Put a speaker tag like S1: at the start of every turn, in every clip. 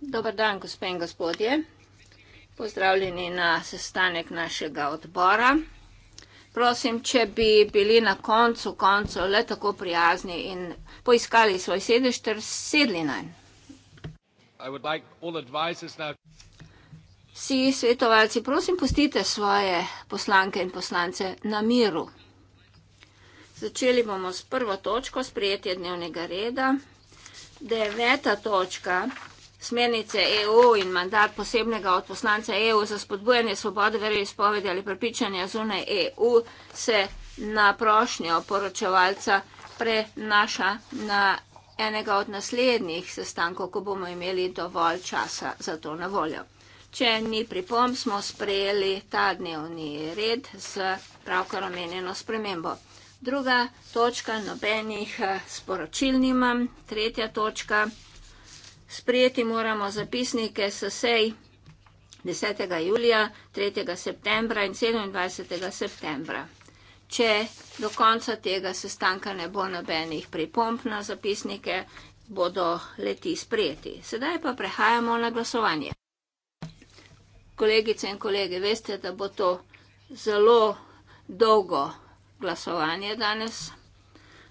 S1: Dobar dan, gospe in gospodje. Pozdravljeni na sestanek našega odbora. Prosim, če bi bili na koncu, koncu le tako prijazni in poiskali svoj sedež ter sedli na njem. Vsi svetovalci, prosim, pustite svoje poslanke in poslance na miru. Začeli bomo s prvo točko, sprejetje dnevnega reda. Deveta točka smernice EU in mandat posebnega odposlanca EU za spodbujanje svobode veroizpovedi ali prepričanja zunaj EU se na prošnjo poročevalca prenaša na enega od naslednjih sestankov, ko bomo imeli dovolj časa za to na voljo. Če ni pripomb, smo sprejeli ta dnevni red z pravkar omenjeno spremembo druga točka, nobenih eh, sporočil nimam, tretja točka, sprejeti moramo zapisnike s sej 10. julija, 3. septembra in 27. septembra. Če do konca tega sestanka ne bo nobenih pripomp na zapisnike, bodo leti sprejeti. Sedaj pa prehajamo na glasovanje. Kolegice in kolege, veste, da bo to zelo dolgo glasovanje danes,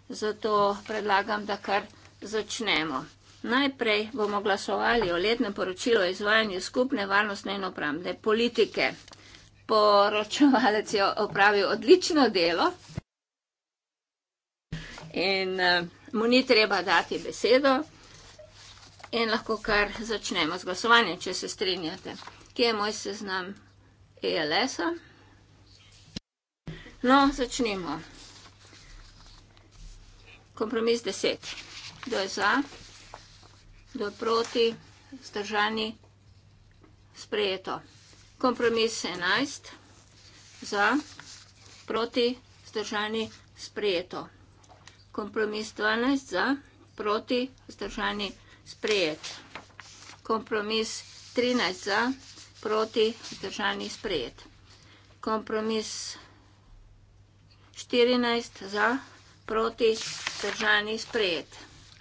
S1: zato predlagam, da kar začnemo. Najprej bomo glasovali o letnem poročilu o izvajanju skupne varnostne in opravne politike. Poročevalec je opravil odlično delo in eh, mu ni treba dati besedo in lahko kar začnemo z glasovanjem, če se strinjate. Kje je moj seznam ELS-a? No, začnemo. Kompromis deset. Kdo je za? Kdo je proti? Zdržani? Sprejeto. Kompromis enajst. Za? Proti? Zdržani? Sprejeto. Kompromis dvanajst. Za? Proti? Zdržani? Sprejet. Kompromis trinajst. Za? Proti? Zdržani? Sprejet. Kompromis dvanajst. 14 za, proti, zdržani, sprejet.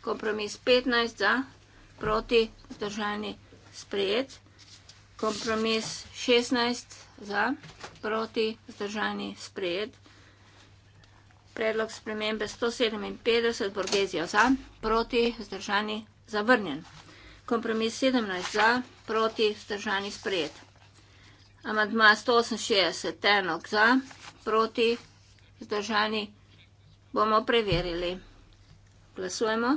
S1: Kompromis 15 za, proti, zdržani, sprejet. Kompromis 16 za, proti, zdržani, sprejet. Predlog spremembe 157, Borgezijo za, proti, zdržani, zavrnjen. Kompromis 17 za, proti, zdržani, sprejet. Amadma 168, tenok za, proti, zdržani, sprejet vzdržani. Bomo preverili. Glasujemo.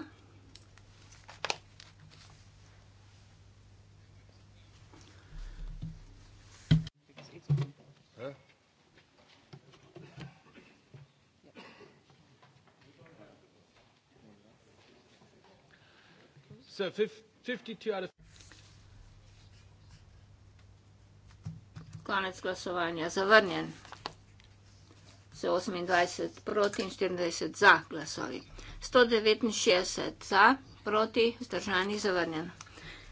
S1: Konec glasovanja. Zavrnjen z 28 proti in 24 za glasovi. 169 za, proti, zdržani, zavrnjen.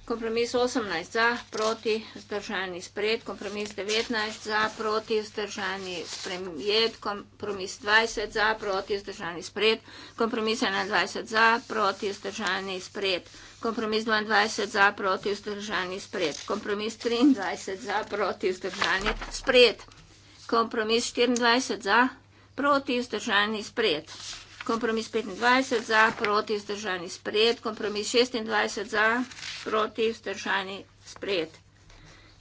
S1: Kompromis 18 za, proti, zdržani, sprejet. Kompromis 19 za, proti, zdržani, sprejet. Kompromis 20 za, proti, zdržani, sprejet. Kompromis 21 za, proti, zdržani, sprejet. Kompromis 22 za, proti, zdržani, sprejet. Kompromis 23 za, proti, zdržani, sprejet kompromis 24 za, proti vzdržani sprejet. Kompromis 25 za, proti vzdržani sprejet. Kompromis 26 za, proti vzdržani sprejet.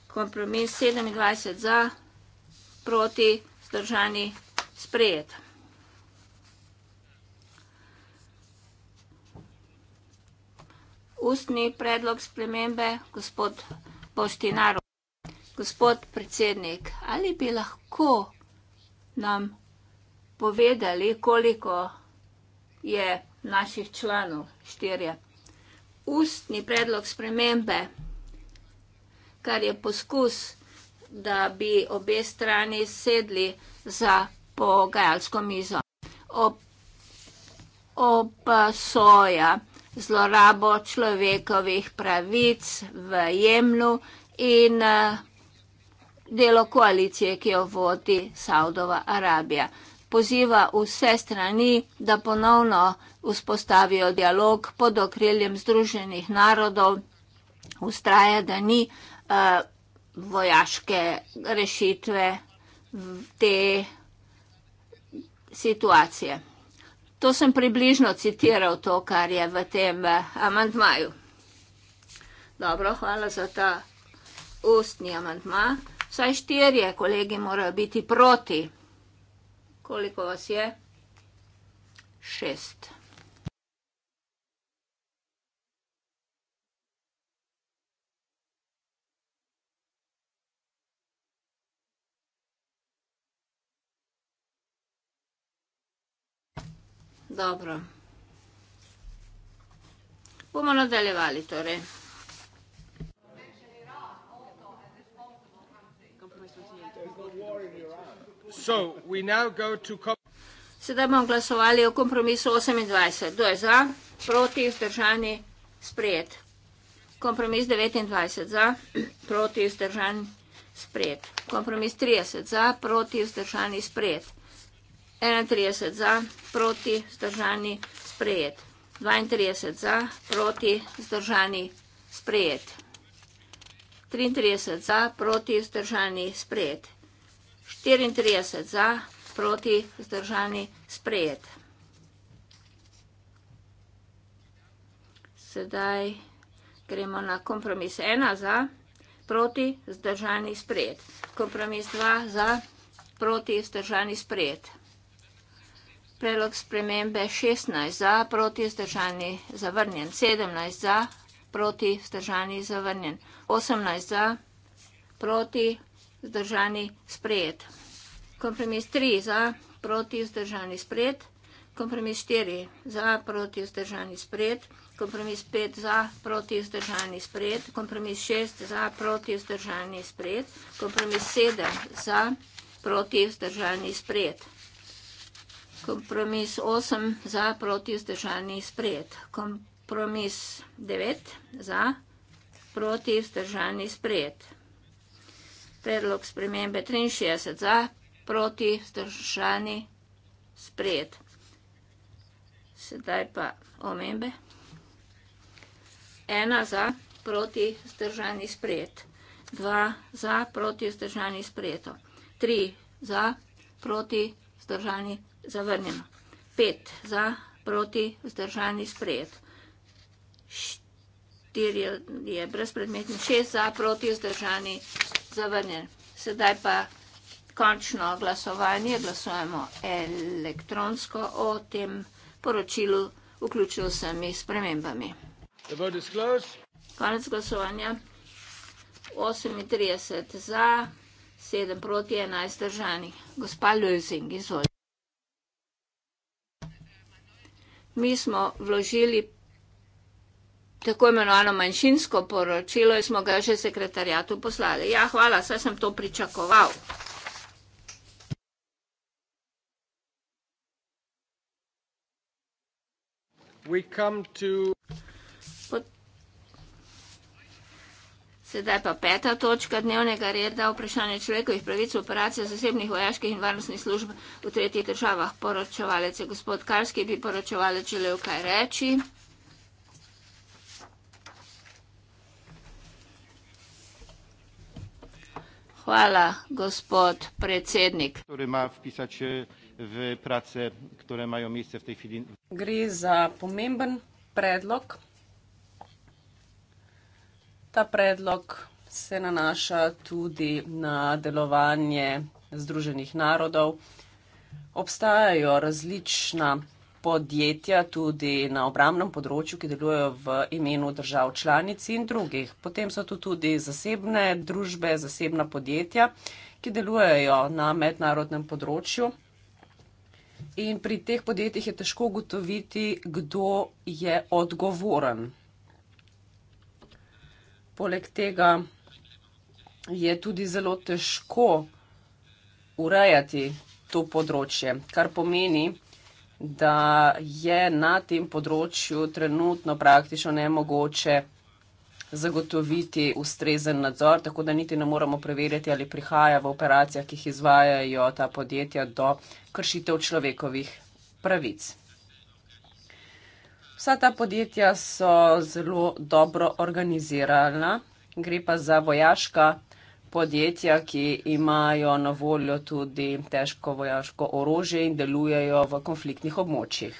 S1: Kompromis 27 za, proti vzdržani sprejet. Ustni predlog spremembe, gospod Boštinar, Gospod predsednik, ali bi lahko nam povedali, koliko je naših članov štirje? Ustni predlog spremembe, kar je poskus, da bi obe strani sedli za pogajalsko mizo. Opasoja zlorabo človekovih pravic v jemlu in vsega. Eh, delo koalicije, ki jo vodi Saudova Arabija. Poziva vse strani, da ponovno vzpostavijo dialog pod okriljem Združenih narodov, ustraja, da ni uh, vojaške rešitve te situacije. To sem približno citiral to, kar je v tem eh, amantmaju. Dobro, hvala za ta ustni amantma. Vsaj štirje kolegi morajo biti proti. Koliko vas je? Šest. Dobro. Bomo nadaljevali torej. Sedaj bomo glasovali o kompromisu 28. Kdo je za? Proti, vzdržani, sprejet. Kompromis 29 za, proti, vzdržani, sprejet. Kompromis 30 za, proti, vzdržani, sprejet. 31 za, proti, vzdržani, sprejet. 32 za, proti, vzdržani, sprejet. 33 za, proti, vzdržani, sprejet. 34 za, proti, vzdržani, sprejet. Sedaj gremo na kompromis 1 za, proti, vzdržani, sprejet. Kompromis 2 za, proti, vzdržani, sprejet. Predlog spremembe 16 za, proti, vzdržani, zavrnjen. 17 za, proti, vzdržani, zavrnjen. 18 za, proti, vzdržani sprejet. Kompromis 3 za proti vzdržani sprejet. Kompromis 4 za proti vzdržani sprejet. Kompromis 5 za proti vzdržani sprejet. Kompromis 6 za proti vzdržani sprejet. Kompromis 7 za proti vzdržani sprejet. Kompromis 8 za proti vzdržani sprejet. Kompromis 9 za proti vzdržani sprejet. Predlog spremembe 63 za, proti, zdržani, sprejet. Sedaj pa omembe. Ena za, proti, zdržani, sprejet. Dva za, proti, zdržani, sprejeto. Tri za, proti, zdržani, zavrnjeno. Pet za, proti, zdržani, sprejet. Štiri je brezpredmetni. Šest za, proti, zdržani, sprejeto zavrnjen. Sedaj pa končno glasovanje. Glasujemo elektronsko o tem poročilu, vključno s vsemi spremembami. Konec glasovanja. 38 za, 7 proti, 11 držanih. Gospa Lösing, izvolite. Mi smo vložili tako imenovano manjšinsko poročilo in smo ga že sekretarjatu poslali. Ja, hvala, saj sem to pričakoval. To... Pot... Sedaj pa peta točka dnevnega reda, vprašanje človekovih pravic, operacija zasebnih vojaških in varnostnih služb v tretjih državah. Poročevalec je gospod Karski, bi poročevalec želel kaj reči. Hvala, gospod predsednik.
S2: Gre za pomemben predlog. Ta predlog se nanaša tudi na delovanje Združenih narodov. Obstajajo različna podjetja tudi na obramnem področju, ki delujejo v imenu držav članic in drugih. Potem so tu tudi zasebne družbe, zasebna podjetja, ki delujejo na mednarodnem področju. In pri teh podjetjih je težko ugotoviti, kdo je odgovoren. Poleg tega je tudi zelo težko urejati to področje, kar pomeni, da je na tem področju trenutno praktično nemogoče zagotoviti ustrezen nadzor, tako da niti ne moramo preverjati, ali prihaja v operacijah, ki jih izvajajo ta podjetja, do kršitev človekovih pravic. Vsa ta podjetja so zelo dobro organizirana, gre pa za vojaška podjetja, ki imajo na voljo tudi težko vojaško orožje in delujejo v konfliktnih območjih.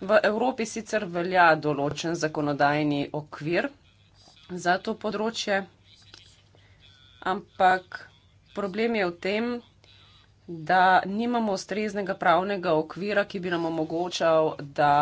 S2: V Evropi sicer velja določen zakonodajni okvir za to področje, ampak problem je v tem, da nimamo ustreznega pravnega okvira, ki bi nam omogočal, da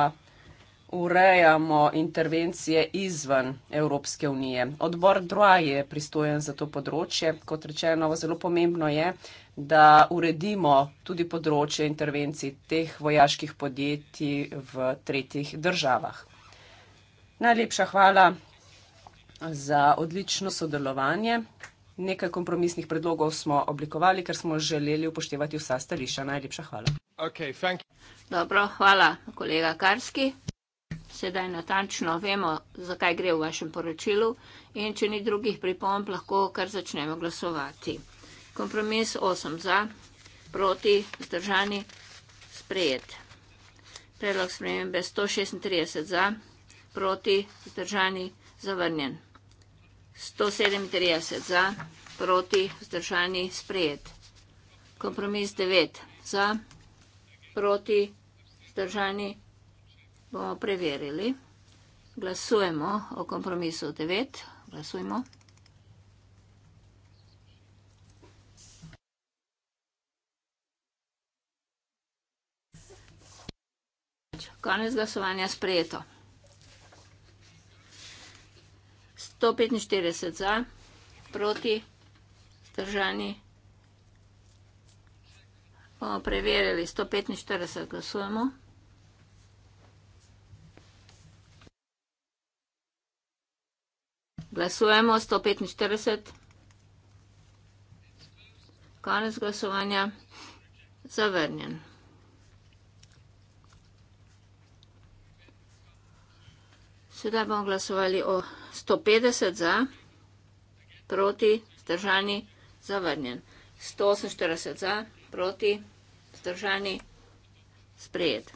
S2: urejamo intervencije izven Evropske unije. Odbor DROA je pristojen za to področje. Kot rečeno, zelo pomembno je, da uredimo tudi področje intervencij teh vojaških podjetij v tretjih državah. Najlepša hvala za odlično sodelovanje. Nekaj kompromisnih predlogov smo oblikovali, ker smo želeli upoštevati vsa stališča. Najlepša hvala.
S3: Okay,
S1: Dobro, hvala, kolega Karski sedaj natančno vemo, zakaj gre v vašem poročilu in če ni drugih pripomb, lahko kar začnemo glasovati. Kompromis 8 za, proti, zdržani, sprejet. Predlog spremembe 136 za, proti, zdržani, zavrnjen. 137 za, proti, zdržani, sprejet. Kompromis 9 za, proti, zdržani, zavrnjen bomo preverili. Glasujemo o kompromisu 9. Glasujemo. Konec glasovanja sprejeto. 145 za, proti, zdržani. Bomo preverili 145, glasujemo. 145. Glasujemo, 145. Konec glasovanja. Zavrnjen. Sedaj bomo glasovali o 150 za, proti, zdržani, zavrnjen. 148 za, proti, zdržani, sprejet.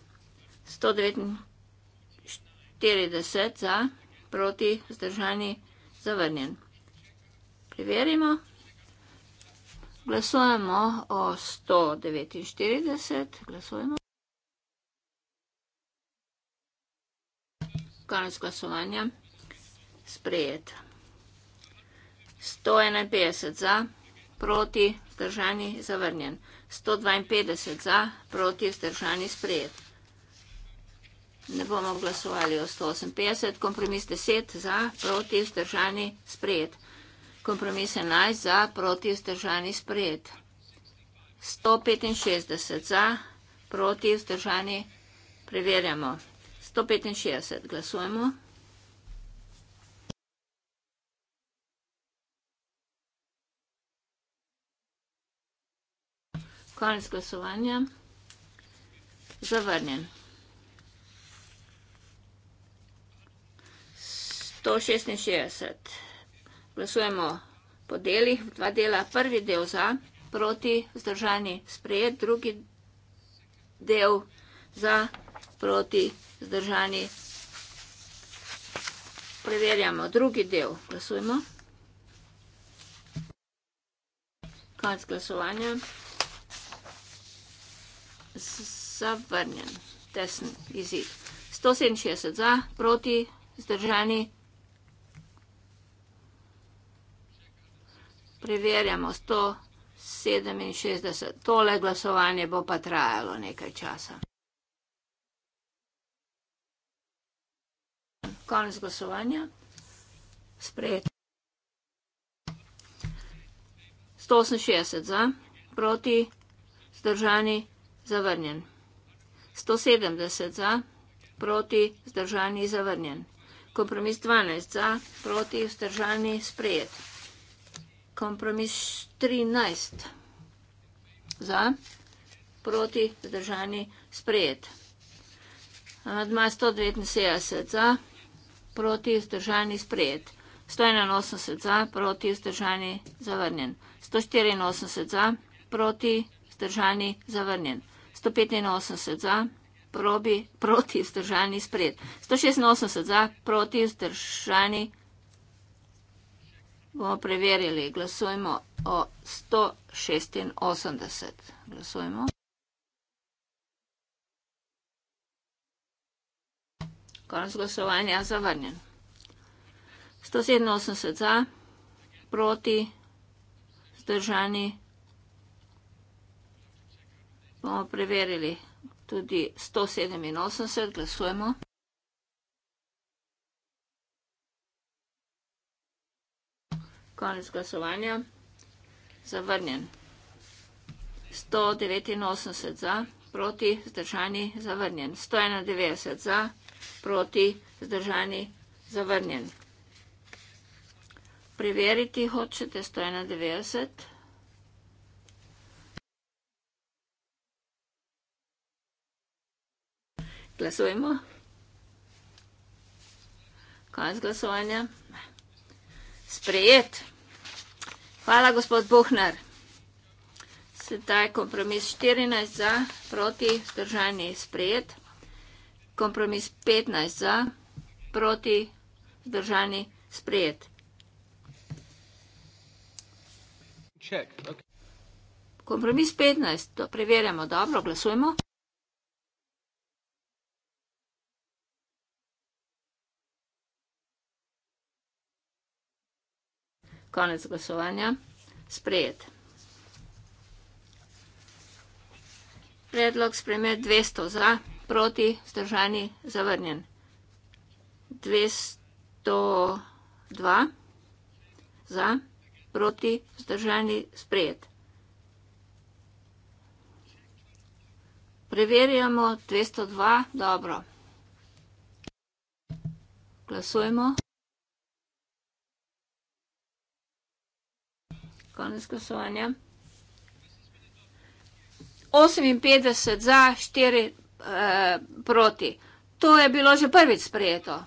S1: 149 za, proti, zdržani, zavrnjen zavrnjen. Preverimo. Glasujemo o 149. Glasujemo. Konec glasovanja. Sprejet. 151 za, proti, zdržani, zavrnjen. 152 za, proti, zdržani, sprejet. Ne bomo glasovali o 158, kompromis 10 za, proti vzdržani sprejet. Kompromis 11 za, proti vzdržani sprejet. 165 za, proti vzdržani preverjamo. 165 glasujemo. Konec glasovanja. Zavrnjen. 166. Glasujemo po delih, dva dela, prvi del za, proti, vzdržani, sprejet, drugi del za, proti, vzdržani. Preverjamo drugi del, glasujemo. Konc glasovanja. Zavrnjen, tesen izid. 167 za, proti, zdržani, preverjamo 167. Tole glasovanje bo pa trajalo nekaj časa. Konec glasovanja. Sprejet. 168 za, proti, zdržani, zavrnjen. 170 za, proti, zdržani, zavrnjen. Kompromis 12 za, proti, zdržani, sprejet kompromis 13 za, proti, zdržani, sprejet. Amadma 179 za, proti, zdržani, sprejet. 181 za, proti, zdržani, zavrnjen. 184 za, proti, zdržani, zavrnjen. 185 za, probi, proti, zdržani, sprejet. 186 za, proti, zdržani, Bomo preverili. Glasujmo o 186. Glasujmo. Konec glasovanja zavrnjen. 187 za, proti, zdržani. Bomo preverili tudi 187. Glasujmo. Konec glasovanja. Zavrnjen. 189 za, proti, zdržani, zavrnjen. 191 za, proti, zdržani, zavrnjen. Preveriti hočete 191. Glasujemo. Konec glasovanja sprejet. Hvala, gospod Buhner. Sedaj kompromis 14 za, proti, vzdržanje je sprejet. Kompromis 15 za, proti, vzdržanje je sprejet. Kompromis 15, to preverjamo dobro, glasujemo. konec glasovanja. Sprejet. Predlog spreme 200 za, proti, zdržani, zavrnjen. 202 za, proti, zdržani, sprejet. Preverjamo 202, dobro. Glasujemo. konec glasovanja. 58 za, 4 eh, proti. To je bilo že prvič sprejeto.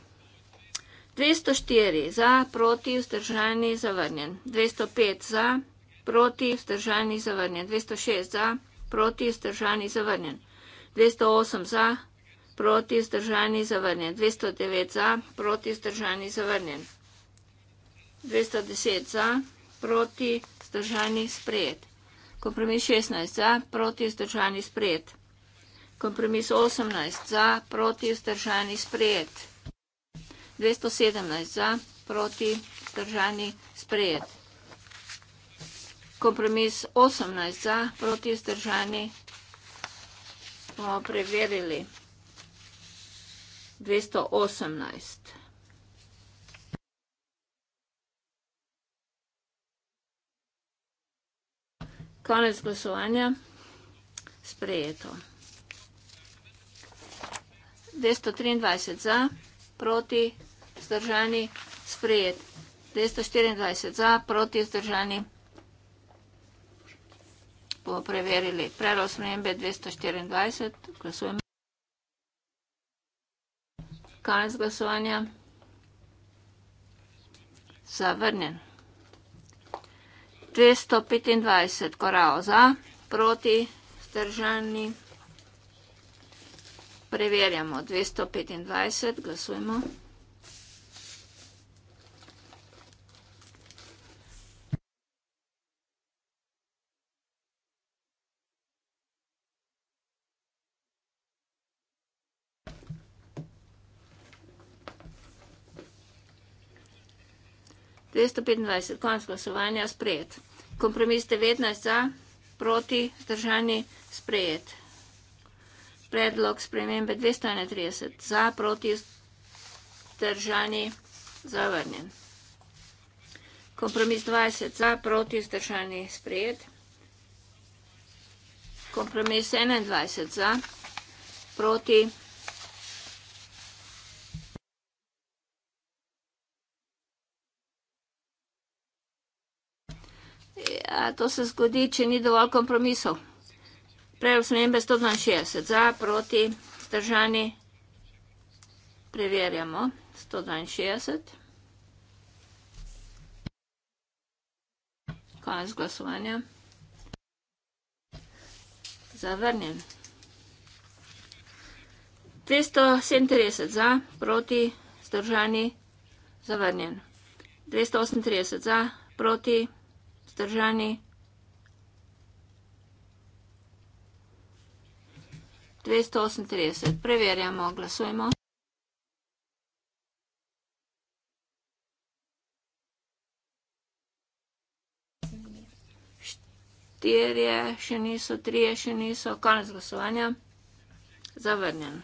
S1: 204 za, proti, vzdržani, zavrnjen. 205 za, proti, vzdržani, zavrnjen. 206 za, proti, vzdržani, zavrnjen. 208 za, proti, vzdržani, zavrnjen. 209 za, proti, vzdržani, zavrnjen. 210 za, proti, vzdržani sprejet. Kompromis 16 za, proti vzdržani sprejet. Kompromis 18 za, proti vzdržani sprejet. 217 za, proti vzdržani sprejet. Kompromis 18 za, proti vzdržani bomo preverili. 218 za. Konec glasovanja. Sprejeto. 223 za, proti, zdržani, sprejet. 224 za, proti, zdržani. Bomo preverili. Predlog smembe 224. Glasujemo. Konec glasovanja. Zavrnjen. 225 korav za, proti stržalni. Preverjamo 225, glasujemo. 225, konc glasovanja, sprejet. Kompromis 19 za, proti, zdržani, sprejet. Predlog spremembe 231 za, proti, zdržani, zavrnjen. Kompromis 20 za, proti, zdržani, sprejet. Kompromis 21 za, proti, zdržani, zavrnjen. to se zgodi, če ni dovolj kompromisov. Prejel sem enbe 162, za, proti, zdržani. Preverjamo, 162. Konec glasovanja. Zavrnjen. 237 za, proti, zdržani, zavrnjen. 238 za, proti, zdržani vzdržani. Dvesto osemintrideset. Preverjamo, glasujmo. Štirje, še niso, trije, še niso. Konec glasovanja. Zavrnjen.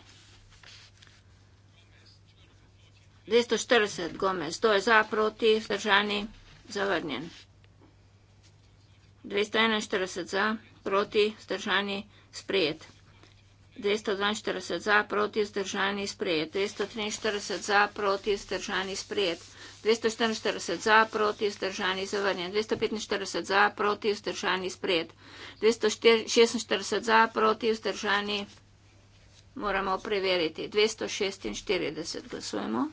S1: Dvesto štirideset, Gomez. Kdo je za, proti, vzdržani? Zavrnjen. 241 za, proti, zdržani, sprejet. 242 za, proti, zdržani, sprejet. 243 za, proti, zdržani, sprejet. 244 za, proti, zdržani, zavrnjen. 245 za, proti, zdržani, sprejet. 246 za, proti, zdržani, moramo preveriti. 246 glasujemo.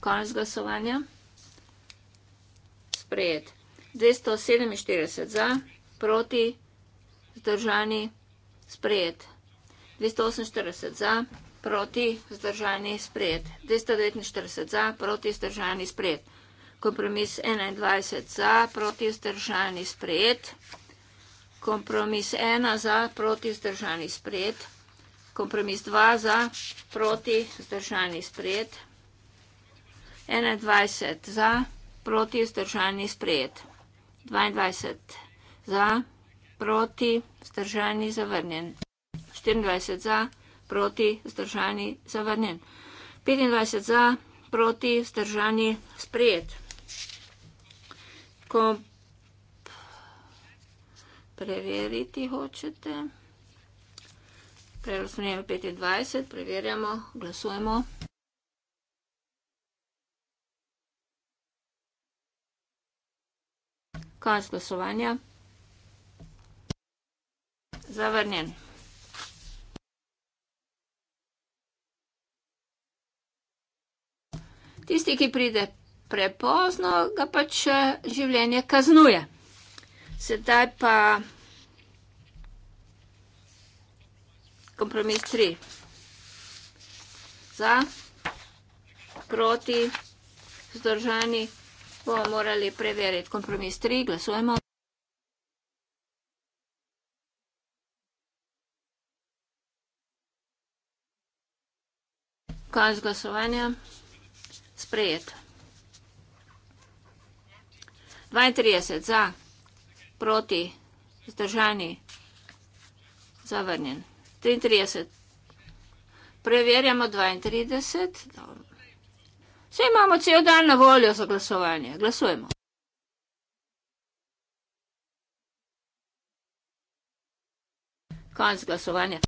S1: Konec glasovanja sprejet. 247 za, proti, zdržani, sprejet. 248 za, proti, zdržani, sprejet. 249 za, proti, zdržani, sprejet. Kompromis 21 za, proti, zdržani, sprejet. Kompromis 1 za, proti, zdržani, sprejet. Kompromis 2 za, proti, zdržani, sprejet. 21 za, proti, zdržani, sprejet proti vzdržani sprejet. 22 za, proti vzdržani zavrnjen. 24 za, proti vzdržani zavrnjen. 25 za, proti vzdržani sprejet. Ko preveriti hočete, preverjamo 25, preverjamo, glasujemo. 25. Konc glasovanja. Zavrnjen. Tisti, ki pride prepozno, ga pač eh, življenje kaznuje. Sedaj pa kompromis 3. Za, proti, zdržani, proti bomo morali preveriti kompromis 3, glasujemo. Konc glasovanja, sprejet. 32 za, proti, zdržani, zavrnjen. 33, preverjamo 32, dobro. Vse imamo cel dan na voljo za glasovanje. Glasujemo. Konc glasovanja.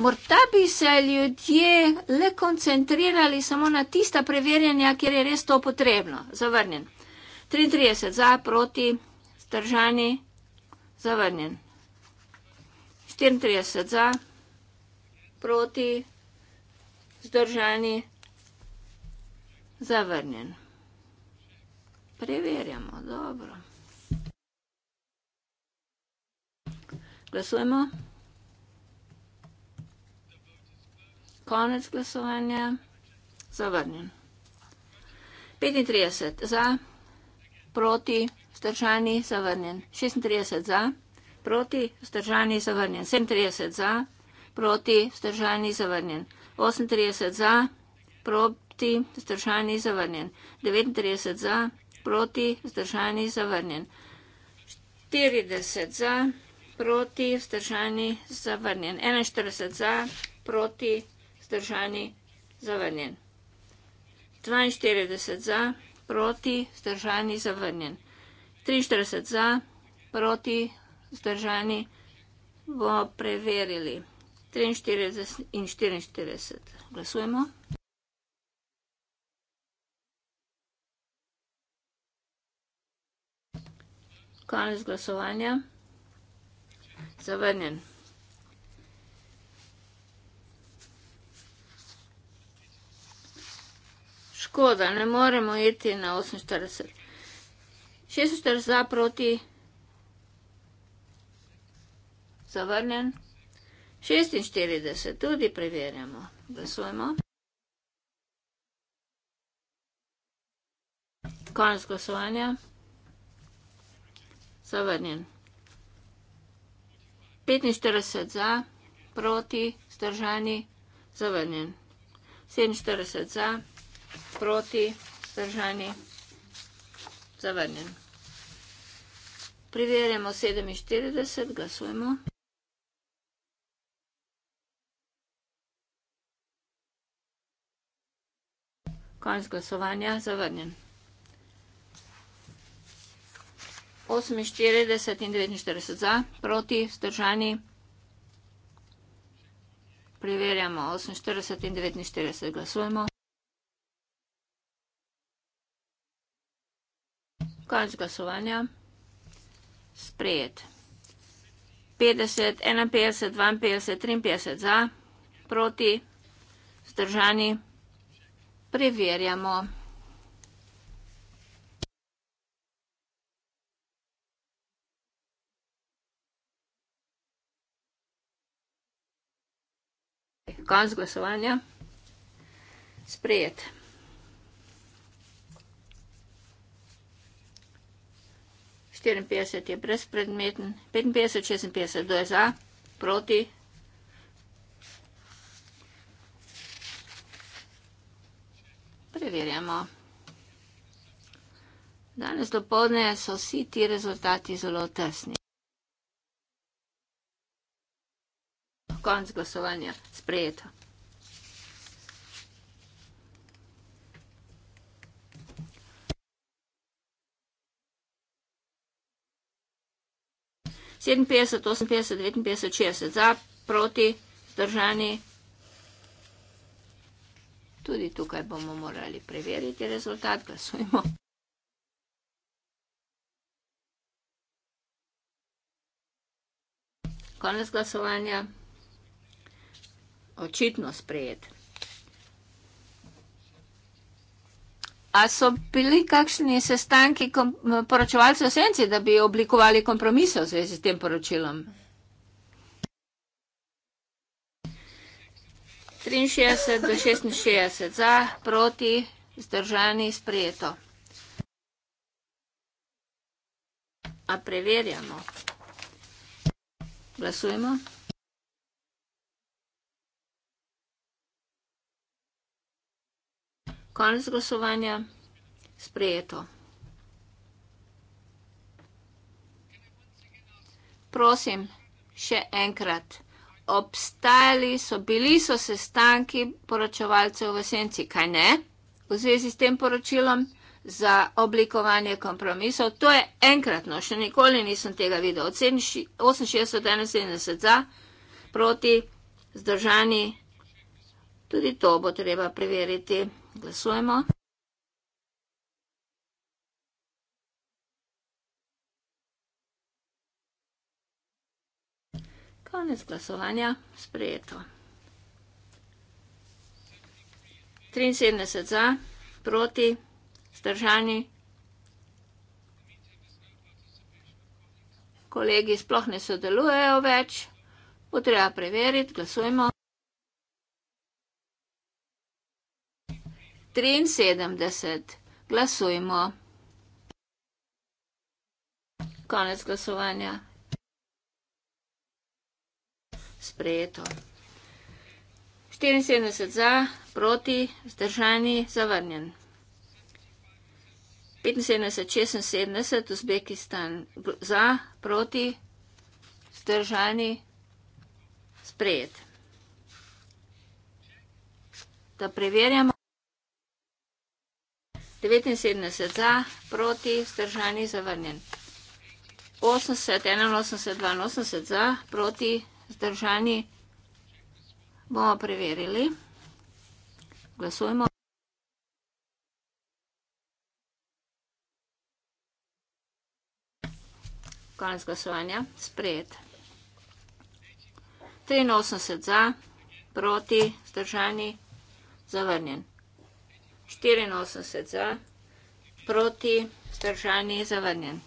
S1: Morda bi se ljudje le koncentrirali samo na tista preverjanja, kjer je res to potrebno. Zavrnjen. 33 za, proti, zdržani, zavrnjen. 34 za proti, zdržani, zavrnjen. Preverjamo, dobro. Glasujemo. Konec glasovanja, zavrnjen. 35 za, proti, zdržani, zavrnjen. 36 za, proti, zdržani, zavrnjen. 37 za, proti, zdržani, zavrnjen proti, vzdržani, zavrnjen. 38 za, proti, vzdržani, zavrnjen. 39 za, proti, vzdržani, zavrnjen. 40 za, proti, vzdržani, zavrnjen. 41 za, proti, vzdržani, zavrnjen. 42 za, proti, vzdržani, zavrnjen. 43 za, proti, vzdržani, bo preverili. 43 in 44. Glasujemo. Konec glasovanja. Zavrnjen. Škoda, ne moremo iti na 48. 46 za proti. Zavrnjen. 46 tudi preverjamo. Glasujemo. Konec glasovanja. Zavrnjen. 45 za, proti, zdržani, zavrnjen. 47 za, proti, zdržani, zavrnjen. Preverjamo 47, glasujemo. Konec glasovanja, zavrnjen. 48 in 49 za, proti, vzdržani. Preverjamo, 48 in 49 glasujemo. Konec glasovanja, sprejet. 50, 51, 52, 53 za, proti, vzdržani. Vzdržani preverjamo. Konc glasovanja. Sprejet. Štirinpetdeset je brezpredmeten, petinpetdeset, šestinpetdeset, kdo je za, proti. preverjamo. Danes dopolne so vsi ti rezultati zelo tesni. Konc glasovanja sprejeto. Sedempetdeset, oseminpetdeset, devetinpetdeset, šestdeset za, proti, zdržani. Tudi tukaj bomo morali preveriti rezultat, glasujmo. Konec glasovanja. Očitno sprejet. A so bili kakšni sestanki poročevalcev v senci, da bi oblikovali kompromise v zvezi s tem poročilom? Uh -huh. 63 do 66 za, proti, zdržani, sprejeto. A preverjamo. Glasujemo. Konec glasovanja, sprejeto. Prosim, še enkrat obstajali so, bili so sestanki poročevalcev v senci, kaj ne, v zvezi s tem poročilom za oblikovanje kompromisov. To je enkratno, še nikoli nisem tega videl. Od 68 do 71 za, proti zdržani. Tudi to bo treba preveriti. Glasujemo. Konec glasovanja, sprejeto. 73 za, proti, zdržani. Kolegi sploh ne sodelujejo več, bo treba preveriti, glasujmo. 73, glasujmo. Konec glasovanja, sprejeto. 74 za, proti, zdržani, zavrnjen. 75, 76, Uzbekistan za, proti, zdržani, sprejet. Da preverjamo. 79 za, proti, zdržani, zavrnjen. 80, 81, 82, 80 za, proti, zdržani, sprejet zdržani, bomo preverili. Glasujmo. Konec glasovanja, sprejet. 83 za, proti, zdržani, zavrnjen. 84 za, proti, zdržani, zavrnjen.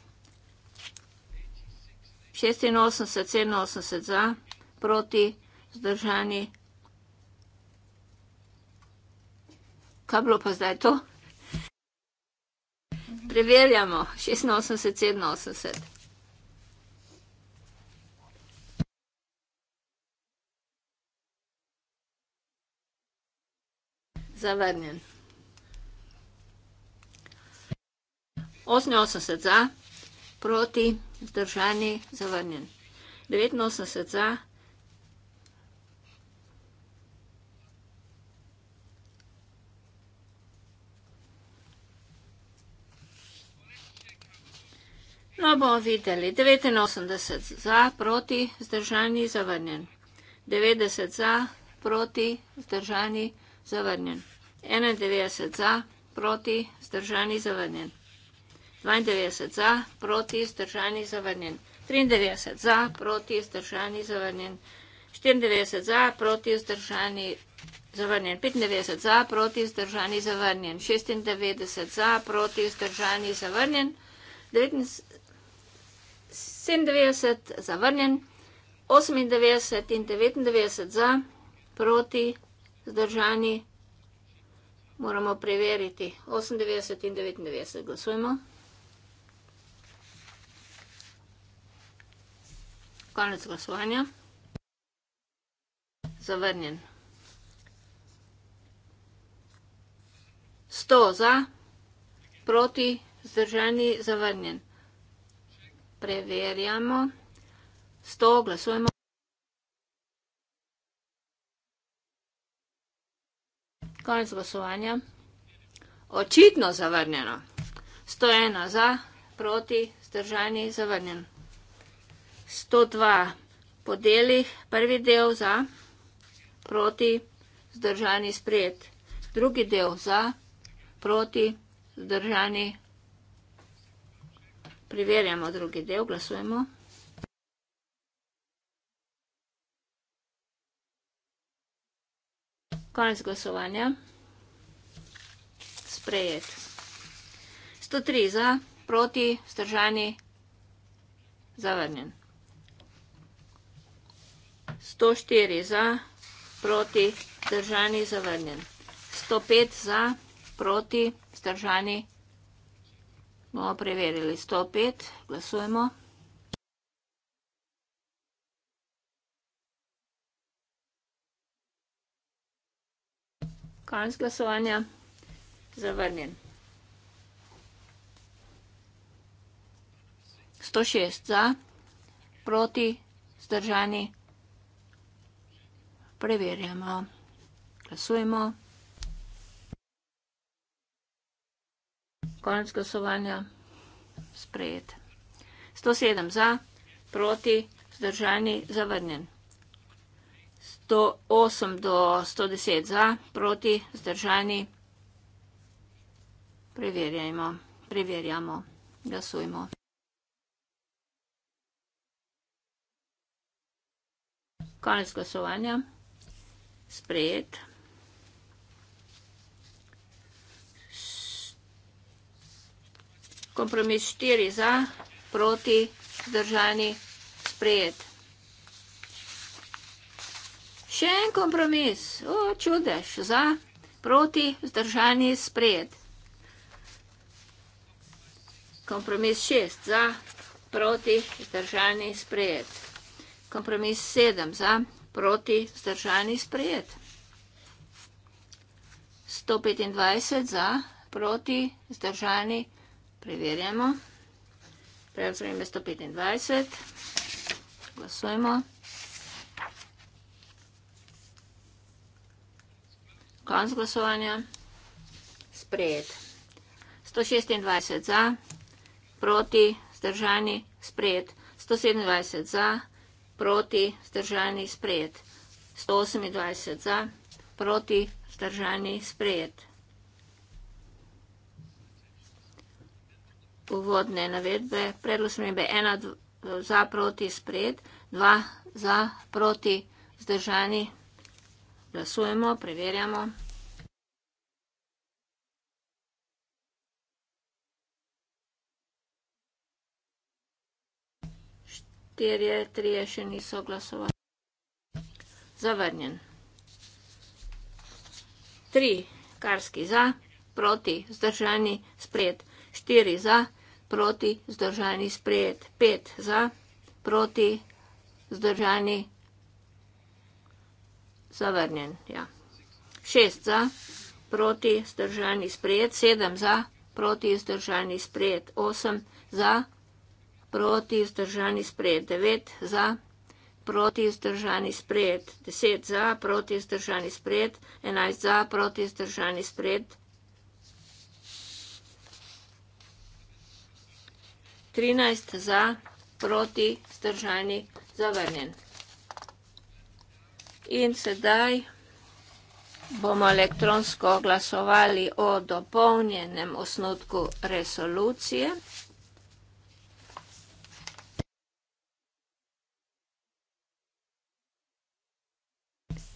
S1: 86, 87 za, proti, zdržani, zavrnjen. 86, 87 za, proti zdržani. Kaj bilo pa zdaj to? Preverjamo. 86, 87. Zavrnjen. 88 za, proti, zdržani, zavrnjen. 89 za, proti, zdržani, zavrnjen. No, bomo videli. 89 za, proti, zdržani, zavrnjen. 90 za, proti, zdržani, zavrnjen. 91 za, proti, zdržani, zavrnjen. 92 za, proti, zdržani, zavrnjen. 93 za, proti, zdržani, zavrnjen. 94 za, proti, zdržani, zavrnjen. 95 za, proti, zdržani, zavrnjen. 96 za, proti, zdržani, zavrnjen. 97 zavrnjen, 98 in 99 za, proti, zdržani, moramo preveriti. 98 in 99 glasujemo. Konec glasovanja. Zavrnjen. 100 za, proti, zdržani, zavrnjen preverjamo. 100 glasujemo. Konec glasovanja. Očitno zavrnjeno. 101 za, proti, zdržani, zavrnjen. 102 podelih, prvi del za, proti, zdržani, sprejet. Drugi del za, proti, zdržani, sprejet. Preverjamo drugi del, glasujemo. Konec glasovanja. Sprejet. 103 za, proti, stržani, zavrnjen. 104 za, proti, stržani, zavrnjen. 105 za, proti, stržani, zavrnjen. Bomo preverili 105. Glasujemo. Konc glasovanja. Zavrnjen. 106 za, proti, zdržani. Preverjamo. Glasujemo. Glasujemo. Konec glasovanja. Sprejet. 107 za, proti, zdržani, zavrnjen. 108 do 110 za, proti, zdržani. Preverjajmo. Preverjamo. Glasujmo. Konec glasovanja. Sprejet. kompromis štiri za, proti, vzdržani, sprejet. Še en kompromis, o, čudež, za, proti, vzdržani, sprejet. Kompromis šest, za, proti, vzdržani, sprejet. Kompromis sedem, za, proti, vzdržani, sprejet. 125 za, proti, zdržani, sprejet. Preverjamo. Preverjamo 125. Glasujemo. Konc glasovanja. Sprejet. 126 za, proti, zdržani, sprejet. 127 za, proti, zdržani, sprejet. 128 za, proti, zdržani, sprejet. uvodne navedbe. Predlog smembe ena za proti spred, dva za proti zdržani. Glasujemo, preverjamo. Štirje, trije še niso glasovali. Zavrnjen. Tri, karski za, proti, zdržani, spred. Štiri za, proti proti, zdržani, sprejet, pet za, proti, zdržani, zavrnjen, ja. Šest za, proti, zdržani, sprejet, sedem za, proti, zdržani, sprejet, osem za, proti, zdržani, sprejet, devet za, proti, zdržani, sprejet, deset za, proti, zdržani, sprejet, enajst za, proti, zdržani, sprejet, 13 za, proti, zdržani, zavrnjen. In sedaj bomo elektronsko glasovali o dopolnjenem osnutku resolucije.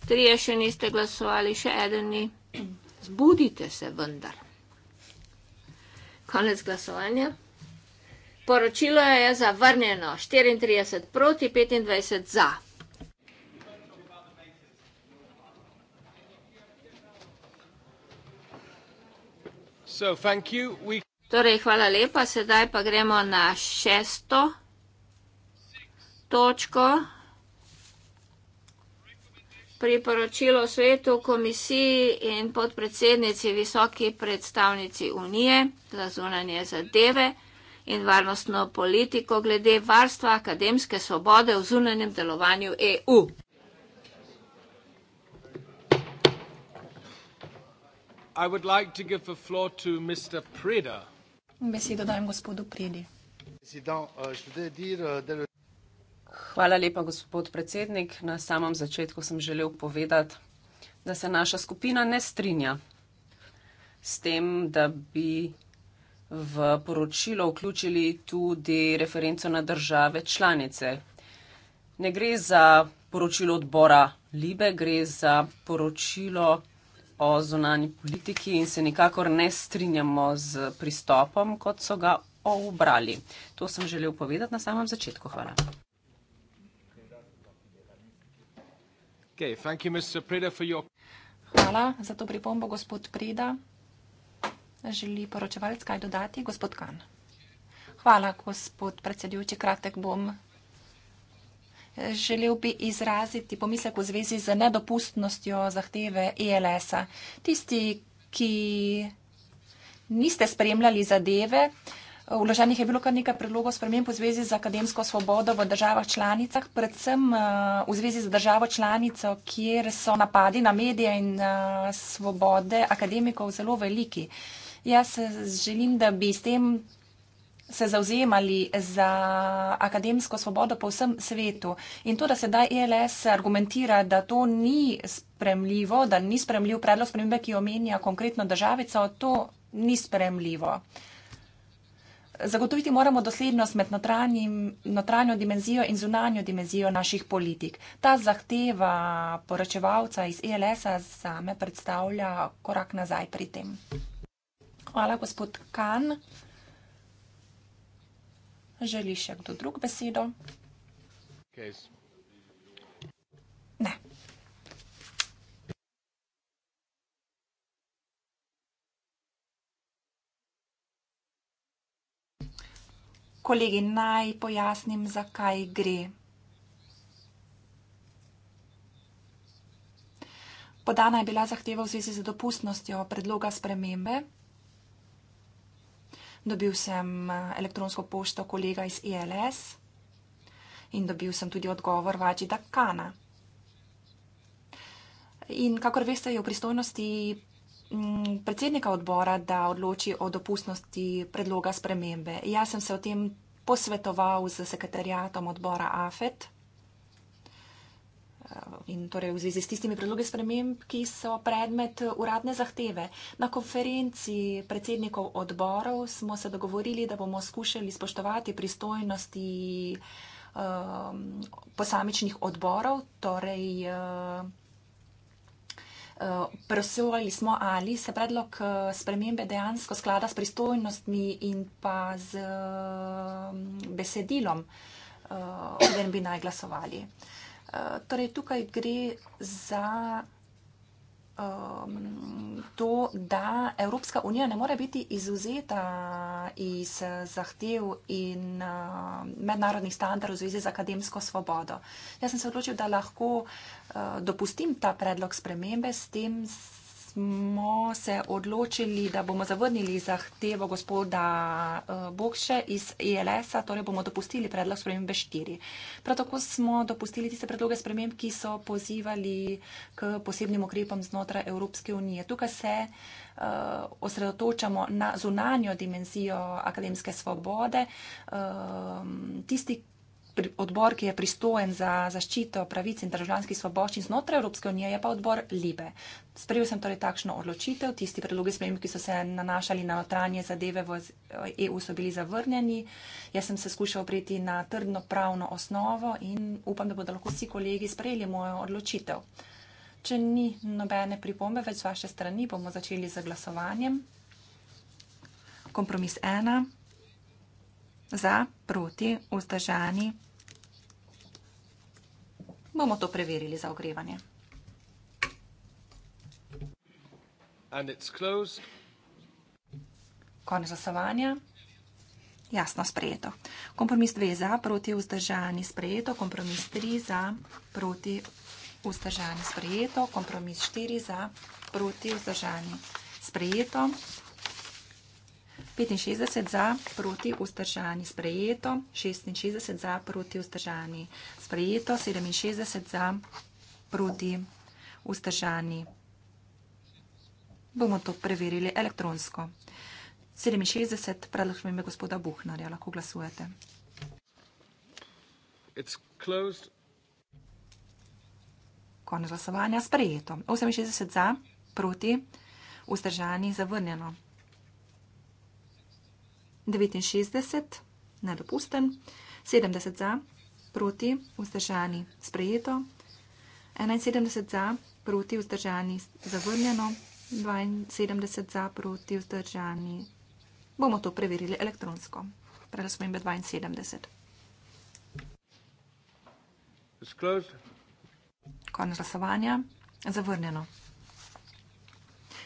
S1: Trije še niste glasovali, še edeni. Zbudite se vendar. Konec glasovanja. Poročilo je zavrnjeno. 34 proti, 25 za.
S3: So, We...
S1: Torej, hvala lepa. Sedaj pa gremo na šesto točko. Priporočilo svetu komisiji in podpredsednici visoki predstavnici Unije za zunanje zadeve in varnostno politiko glede varstva akademske svobode v zunanjem delovanju EU.
S4: Besedo dajem gospodu Predi.
S3: Uh,
S2: uh, Hvala lepa, gospod predsednik. Na samem začetku sem želel povedati, da se naša skupina ne strinja s tem, da bi v poročilo vključili tudi referenco na države članice. Ne gre za poročilo odbora Libe, gre za poročilo o zunanji politiki in se nikakor ne strinjamo z pristopom, kot so ga obrali. To sem želel povedati na samem začetku. Hvala.
S3: Okay, thank you,
S4: Hvala za to pripombo, gospod Preda. Želi poročevalec kaj dodati? Gospod Kan. Hvala, gospod predsedujoči. Kratek bom. Želel bi izraziti pomislek v zvezi z nedopustnostjo zahteve ELS-a. Tisti, ki niste spremljali zadeve, vloženih je bilo kar nekaj predlogov spremem po zvezi z akademsko svobodo v državah članicah, predvsem eh, v zvezi z državo članico, kjer so napadi na medije in eh, svobode akademikov zelo veliki. Jaz želim, da bi s tem se zauzemali za akademsko svobodo po vsem svetu. In to, da sedaj ELS argumentira, da to ni spremljivo, da ni spremljiv predlog spremembe, ki omenja konkretno državico, to ni spremljivo. Zagotoviti moramo doslednost med notranjim, notranjo dimenzijo in zunanjo dimenzijo naših politik. Ta zahteva poročevalca iz ELS-a zame predstavlja korak nazaj pri tem. Hvala, gospod Kan. Želi še kdo drug besedo? Case. Ne. Kolegi, naj pojasnim, zakaj gre. Podana je bila zahteva v zvezi z dopustnostjo predloga spremembe dobil sem eh, elektronsko pošto kolega iz ILS e in dobil sem tudi odgovor Vajida Kana. In kakor veste, je v pristojnosti mm, predsednika odbora, da odloči o dopustnosti predloga spremembe. Jaz sem se o tem posvetoval z sekretarjatom odbora AFET in torej v zvezi s tistimi predlogi sprememb, ki so predmet uradne zahteve. Na konferenci predsednikov odborov smo se dogovorili, da bomo skušali spoštovati pristojnosti um, posamičnih odborov, torej uh, uh presojali smo, ali se predlog uh, spremembe dejansko sklada s pristojnostmi in pa z um, besedilom, uh, o katerem bi naj glasovali. Uh, Eh, torej tukaj gre za um, to, da Evropska unija ne more biti izuzeta iz eh, zahtev in uh, mednarodnih standardov v zvezi z akademsko svobodo. Jaz sem se odločil, da lahko uh, dopustim ta predlog spremembe s tem. S smo se odločili, da bomo zavrnili zahtevo gospoda eh, Bokše iz ILS-a, e torej bomo dopustili predlog spremembe 4. Prav tako smo dopustili tiste predloge sprememb, ki so pozivali k posebnim ukrepom znotraj Evropske unije. Tukaj se eh, osredotočamo na zunanjo dimenzijo akademske svobode. Eh, tisti, odbor, ki je pristojen za zaščito pravic in državljanskih svoboščin znotraj Evropske unije, je pa odbor Libe. Sprejel sem torej takšno odločitev, tisti predlogi sprejem, ki so se nanašali na notranje zadeve v EU, so bili zavrnjeni. Jaz sem se skušal opreti na trdno pravno osnovo in upam, da bodo lahko vsi kolegi sprejeli mojo odločitev. Če ni nobene pripombe več z vaše strani, bomo začeli z glasovanjem. Kompromis ena. Za, proti, vzdržani bomo to preverili za ogrevanje. Konec glasovanja. Jasno sprejeto. Kompromis 2 za, proti vzdržani sprejeto. Kompromis 3 za, proti vzdržani sprejeto. Kompromis 4 za, proti vzdržani sprejeto. 65 za, proti vzdržani sprejeto, 66 za, proti vzdržani sprejeto, 67 za, proti vzdržani. Bomo to preverili elektronsko. 67, predlog ime gospoda Buhnarja, lahko glasujete. Konec glasovanja, sprejeto. 68 za, proti, vzdržani, zavrnjeno. 69, nedopusten, 70 za, proti, vzdržani, sprejeto, 71 za, proti, vzdržani, zavrnjeno, 72 za, proti, vzdržani. Bomo to preverili elektronsko. Prele smo imbe 72. Konec glasovanja. Zavrnjeno.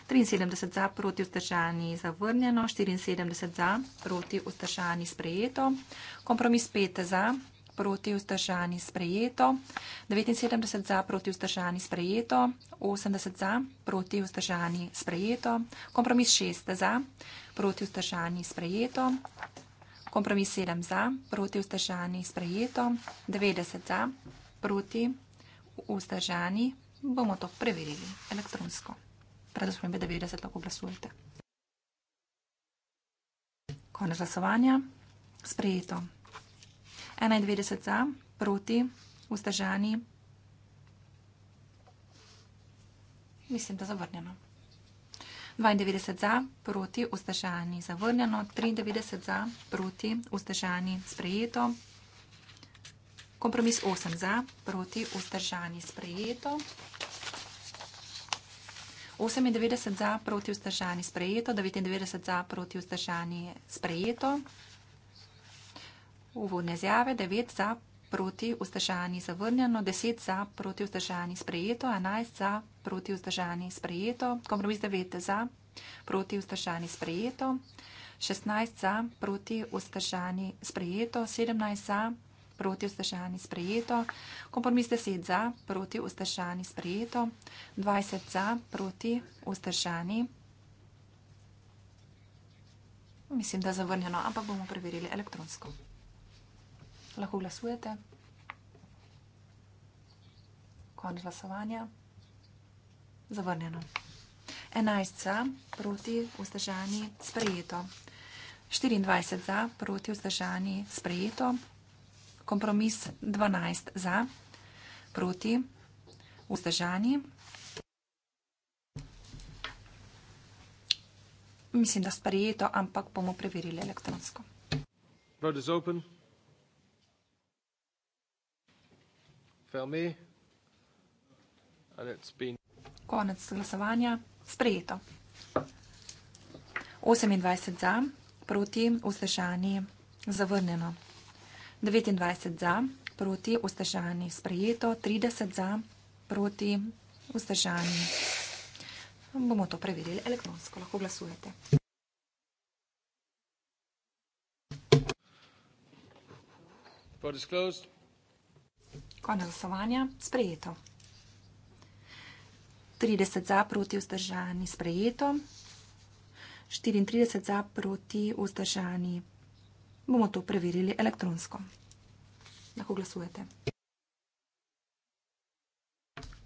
S4: 73 za, proti vzdržani, zavrnjeno, 74 za, proti vzdržani, sprejeto, kompromis 5 za, proti vzdržani, sprejeto, 79 za, proti vzdržani, sprejeto, 80 za, proti vzdržani, sprejeto, kompromis 6 za, proti vzdržani, sprejeto. Kompromis 7 za, proti vzdržani, sprejeto, 90 za, proti vzdržani, bomo to preverili elektronsko pred osmimi 90 lahko glasujete. Konec glasovanja. Sprejeto. 91 za, proti, vzdržani. Mislim, da zavrnjeno. 92 za, proti, vzdržani, zavrnjeno. 93 za, proti, vzdržani, sprejeto. Kompromis 8 za, proti, vzdržani, sprejeto. 98 za, proti vzdržani sprejeto, 99 za, proti vzdržani sprejeto. Uvodne zjave, 9 za, proti vzdržani zavrnjeno, 10 za, proti vzdržani sprejeto, 11 za, proti vzdržani sprejeto, kompromis 9 za, proti vzdržani sprejeto, 16 za, proti vzdržani sprejeto, 17 za, proti vzdržani sprejeto, kompromis 10 za, proti vzdržani sprejeto, 20 za, proti vzdržani. Mislim, da je zavrnjeno, ampak bomo preverili elektronsko. Lahko glasujete. Konec glasovanja. Zavrnjeno. 11 za, proti vzdržani sprejeto. 24 za, proti vzdržani sprejeto, kompromis 12 za, proti, vzdržani. Mislim, da sprejeto, ampak bomo preverili elektronsko.
S3: Vote is open. Fail me. And it's been...
S4: Konec glasovanja. Sprejeto. 28 za, proti, vzdržani, zavrneno. 29 za, proti vzdržani. Sprejeto 30 za, proti vzdržani. Bomo to preverili elektronsko, lahko glasujete. Konec glasovanja, sprejeto. 30 za, proti vzdržani, sprejeto. 34 za, proti vzdržani, sprejeto bomo to preverili elektronsko. Lahko glasujete.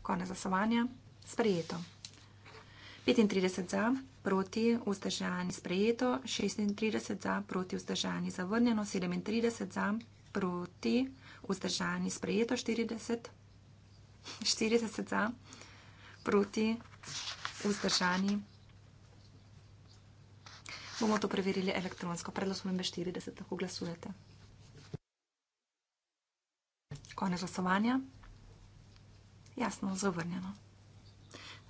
S4: Konec glasovanja. Sprejeto. 35 za, proti, vzdržani, sprejeto. 36 za, proti, vzdržani, zavrnjeno. 37 za, proti, vzdržani, sprejeto. 40, 40 za, proti, vzdržani, sprejeto bomo to preverili elektronsko. Predlog smo imeli 40, tako glasujete. Konec glasovanja. Jasno, zavrnjeno.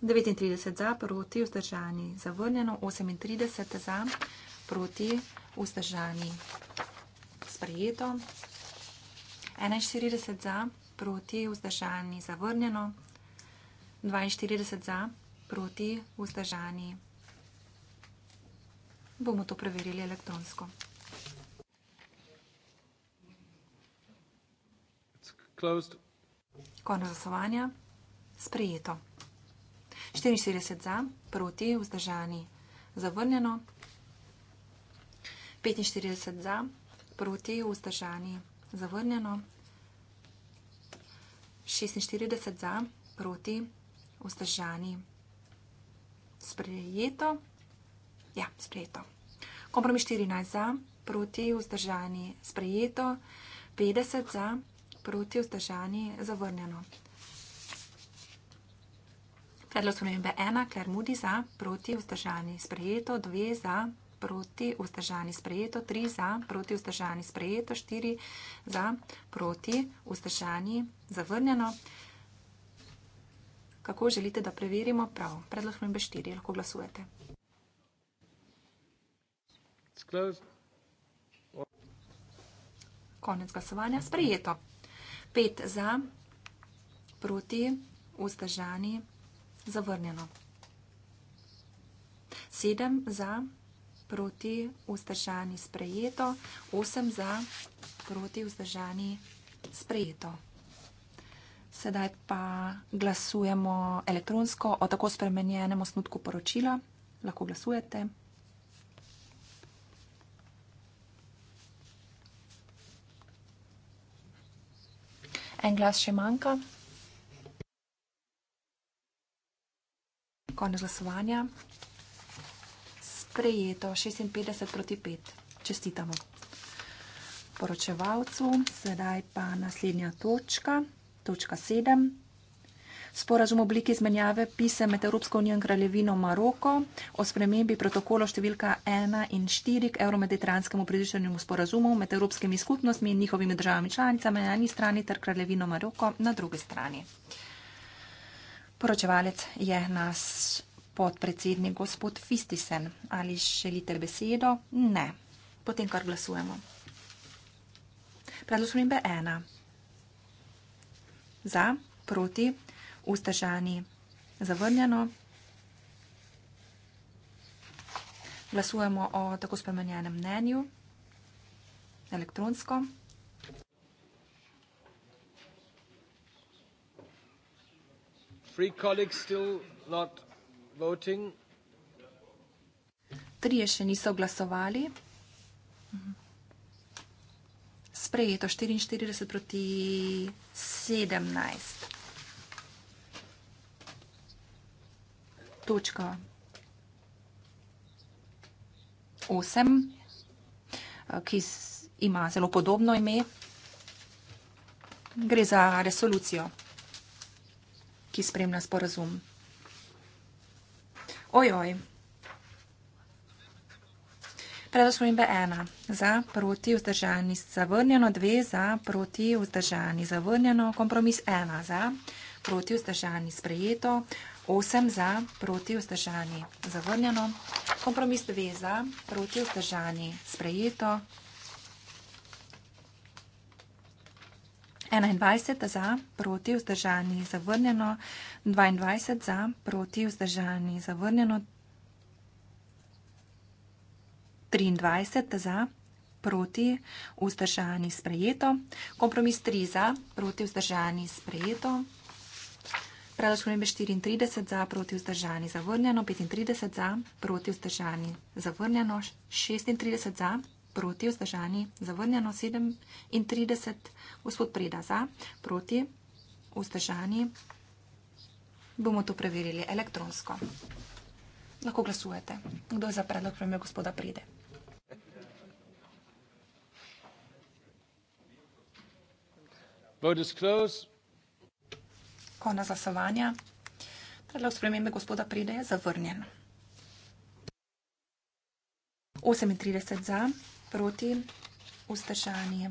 S4: 39 za, proti, vzdržani, zavrnjeno. 38 za, proti, vzdržani, sprejeto. 41 za, proti, vzdržani, zavrnjeno. 42 za, proti, vzdržani, sprejeto bomo to preverili elektronsko. Konec glasovanja. Sprejeto. 44 za, proti, vzdržani, zavrnjeno. 45 za, proti, vzdržani, zavrnjeno. 46 za, proti, vzdržani, sprejeto. Ja, sprejeto. Kompromis 14 za, proti vzdržani sprejeto, 50 za, proti vzdržani zavrnjeno. Predlog spremembe 1, ker mudi za, proti vzdržani sprejeto, 2 za, proti vzdržani sprejeto, 3 za, proti vzdržani sprejeto, 4 za, proti vzdržani zavrnjeno. Kako želite, da preverimo prav? Predlog spremembe 4, lahko glasujete closed. Konec glasovanja sprejeto. Pet za, proti, vzdržani, zavrnjeno. Sedem za, proti, vzdržani, sprejeto. Osem za, proti, vzdržani, sprejeto. Sedaj pa glasujemo elektronsko o tako spremenjenem osnutku poročila. Lahko glasujete. En glas še manjka. Konec glasovanja. Sprejeto 56 proti 5. Čestitamo poročevalcu. Sedaj pa naslednja točka, točka 7 sporazum v obliki izmenjave pisem med Evropsko unijo in kraljevino Maroko o spremembi protokola številka 1 in 4 k euromediteranskemu pridruženemu sporazumu med evropskimi skupnostmi in njihovimi državami članicami na eni strani ter kraljevino Maroko na drugi strani. Poročevalec je nas podpredsednik gospod Fistisen. Ali želite besedo? Ne. Potem kar glasujemo. Predlog spremembe 1. Za, proti vzdržani. Zavrnjeno. Glasujemo o tako spremenjenem mnenju elektronsko. Trije še niso glasovali. Sprejeto 44 proti 17. točka osem, ki ima zelo podobno ime. Gre za resolucijo, ki spremlja sporazum. Ojoj. Predoslovimbe ena. Za, proti, vzdržani, zavrnjeno. Dve, za, proti, vzdržani, zavrnjeno. Kompromis ena. Za, proti, vzdržani, sprejeto. 8 za, proti vzdržani, zavrnjeno. Kompromis 2 za, proti vzdržani, sprejeto. 21 za, proti vzdržani, zavrnjeno. 22 za, proti vzdržani, zavrnjeno. 23 za, proti vzdržani, sprejeto. Kompromis 3 za, proti vzdržani, sprejeto. Preračunem 34 za, proti vzdržani zavrnjeno, 35 za, proti vzdržani zavrnjeno, 36 za, proti vzdržani zavrnjeno, 37 gospod Preda za, proti vzdržani. Bomo to preverili elektronsko. Lahko glasujete. Kdo je za predlog, prejme gospoda Prede?
S3: Vote is closed.
S4: Konec glasovanja. Predlog spremembe gospoda Prede je zavrnjen. 38 za, proti, vzdržani.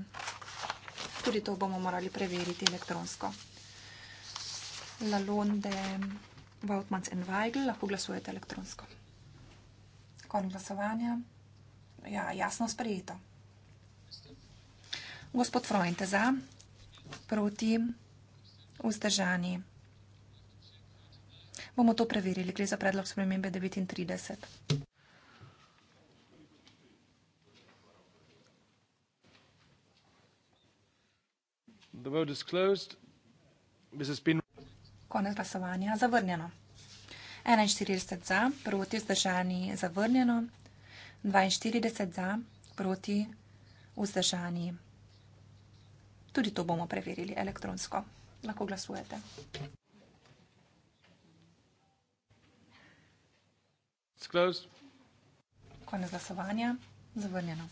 S4: Tudi to bomo morali preveriti elektronsko. Lalonde, Vautmans in Weigl lahko glasujete elektronsko. Konec glasovanja. Ja, jasno sprejeto. Gospod Frojente za, proti, vzdržani vzdržani. Bomo to preverili, gre za predlog spremembe 39. Konec glasovanja, zavrnjeno. 41 za, proti vzdržani, zavrnjeno. 42 za, proti vzdržani. Tudi to bomo preverili elektronsko lahko glasujete. Konec glasovanja, zavrnjeno.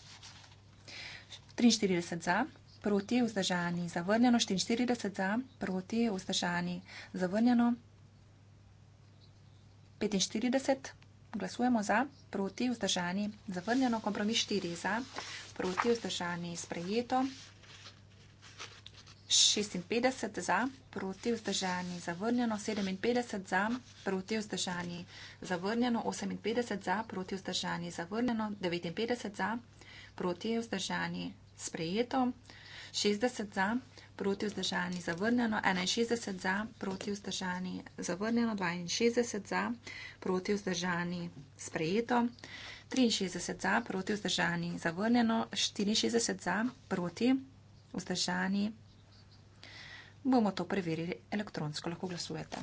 S4: 43 za, proti, vzdržani, zavrnjeno. 44 za, proti, vzdržani, zavrnjeno. 45 glasujemo za, proti, vzdržani, zavrnjeno. Kompromis 4 za, proti, vzdržani, sprejeto. 56 za, proti vzdržani zavrnjeno, 57 za, proti vzdržani zavrnjeno, 58 za, proti vzdržani zavrnjeno, 59 za, proti vzdržani sprejeto, 60 za, proti vzdržani zavrnjeno, 61 za, proti vzdržani zavrnjeno, 62 za, proti vzdržani sprejeto, 63 za, proti vzdržani zavrnjeno, 64 za, proti vzdržani sprejeto bomo to preverili elektronsko, lahko glasujete.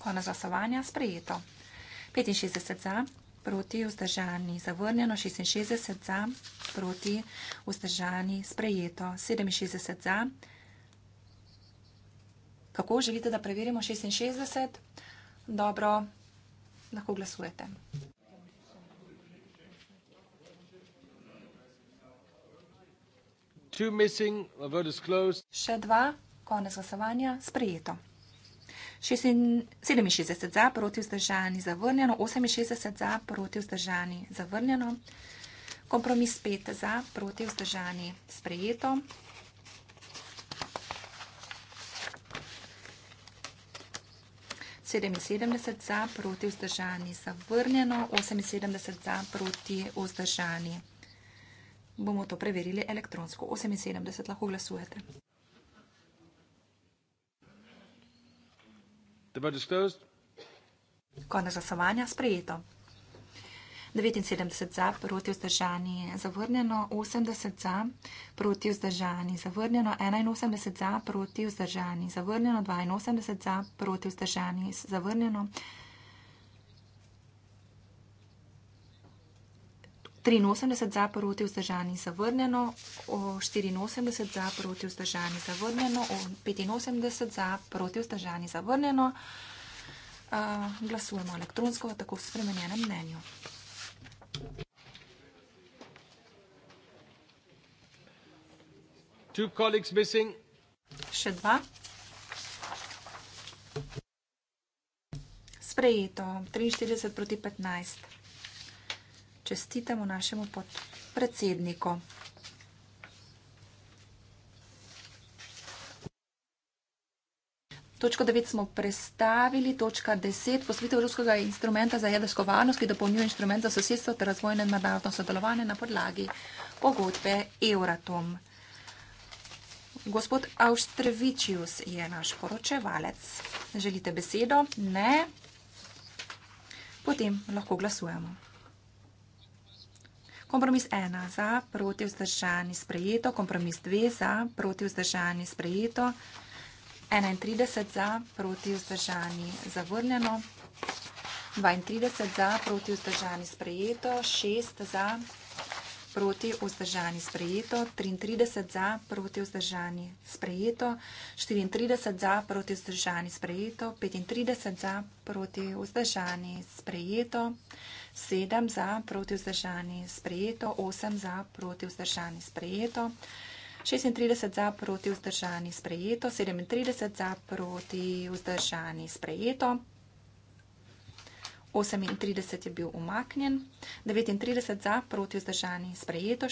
S4: Konec glasovanja, sprejeto. 65 za, proti, vzdržani, zavrnjeno, 66 za, proti, vzdržani, sprejeto, 67 za. Kako želite, da preverimo 66? Dobro, lahko glasujete.
S3: Še
S4: dva, konec glasovanja, sprejeto. 67 za proti vzdržani zavrnjeno, 68 za proti vzdržani zavrnjeno, kompromis 5 za proti vzdržani sprejeto. Sedeminsedemdeset za proti vzdržani zavrnjeno, oseminsedemdeset za proti vzdržani bomo to preverili elektronsko. 78 lahko glasujete. Konec glasovanja sprejeto. 79 za, proti vzdržani je zavrnjeno, 80 za, proti vzdržani je zavrnjeno, 81 za, proti vzdržani je zavrnjeno, 82 za, proti vzdržani je zavrnjeno. 83 za, proti vzdržani zavrnjeno, 84 za, proti vzdržani zavrnjeno, 85 za, proti vzdržani zavrnjeno. Uh, glasujemo elektronsko, tako v spremenjenem mnenju. Še dva. Sprejeto, 43 proti 15 čestitamo našemu podpredsedniku. Točko 9 smo predstavili, točka 10 posvetitev ruskega instrumenta za jedrsko varnost, ki dopolnjuje instrument za sosedstvo ter razvojne in mednarodno sodelovanje na podlagi pogodbe Euratom. Gospod Austrevičius je naš poročevalec. Želite besedo? Ne. Potem lahko glasujemo. Kompromis 1 za, proti vzdržani sprejeto, kompromis 2 za, proti vzdržani sprejeto, 31 za, proti vzdržani zavrnjeno, 32 za, proti vzdržani sprejeto, 6 za, proti vzdržani sprejeto, 33 za, proti vzdržani sprejeto, 34 za, proti vzdržani sprejeto, 35 za, proti vzdržani sprejeto, 35 za, proti vzdržani sprejeto, 7 za, proti vzdržani sprejeto, 8 za, proti vzdržani sprejeto, 36 za, proti vzdržani sprejeto, 37 za, proti vzdržani sprejeto. 38 je bil umaknjen, 39 za, proti vzdržani sprejeto,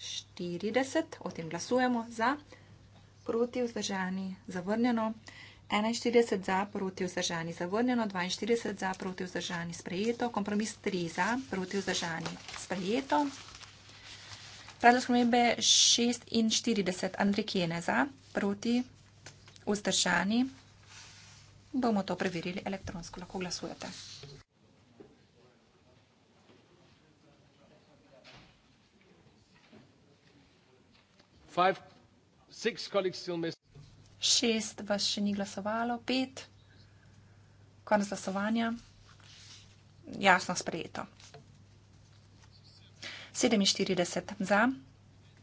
S4: 40, o tem glasujemo, za, proti vzdržani zavrnjeno, 41 za, proti vzdržani zavrnjeno, 42 za, proti vzdržani sprejeto, kompromis 3 za, proti vzdržani sprejeto. Predlog spremembe 46, Andrej Kjene za, proti vzdržani. Bomo to preverili elektronsko, lahko glasujete.
S3: Five, six colleagues still miss
S4: šest vas še ni glasovalo, pet, konc glasovanja, jasno sprejeto. 47 za,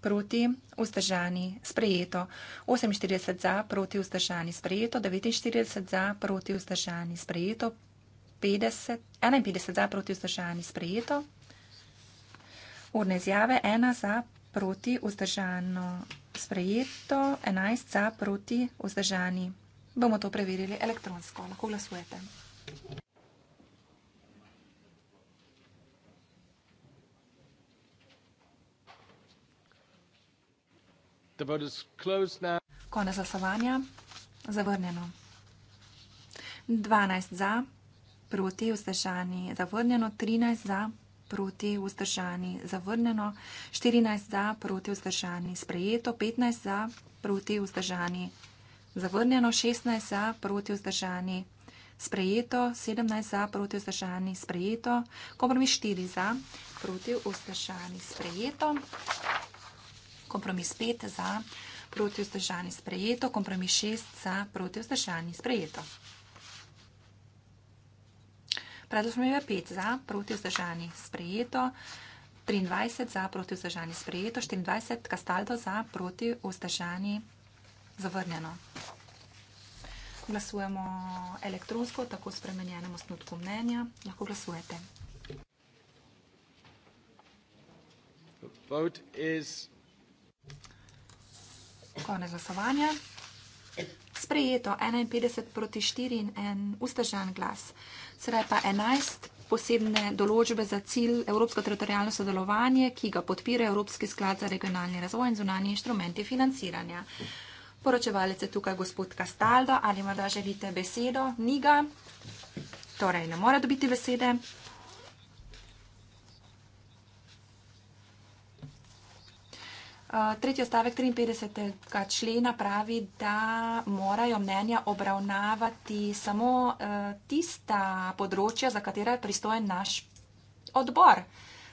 S4: proti, vzdržani, sprejeto. 48 za, proti, vzdržani, sprejeto. 49 za, proti, vzdržani, sprejeto. 50, 51 za, proti, vzdržani, sprejeto. Urne izjave, ena za, proti, vzdržano, sprejeto, 11 za, proti, vzdržani. Bomo to preverili elektronsko, lahko glasujete. Konec glasovanja, zavrnjeno. 12 za, proti, vzdržani, zavrnjeno, 13 za, proti vzdržani zavrnjeno, 14 za proti vzdržani sprejeto, 15 za proti vzdržani zavrnjeno, 16 za proti vzdržani sprejeto, 17 za proti vzdržani sprejeto, kompromis 4 za proti vzdržani sprejeto, kompromis 5 za proti vzdržani sprejeto, kompromis 6 za proti vzdržani sprejeto. Predlog smo imeli 5 za, proti vzdržani sprejeto, 23 za, proti vzdržani sprejeto, 24 kastaldo za, proti vzdržani zavrnjeno. Glasujemo elektronsko, tako spremenjenem osnutku mnenja. Lahko glasujete. Is... Konec glasovanja. Sprejeto 51 proti 4 in en ustežen glas. Uh, sedaj pa 11 posebne določbe za cilj Evropsko teritorijalno sodelovanje, ki ga podpira Evropski sklad za regionalni razvoj in zunanje inštrumente financiranja. Poročevalec je tukaj gospod Kastaldo, ali morda želite besedo? Niga. Torej, ne mora dobiti besede. Tretji odstavek 53. člena pravi, da morajo mnenja obravnavati samo eh, tista področja, za katera je pristojen naš odbor.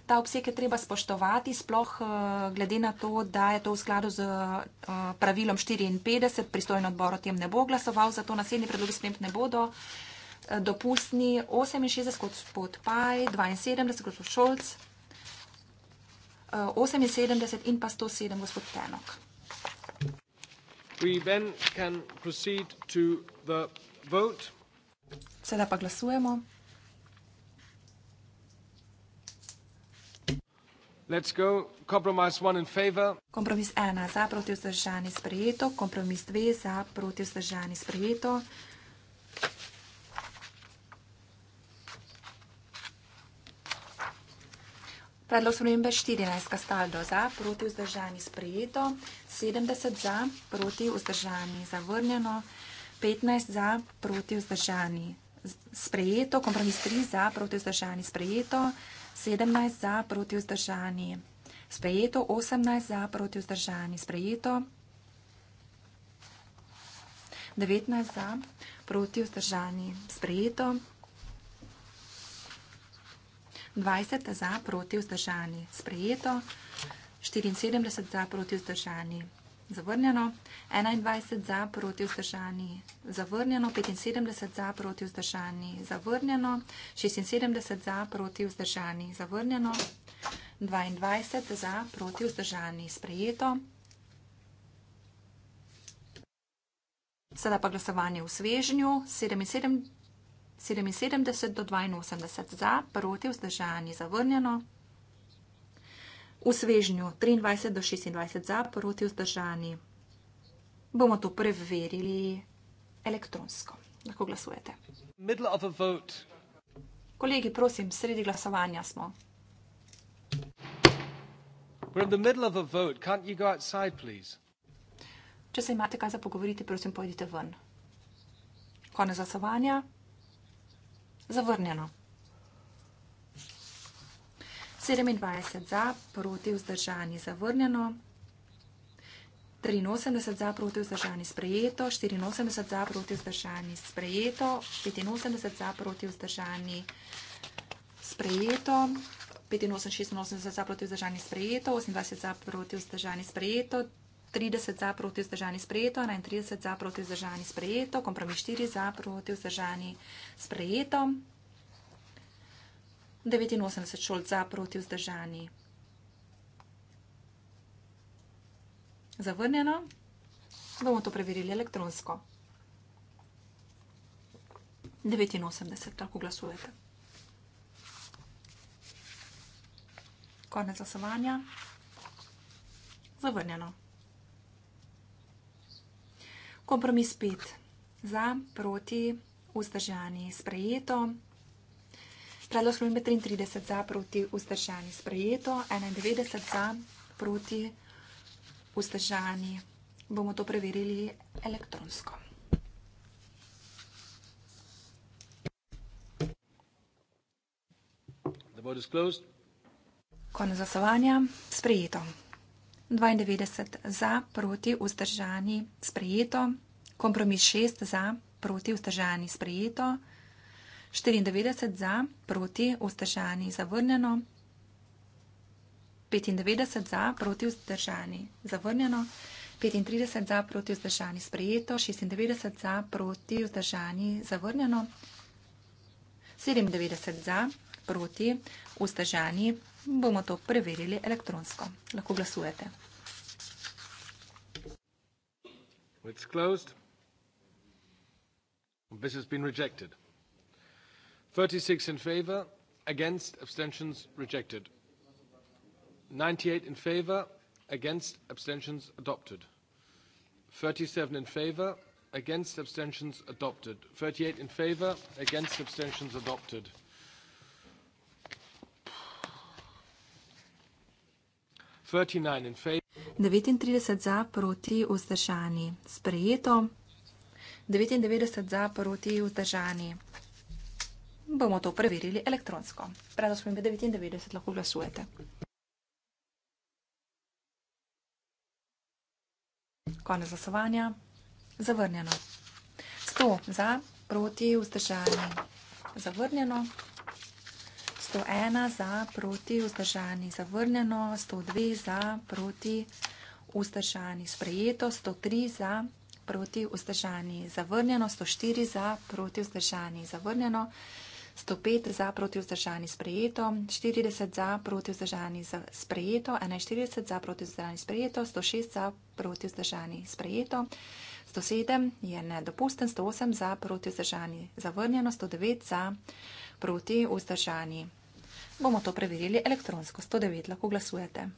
S4: Ta obseg je treba spoštovati, sploh eh, glede na to, da je to v skladu z eh, pravilom 54, pristojen odbor o tem ne bo glasoval, zato naslednji predlogi sprememb ne bodo dopustni. 68 kot spod Paj, 72 kot Šolc, 78 eh, in pa 107, gospod Tenok. Sedaj pa glasujemo.
S3: Let's go. Compromise one in favor.
S4: Kompromis ena za proti vzdržani sprejeto, kompromis dve za proti vzdržani sprejeto. Predlog spremembe 14. staldo za, proti vzdržani sprejeto, 70 za, proti vzdržani zavrnjeno, 15 za, proti vzdržani sprejeto, kompromis 3 za, proti vzdržani sprejeto, 17 za, proti vzdržani sprejeto, 18 za, proti vzdržani sprejeto, 19 za, proti vzdržani sprejeto. 20 za proti vzdržani. Sprejeto. 74 za proti vzdržani. Zavrnjeno. 21 za proti vzdržani. Zavrnjeno. 75 za proti vzdržani. Zavrnjeno. 76 za proti vzdržani. Zavrnjeno. 22 za proti vzdržani. Sprejeto. Sedaj pa glasovanje v svežnju. 77. 77 do 82 za, proti, vzdržani, zavrnjeno. V svežnju 23 do 26 za, proti, vzdržani. Bomo to preverili elektronsko. Lahko glasujete. Kolegi, prosim, sredi glasovanja smo. Vote, Če se imate kaj za pogovoriti, prosim, pojdite ven. Konec glasovanja. Zavrnjeno. 27 za, proti vzdržani zavrnjeno. 83 za, proti vzdržani sprejeto. 84 za, proti vzdržani sprejeto. 85 za, proti vzdržani sprejeto. 85, 86 za, proti vzdržani sprejeto. 28 za, proti vzdržani sprejeto. 30 za, proti vzdržani sprejeto, 31 za, proti vzdržani sprejeto, kompromis 4 za, proti vzdržani sprejeto, 89 šol za, proti vzdržani zavrnjeno. Bomo to preverili elektronsko. 89, tako glasujete. Konec glasovanja. Zavrnjeno kompromis pet. Za, proti, vzdržani, sprejeto. Predlog službe 33 za, proti, vzdržani, sprejeto. 91 za, proti, vzdržani. Bomo to preverili elektronsko. Konec zasovanja. Sprejeto. 92 za, proti, vzdržani, sprejeto, kompromis 6 za, proti, vzdržani, sprejeto, 94 za, proti, vzdržani, zavrnjeno, 95 za, proti, vzdržani, zavrnjeno, 35 za, proti, vzdržani, sprejeto, 96 za, proti, vzdržani, zavrnjeno, 97 za, proti, vzdržani, bomo to preverili elektronsko. Lahko glasujete.
S3: It's closed. This has been rejected. 36 in favor, against abstentions rejected. 98 in favor, against abstentions adopted. 37 in favor, against abstentions adopted. 38 in favor, against abstentions adopted. 38 39
S4: za proti vzdržani. Sprejeto. 99 za proti vzdržani. Bomo to preverili elektronsko. Predo smo imeli 99, lahko glasujete. Konec zasovanja. Zavrnjeno. 100 za proti vzdržani. Zavrnjeno. 101 za, proti, vzdržani, zavrnjeno, 102 za, proti, vzdržani, sprejeto, 103 za, proti, vzdržani, zavrnjeno, 104 za, proti, vzdržani, zavrnjeno, 105 za, proti, vzdržani, sprejeto, 40 za, proti, vzdržani, sprejeto, 41 za, proti, vzdržani, sprejeto, 106 za, proti, vzdržani, sprejeto. 107 je nedopusten, 108 za, proti vzdržani, zavrnjeno, 109 za, proti vzdržani. Bomo to preverili elektronsko. 109 lahko glasujete.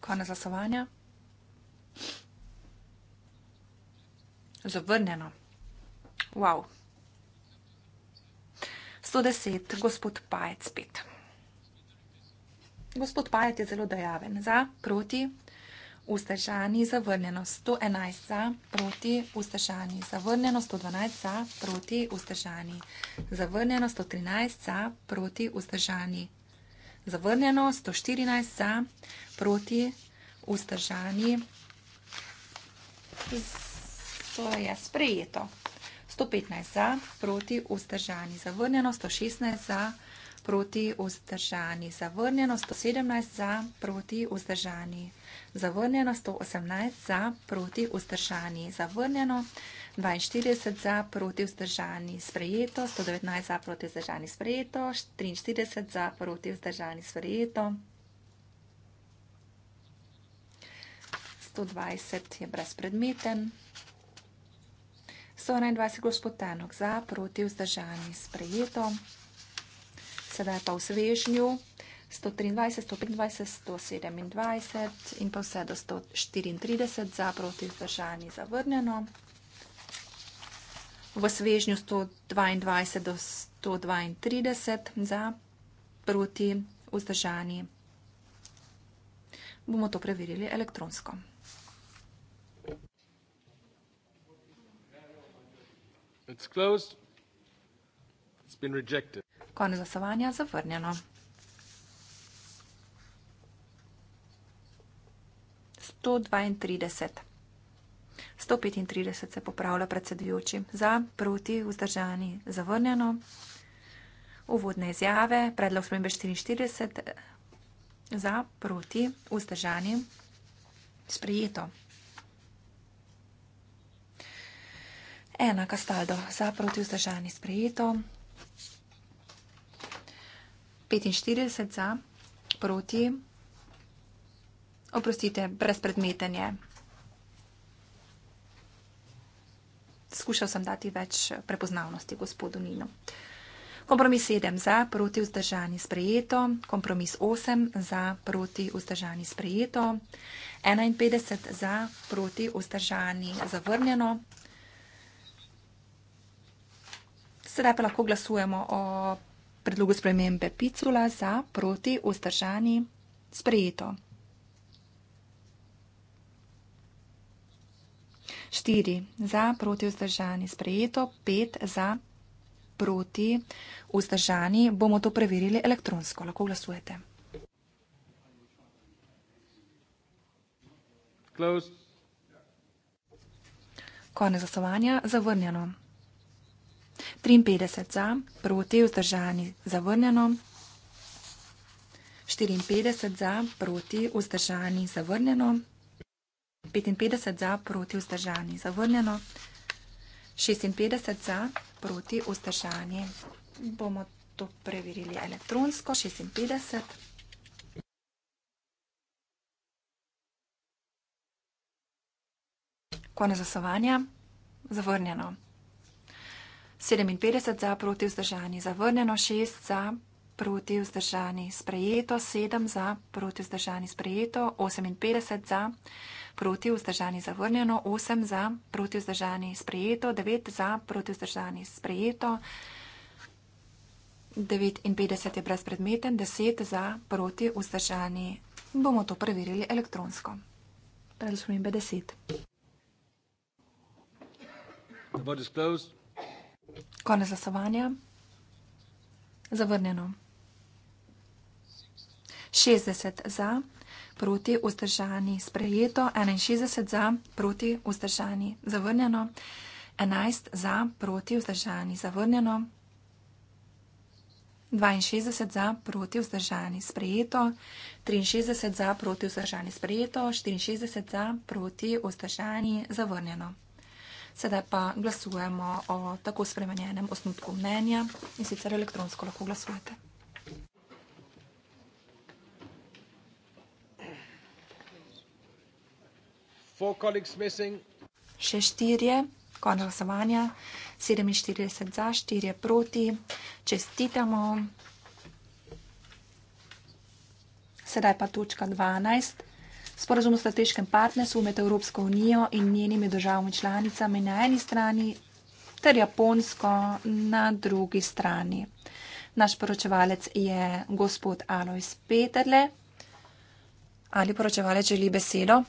S4: Konec glasovanja. Zavrnjeno. Wow. 110, gospod Pajec spet. Gospod Pajec je zelo dejaven. Za, proti, vzdržani, zavrnjeno 111 za, proti vzdržani, zavrnjeno 112 za, proti vzdržani, zavrnjeno 113 za, proti vzdržani, zavrnjeno 114 za, proti vzdržani, to je sprejeto. 115 za, proti vzdržani, zavrnjeno 116 za, proti vzdržani, zavrnjeno 117 za, proti vzdržani, zavrnjeno zavrnjeno 118 za proti vzdržani, zavrnjeno 42 za proti vzdržani, sprejeto 119 za proti vzdržani, sprejeto 43 za proti vzdržani, sprejeto 120 je brezpredmeten. 121 gospod Tenok za proti vzdržani, sprejeto. Sedaj pa v svežnju. 123, 125, 127 in pa vse do 134 za proti vzdržani zavrnjeno. V svežnju 122 do 132 za proti vzdržani. Bomo to preverili elektronsko. Konec glasovanja zavrnjeno. 132. 135 se popravlja predsedujoči. Za, proti, vzdržani, zavrnjeno. Uvodne izjave, predlog spremembe 44. Za, proti, vzdržani, sprejeto. Ena kastaldo, za, proti, vzdržani, sprejeto. 45 za, proti, vzdržani. Oprostite, brezpredmeten je. Skušal sem dati več prepoznavnosti gospodu Ninu. Kompromis 7 za, proti vzdržani sprejeto. Kompromis 8 za, proti vzdržani sprejeto. 51 za, proti vzdržani zavrnjeno. Sedaj pa lahko glasujemo o predlogu spremembe Picula za, proti vzdržani sprejeto. 4 za, proti vzdržani, sprejeto, 5 za, proti vzdržani. Bomo to preverili elektronsko, lahko glasujete. Close. Konec glasovanja, zavrnjeno. 53 za, proti vzdržani, zavrnjeno. 54 za, proti vzdržani, zavrnjeno. 55 za, proti vzdržani. Zavrnjeno 56 za, proti vzdržani. Bomo to preverili elektronsko. 56. Kone zasovanja. Zavrnjeno. 57 za, proti vzdržani. Zavrnjeno 6 za, proti vzdržani proti vzdržani sprejeto, 7 za, proti vzdržani sprejeto, 58 za, proti vzdržani zavrnjeno, 8 za, proti vzdržani sprejeto, 9 za, proti vzdržani sprejeto, 59 je brezpredmeten, 10 za, proti vzdržani. Bomo to preverili elektronsko. Predstavljam 10. Konec zasovanja. Zavrnjeno. 60 za, proti vzdržani, sprejeto, 61 za, proti vzdržani, zavrnjeno, 11 za, proti vzdržani, zavrnjeno, 62 za, proti vzdržani, sprejeto, 63 za, proti vzdržani, sprejeto, 64 za, proti vzdržani, zavrnjeno. Sedaj pa glasujemo o tako spremenjenem osnutku mnenja in sicer elektronsko lahko glasujete. Še štirje, konec glasovanja, 47 za, štirje proti. Čestitamo. Sedaj pa točka 12. Sporazum o strateškem partnerstvu med Evropsko unijo in njenimi državami članicami na eni strani ter Japonsko na drugi strani. Naš poročevalec je gospod Alois Peterle. Ali poročevalec želi besedo?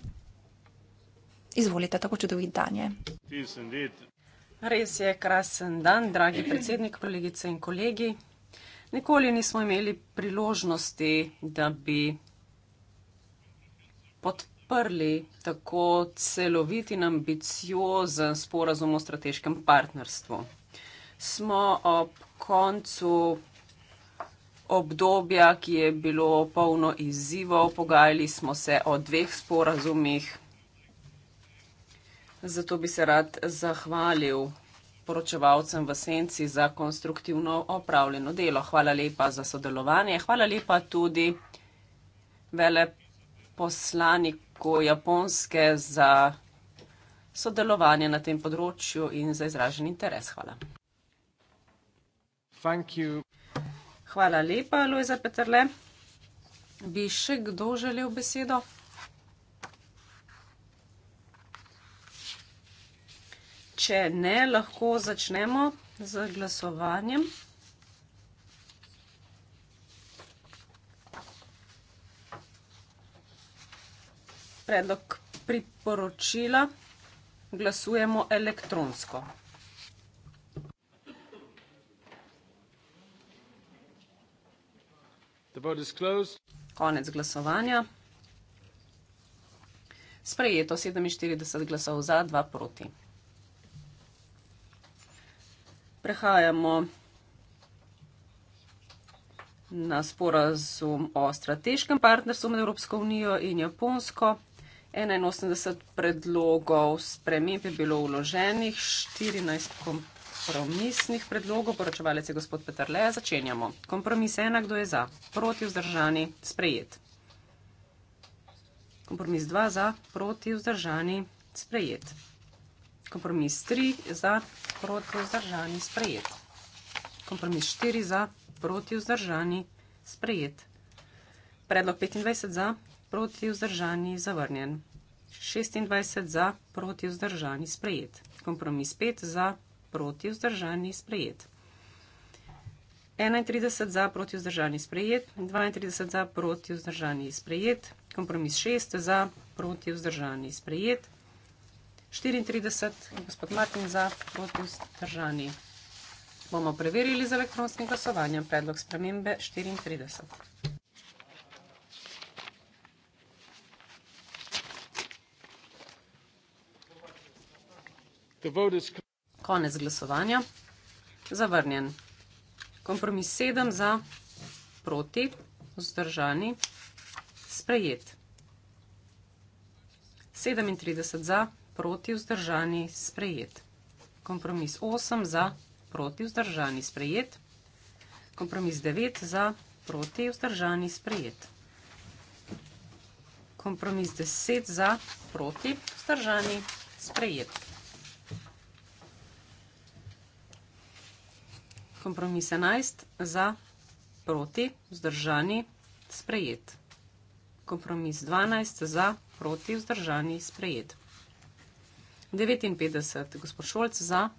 S4: Izvolite, tako čudovit dan je.
S2: Res je krasen dan, dragi predsednik, kolegice in kolegi. Nikoli nismo imeli priložnosti, da bi podprli tako celovit in ambiciozen sporazum o strateškem partnerstvu. Smo ob koncu obdobja, ki je bilo polno izzivov, pogajali smo se o dveh sporazumih Zato bi se rad zahvalil poročevalcem v Senci za konstruktivno opravljeno delo. Hvala lepa za sodelovanje. Hvala lepa tudi vele poslaniku Japonske za sodelovanje na tem področju in za izražen interes. Hvala. Hvala lepa, Lujza Peterle. Bi še kdo želel besedo? Če ne, lahko začnemo z glasovanjem. Predlog priporočila glasujemo elektronsko. Konec glasovanja. Sprejeto 47 glasov za, 2 proti. Prehajamo na sporazum o strateškem partnerstvu med Evropsko unijo in Japonsko. 81 predlogov sprememb je bilo vloženih, 14 kompromisnih predlogov. Poročevalec je gospod Petr Le, začenjamo. Kompromis ena, kdo je za? Proti vzdržani, sprejet. Kompromis dva, za? Proti vzdržani, sprejet. Kompromis 3 za, proti vzdržani, sprejet. Kompromis 4 za, proti vzdržani, sprejet. Predlog 25 za, proti vzdržani, zavrnjen. 26 za, proti vzdržani, sprejet. Kompromis 5 za, proti vzdržani, sprejet. 31 za, proti vzdržani, sprejet. 32 za, proti vzdržani, sprejet. Kompromis 6 za, proti vzdržani, sprejet. 34, gospod Martin za, proti vzdržani. Bomo preverili z elektronskim glasovanjem predlog spremembe 34. Is... Konec glasovanja. Zavrnjen. Kompromis 7 za, proti, vzdržani, sprejet. 37 za, proti vzdržani sprejet. Kompromis 8 za proti vzdržani sprejet. Kompromis 9 za proti vzdržani sprejet. Kompromis 10 za proti vzdržani sprejet. Kompromis 11 za proti vzdržani sprejet. Kompromis 12 za proti vzdržani sprejet. 59, gospod Šolc za,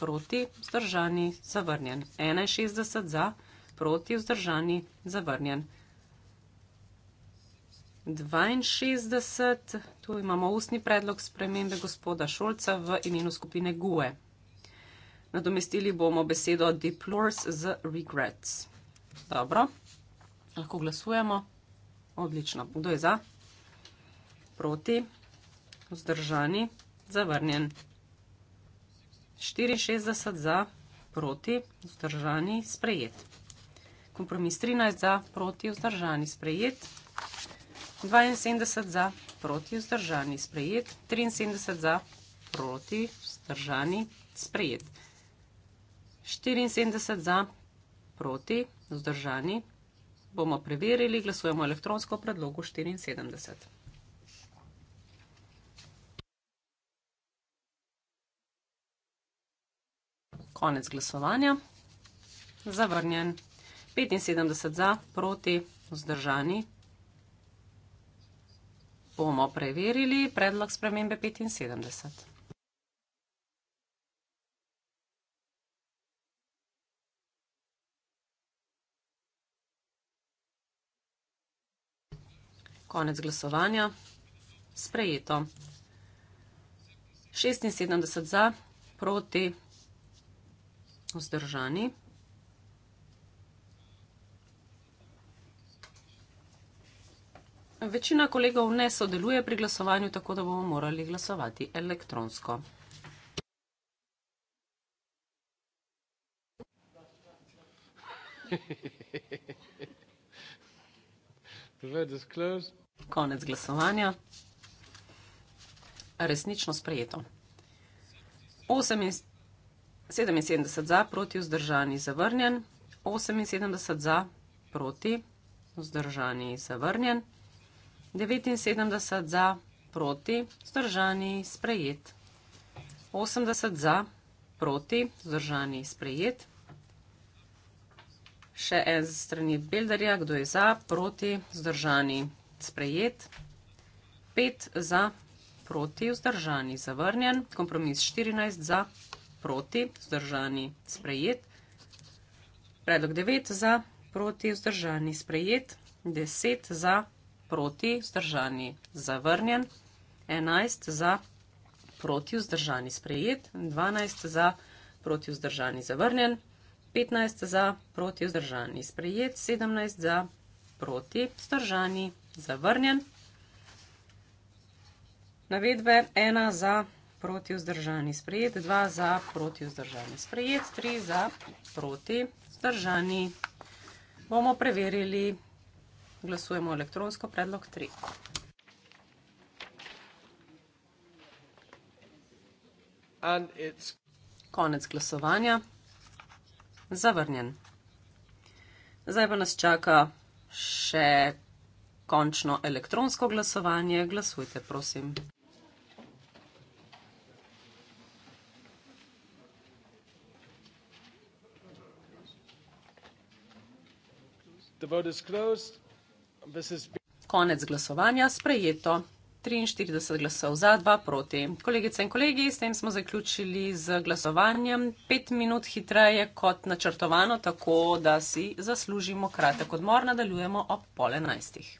S2: proti, vzdržani, zavrnjen. 61 za, proti, vzdržani, zavrnjen. 62, tu imamo ustni predlog spremembe gospoda Šolca v imenu skupine GUE. Nadomestili bomo besedo deplores z regrets. Dobro, lahko glasujemo. Odlično. Kdo je za? Proti. Vzdržani zavrnjen. 64 za, proti, vzdržani, sprejet. Kompromis 13 za, proti, vzdržani, sprejet. 72 za, proti, vzdržani, sprejet. 73 za, proti, vzdržani, sprejet. 74 za, proti, vzdržani, bomo preverili, glasujemo elektronsko predlogu 74. Konec glasovanja. Zavrnjen. 75 za, proti, vzdržani. Bomo preverili predlog spremembe 75. Konec glasovanja. Sprejeto. 76 za, proti, vzdržani smo zdržani. Večina kolegov ne sodeluje pri glasovanju, tako da bomo morali glasovati elektronsko. Konec glasovanja. Resnično sprejeto. 78. 77 za, proti, vzdržani, zavrnjen. 78 za, proti, vzdržani, zavrnjen. 79 za, proti, vzdržani, sprejet. 80 za, proti, vzdržani, sprejet. Še en z strani Bilderja, kdo je za, proti, vzdržani, sprejet. 5 za, proti, vzdržani, zavrnjen. Kompromis 14 za, proti, vzdržani, sprejet. Predlog 9 za, proti, vzdržani, sprejet. 10 za, proti, vzdržani, zavrnjen. 11 za, proti, vzdržani, sprejet. 12 za, proti, vzdržani, zavrnjen. 15 za, proti, vzdržani, sprejet. 17 za, proti, vzdržani, zavrnjen. Navedve 1 za, proti, vzdržani, sprejet proti vzdržani sprejet, dva za proti vzdržani sprejet, tri za proti vzdržani. Bomo preverili, glasujemo elektronsko predlog tri. Konec glasovanja, zavrnjen. Zdaj pa nas čaka še končno elektronsko glasovanje. Glasujte, prosim. Konec glasovanja sprejeto. 43 glasov za, 2 proti. Kolegice in kolegi, s tem smo zaključili z glasovanjem. Pet minut hitreje kot načrtovano, tako da si zaslužimo kratek odmor, nadaljujemo ob pol enajstih.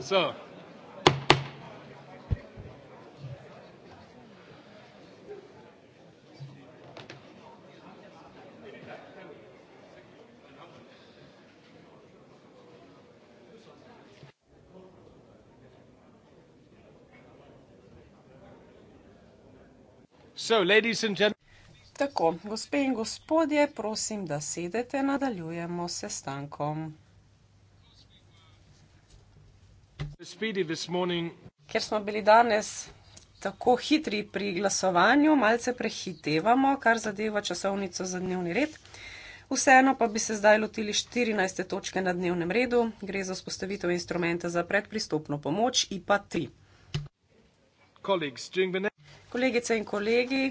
S2: So. So, Tako, gospe in gospodje, prosim, da sedete, nadaljujemo sestankom. Ker smo bili danes tako hitri pri glasovanju, malce prehitevamo, kar zadeva časovnico za dnevni red. Vseeno pa bi se zdaj lotili 14. točke na dnevnem redu. Gre za spostavitev instrumenta za predpristopno pomoč IPA 3. Kolegice in kolegi,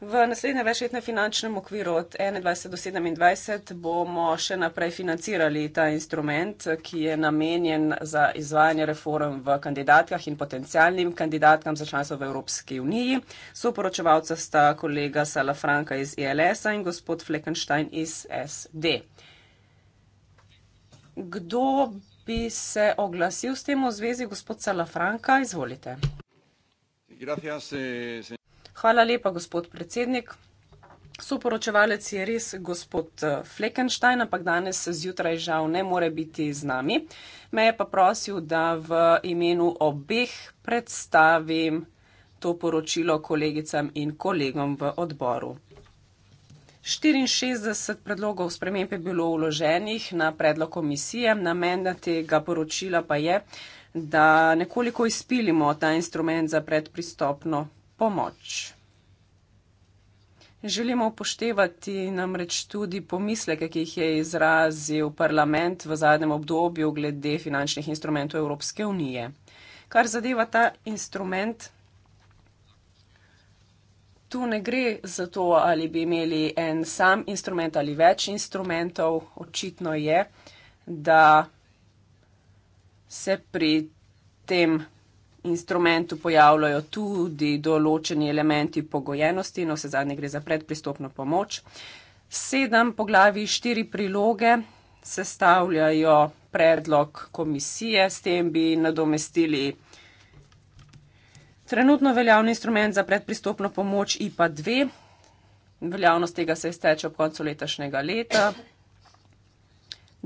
S2: V naslednjem večletnem finančnem okviru od 2021 do 2027 bomo še naprej financirali ta instrument, ki je namenjen za izvajanje reform v kandidatkah in potencijalnim kandidatkam za članstvo v Evropski uniji. Soporočevalca sta kolega Sala Franka iz ILS e in gospod Fleckenstein iz SD. Kdo bi se oglasil s tem v zvezi, gospod Sala Franka? Izvolite.
S5: Gracias, eh,
S2: Hvala lepa, gospod predsednik. Soporočevalec je res gospod eh, Fleckenstein, ampak danes zjutraj žal ne more biti z nami. Me je pa prosil, da v imenu obeh predstavim to poročilo kolegicam in kolegom v odboru. 64 predlogov sprememb je bilo vloženih na predlog komisije. Namen tega poročila pa je, da nekoliko izpilimo ta instrument za predpristopno pomoč. Želimo upoštevati namreč tudi pomisleke, ki jih je izrazil parlament v zadnjem obdobju glede finančnih instrumentov Evropske unije. Kar zadeva ta instrument, tu ne gre za to, ali bi imeli en sam instrument ali več instrumentov. Očitno je, da se pri tem instrumentu pojavljajo tudi določeni elementi pogojenosti, no vse zadnje gre za predpristopno pomoč. Sedem poglavi, štiri priloge sestavljajo predlog komisije, s tem bi nadomestili trenutno veljavni instrument za predpristopno pomoč IPA 2. Veljavnost tega se izteče ob koncu letašnjega leta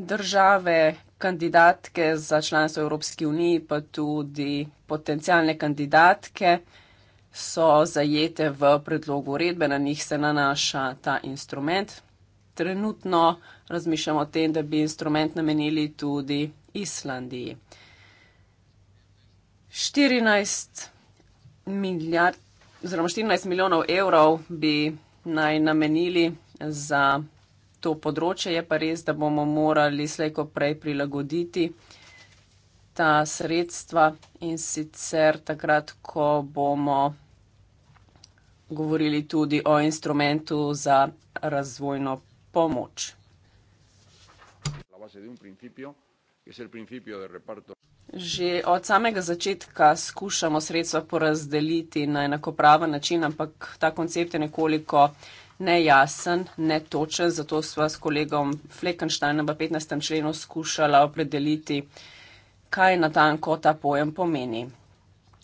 S2: države, kandidatke za članstvo v Evropski uniji, pa tudi potencijalne kandidatke so zajete v predlogu uredbe, na njih se nanaša ta instrument. Trenutno razmišljamo o tem, da bi instrument namenili tudi Islandiji. 14 milijard oziroma 14 milijonov evrov bi naj namenili za to področje, je pa res, da bomo morali slejko prej prilagoditi ta sredstva in sicer takrat, ko bomo govorili tudi o instrumentu za razvojno pomoč. Že od samega začetka skušamo sredstva porazdeliti na enakopraven način, ampak ta koncept je nekoliko nejasen, netočen, zato sva s kolegom Fleckensteinom v 15. členu skušala opredeliti, kaj natanko ta pojem pomeni.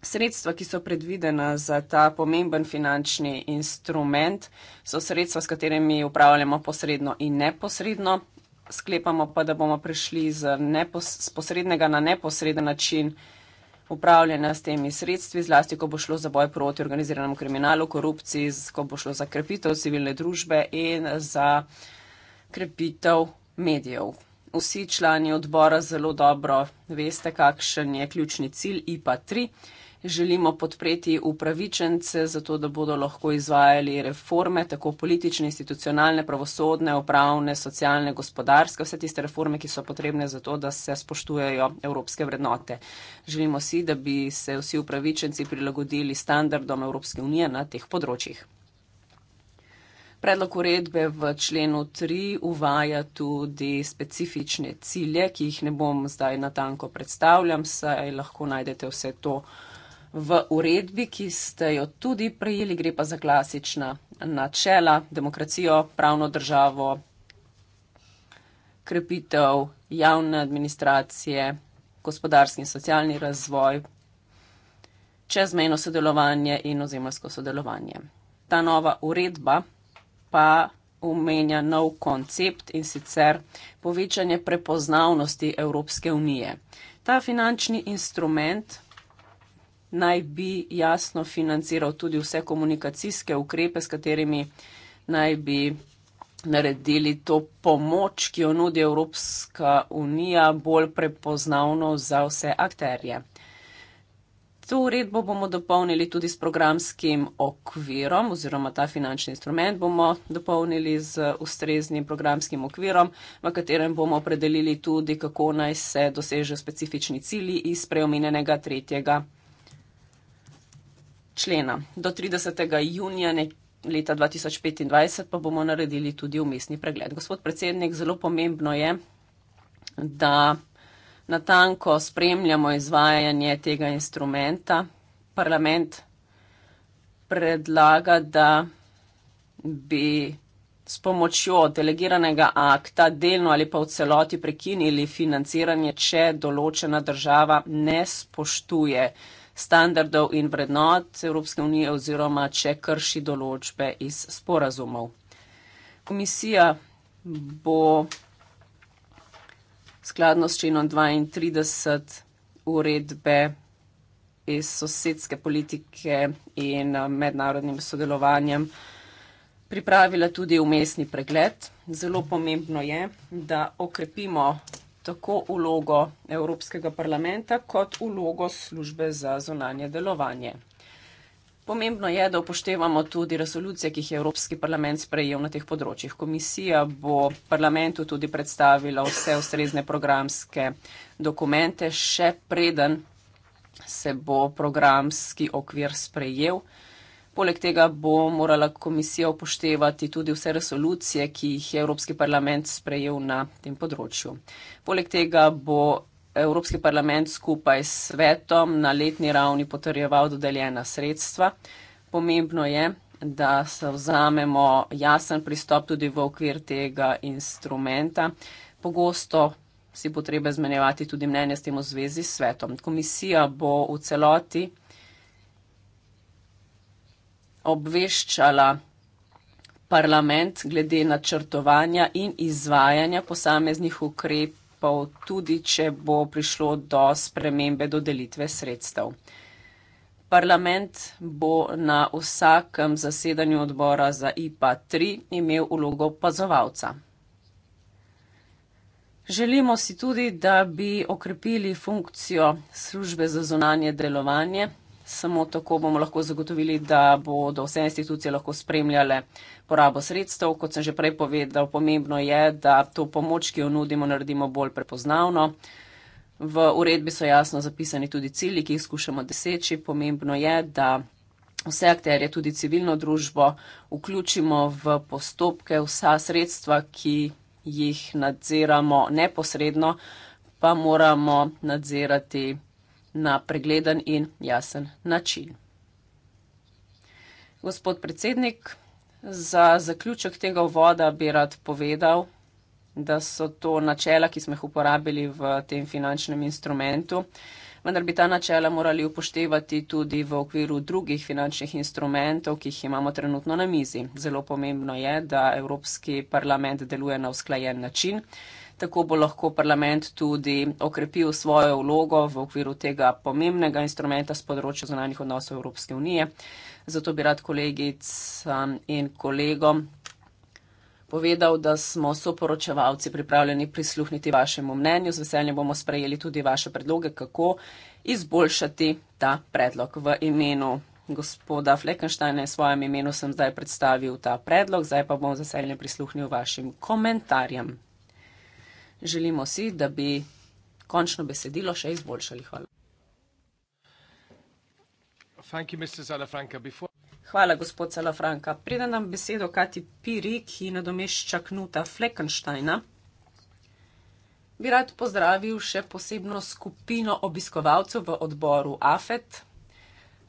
S2: Sredstva, ki so predvidena za ta pomemben finančni instrument, so sredstva, s katerimi upravljamo posredno in neposredno. Sklepamo pa, da bomo prešli z, nepos z posrednega na neposreden način upravljanja s temi sredstvi, zlasti ko bo šlo za boj proti organiziranemu kriminalu, korupciji, ko bo šlo za krepitev civilne družbe in za krepitev medijev. Vsi člani odbora zelo dobro veste, kakšen je ključni cilj IPA 3 želimo podpreti upravičence, zato da bodo lahko izvajali reforme, tako politične, institucionalne, pravosodne, upravne, socialne, gospodarske, vse tiste reforme, ki so potrebne za to, da se spoštujejo evropske vrednote. Želimo si, da bi se vsi upravičenci prilagodili standardom Evropske unije na teh področjih. Predlog uredbe v členu 3 uvaja tudi specifične cilje, ki jih ne bom zdaj natanko predstavljam, saj lahko najdete vse to v uredbi, ki ste jo tudi prejeli, gre pa za klasična načela, demokracijo, pravno državo, krepitev javne administracije, gospodarski in socialni razvoj, čezmejno sodelovanje in ozemljsko sodelovanje. Ta nova uredba pa omenja nov koncept in sicer povečanje prepoznavnosti Evropske unije. Ta finančni instrument naj bi jasno financiral tudi vse komunikacijske ukrepe, s katerimi naj bi naredili to pomoč, ki jo nudi Evropska unija, bolj prepoznavno za vse akterje. To uredbo bomo dopolnili tudi s programskim okvirom oziroma ta finančni instrument bomo dopolnili z ustreznim programskim okvirom, v katerem bomo opredelili tudi, kako naj se dosežejo specifični cilji iz preomenjenega tretjega člena. Do 30. junija nek leta 2025 pa bomo naredili tudi umestni pregled. Gospod predsednik, zelo pomembno je, da natanko spremljamo izvajanje tega instrumenta. Parlament predlaga, da bi s pomočjo delegiranega akta delno ali pa v celoti prekinili financiranje, če določena država ne spoštuje standardov in vrednot Evropske unije oziroma če krši določbe iz sporazumov. Komisija bo skladno s členom 32 uredbe iz sosedske politike in mednarodnim sodelovanjem pripravila tudi umestni pregled. Zelo pomembno je, da okrepimo tako vlogo Evropskega parlamenta kot vlogo službe za zonanje delovanje. Pomembno je, da upoštevamo tudi resolucije, ki jih je Evropski parlament sprejel na teh področjih. Komisija bo parlamentu tudi predstavila vse ustrezne programske dokumente, še preden se bo programski okvir sprejel. Poleg tega bo morala komisija upoštevati tudi vse resolucije, ki jih je Evropski parlament sprejel na tem področju. Poleg tega bo Evropski parlament skupaj s svetom na letni ravni potrjeval dodeljena sredstva. Pomembno je, da se vzamemo jasen pristop tudi v okvir tega instrumenta. Pogosto si potrebe zmenjevati tudi mnenje s tem v zvezi s svetom. Komisija bo v celoti obveščala parlament glede načrtovanja in izvajanja posameznih ukrepov, tudi če bo prišlo do spremembe dodelitve sredstev. Parlament bo na vsakem zasedanju odbora za IPA 3 imel ulogo pazovalca. Želimo si tudi, da bi okrepili funkcijo službe za zunanje delovanje Samo tako bomo lahko zagotovili, da bodo vse institucije lahko spremljale porabo sredstev. Kot sem že prej povedal, pomembno je, da to pomoč, ki jo nudimo, naredimo bolj prepoznavno. V uredbi so jasno zapisani tudi cilji, ki jih skušamo deseči. Pomembno je, da vse akterje, tudi civilno družbo, vključimo v postopke vsa sredstva, ki jih nadziramo neposredno, pa moramo nadzirati na pregleden in jasen način. Gospod predsednik, za zaključek tega uvoda bi rad povedal, da so to načela, ki smo jih uporabili v tem finančnem instrumentu, vendar bi ta načela morali upoštevati tudi v okviru drugih finančnih instrumentov, ki jih imamo trenutno na mizi. Zelo pomembno je, da Evropski parlament deluje na usklajen način tako bo lahko parlament tudi okrepil svojo vlogo v okviru tega pomembnega instrumenta z področja zunanjih odnosov Evropske unije. Zato bi rad kolegicam in kolegom povedal, da smo soporočevalci pripravljeni prisluhniti vašemu mnenju. Z veseljem bomo sprejeli tudi vaše predloge, kako izboljšati ta predlog v imenu. Gospoda Fleckensteina je svojem imenu sem zdaj predstavil ta predlog, zdaj pa bom z veseljem prisluhnil vašim komentarjem. Želimo si, da bi končno besedilo še izboljšali. Hvala. Hvala, gospod Salafranka. Preden nam besedo Kati Piri, ki nadomešča Knuta Fleckensteina, bi rad pozdravil še posebno skupino obiskovalcev v odboru AFET.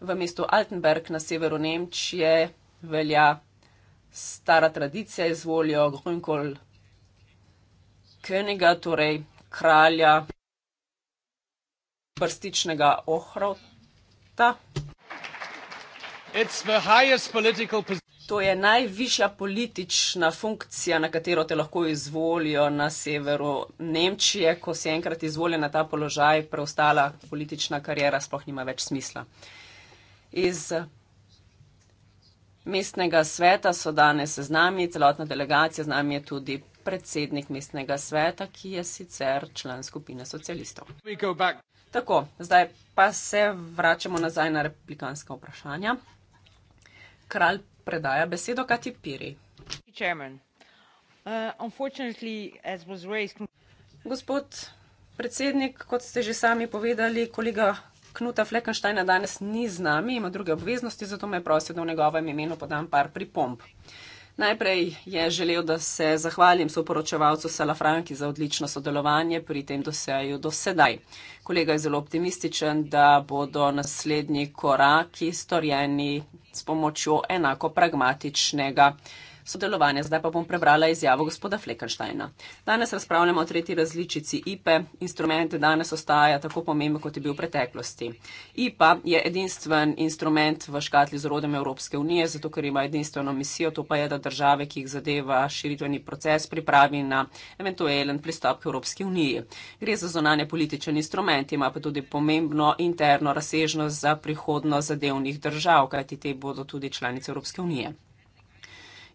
S2: V mestu Altenberg na severu Nemčije velja stara tradicija, izvolijo Grünkohl Königa, torej kralja prstičnega ohrota. To je najvišja politična funkcija, na katero te lahko izvolijo na severu Nemčije. Ko si enkrat izvoljen na ta položaj, preostala politična karijera sploh nima več smisla. Iz mestnega sveta so danes z nami, celotna delegacija, z nami je tudi predsednik mestnega sveta, ki je sicer član skupine socialistov. Tako, zdaj pa se vračamo nazaj na replikanska vprašanja. Kralj predaja besedo Kati Piri. Uh, Gospod predsednik, kot ste že sami povedali, kolega Knuta Fleckensteina danes ni z nami, ima druge obveznosti, zato me je prosil, da v njegovem imenu podam par pripomb. Uh, Najprej je želel, da se zahvalim soporočevalcu Salafranki za odlično sodelovanje pri tem doseju do sedaj. Kolega je zelo optimističen, da bodo naslednji koraki storjeni s pomočjo enako pragmatičnega sodelovanja. Zdaj pa bom prebrala izjavo gospoda Fleckensteina. Danes razpravljamo o tretji različici IPE. Instrument danes ostaja tako pomemben, kot je bil v preteklosti. IPA je edinstven instrument v škatli z rodem Evropske unije, zato ker ima edinstveno misijo, to pa je, da države, ki jih zadeva širitveni proces, pripravi na eventualen pristop k Evropski uniji. Gre za zonanje političen instrument, ima pa tudi pomembno interno razsežnost za prihodnost zadevnih držav, kajti te bodo tudi članice Evropske unije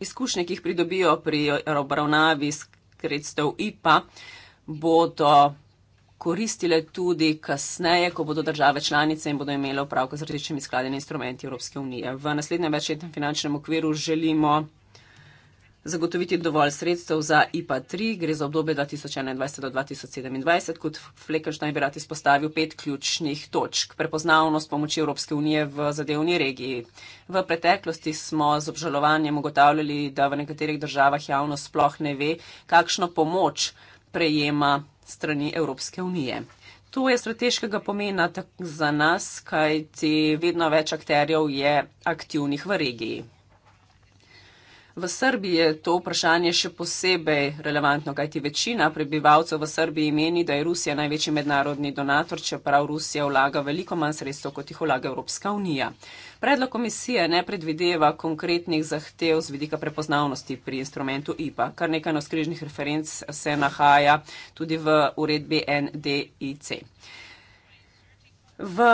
S2: izkušnje, ki jih pridobijo pri obravnavi skredstev IPA, bodo koristile tudi kasneje, ko bodo države članice in bodo imele opravka z različnimi skladenimi instrumenti Evropske unije. V naslednjem večletnem finančnem okviru želimo zagotoviti dovolj sredstev za IPA-3, gre za obdobje 2021 do 2027, kot Flekenstein bi rad izpostavil pet ključnih točk. Prepoznavnost pomoči Evropske unije v zadevni regiji. V preteklosti smo z obžalovanjem ugotavljali, da v nekaterih državah javnost sploh ne ve, kakšno pomoč prejema strani Evropske unije. To je strateškega pomena za nas, kajti vedno več akterjev je aktivnih v regiji. V Srbiji je to vprašanje še posebej relevantno, kajti večina prebivalcev v Srbiji meni, da je Rusija največji mednarodni donator, čeprav Rusija vlaga veliko manj sredstev, kot jih vlaga Evropska unija. Predlog komisije ne predvideva konkretnih zahtev z vidika prepoznavnosti pri instrumentu IPA. Kar nekaj noskrižnih referenc se nahaja tudi v uredbi NDIC. V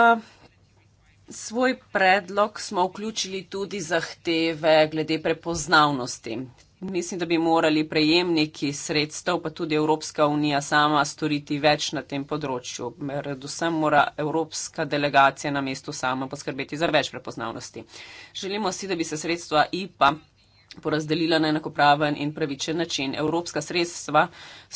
S2: svoj predlog smo vključili tudi zahteve glede prepoznavnosti. Mislim, da bi morali prejemniki sredstev, pa tudi Evropska unija sama, storiti več na tem področju. Predvsem mora Evropska delegacija na mestu sama poskrbeti za več prepoznavnosti. Želimo si, da bi se sredstva IPA porazdelila na enakopraven in pravičen način. Evropska sredstva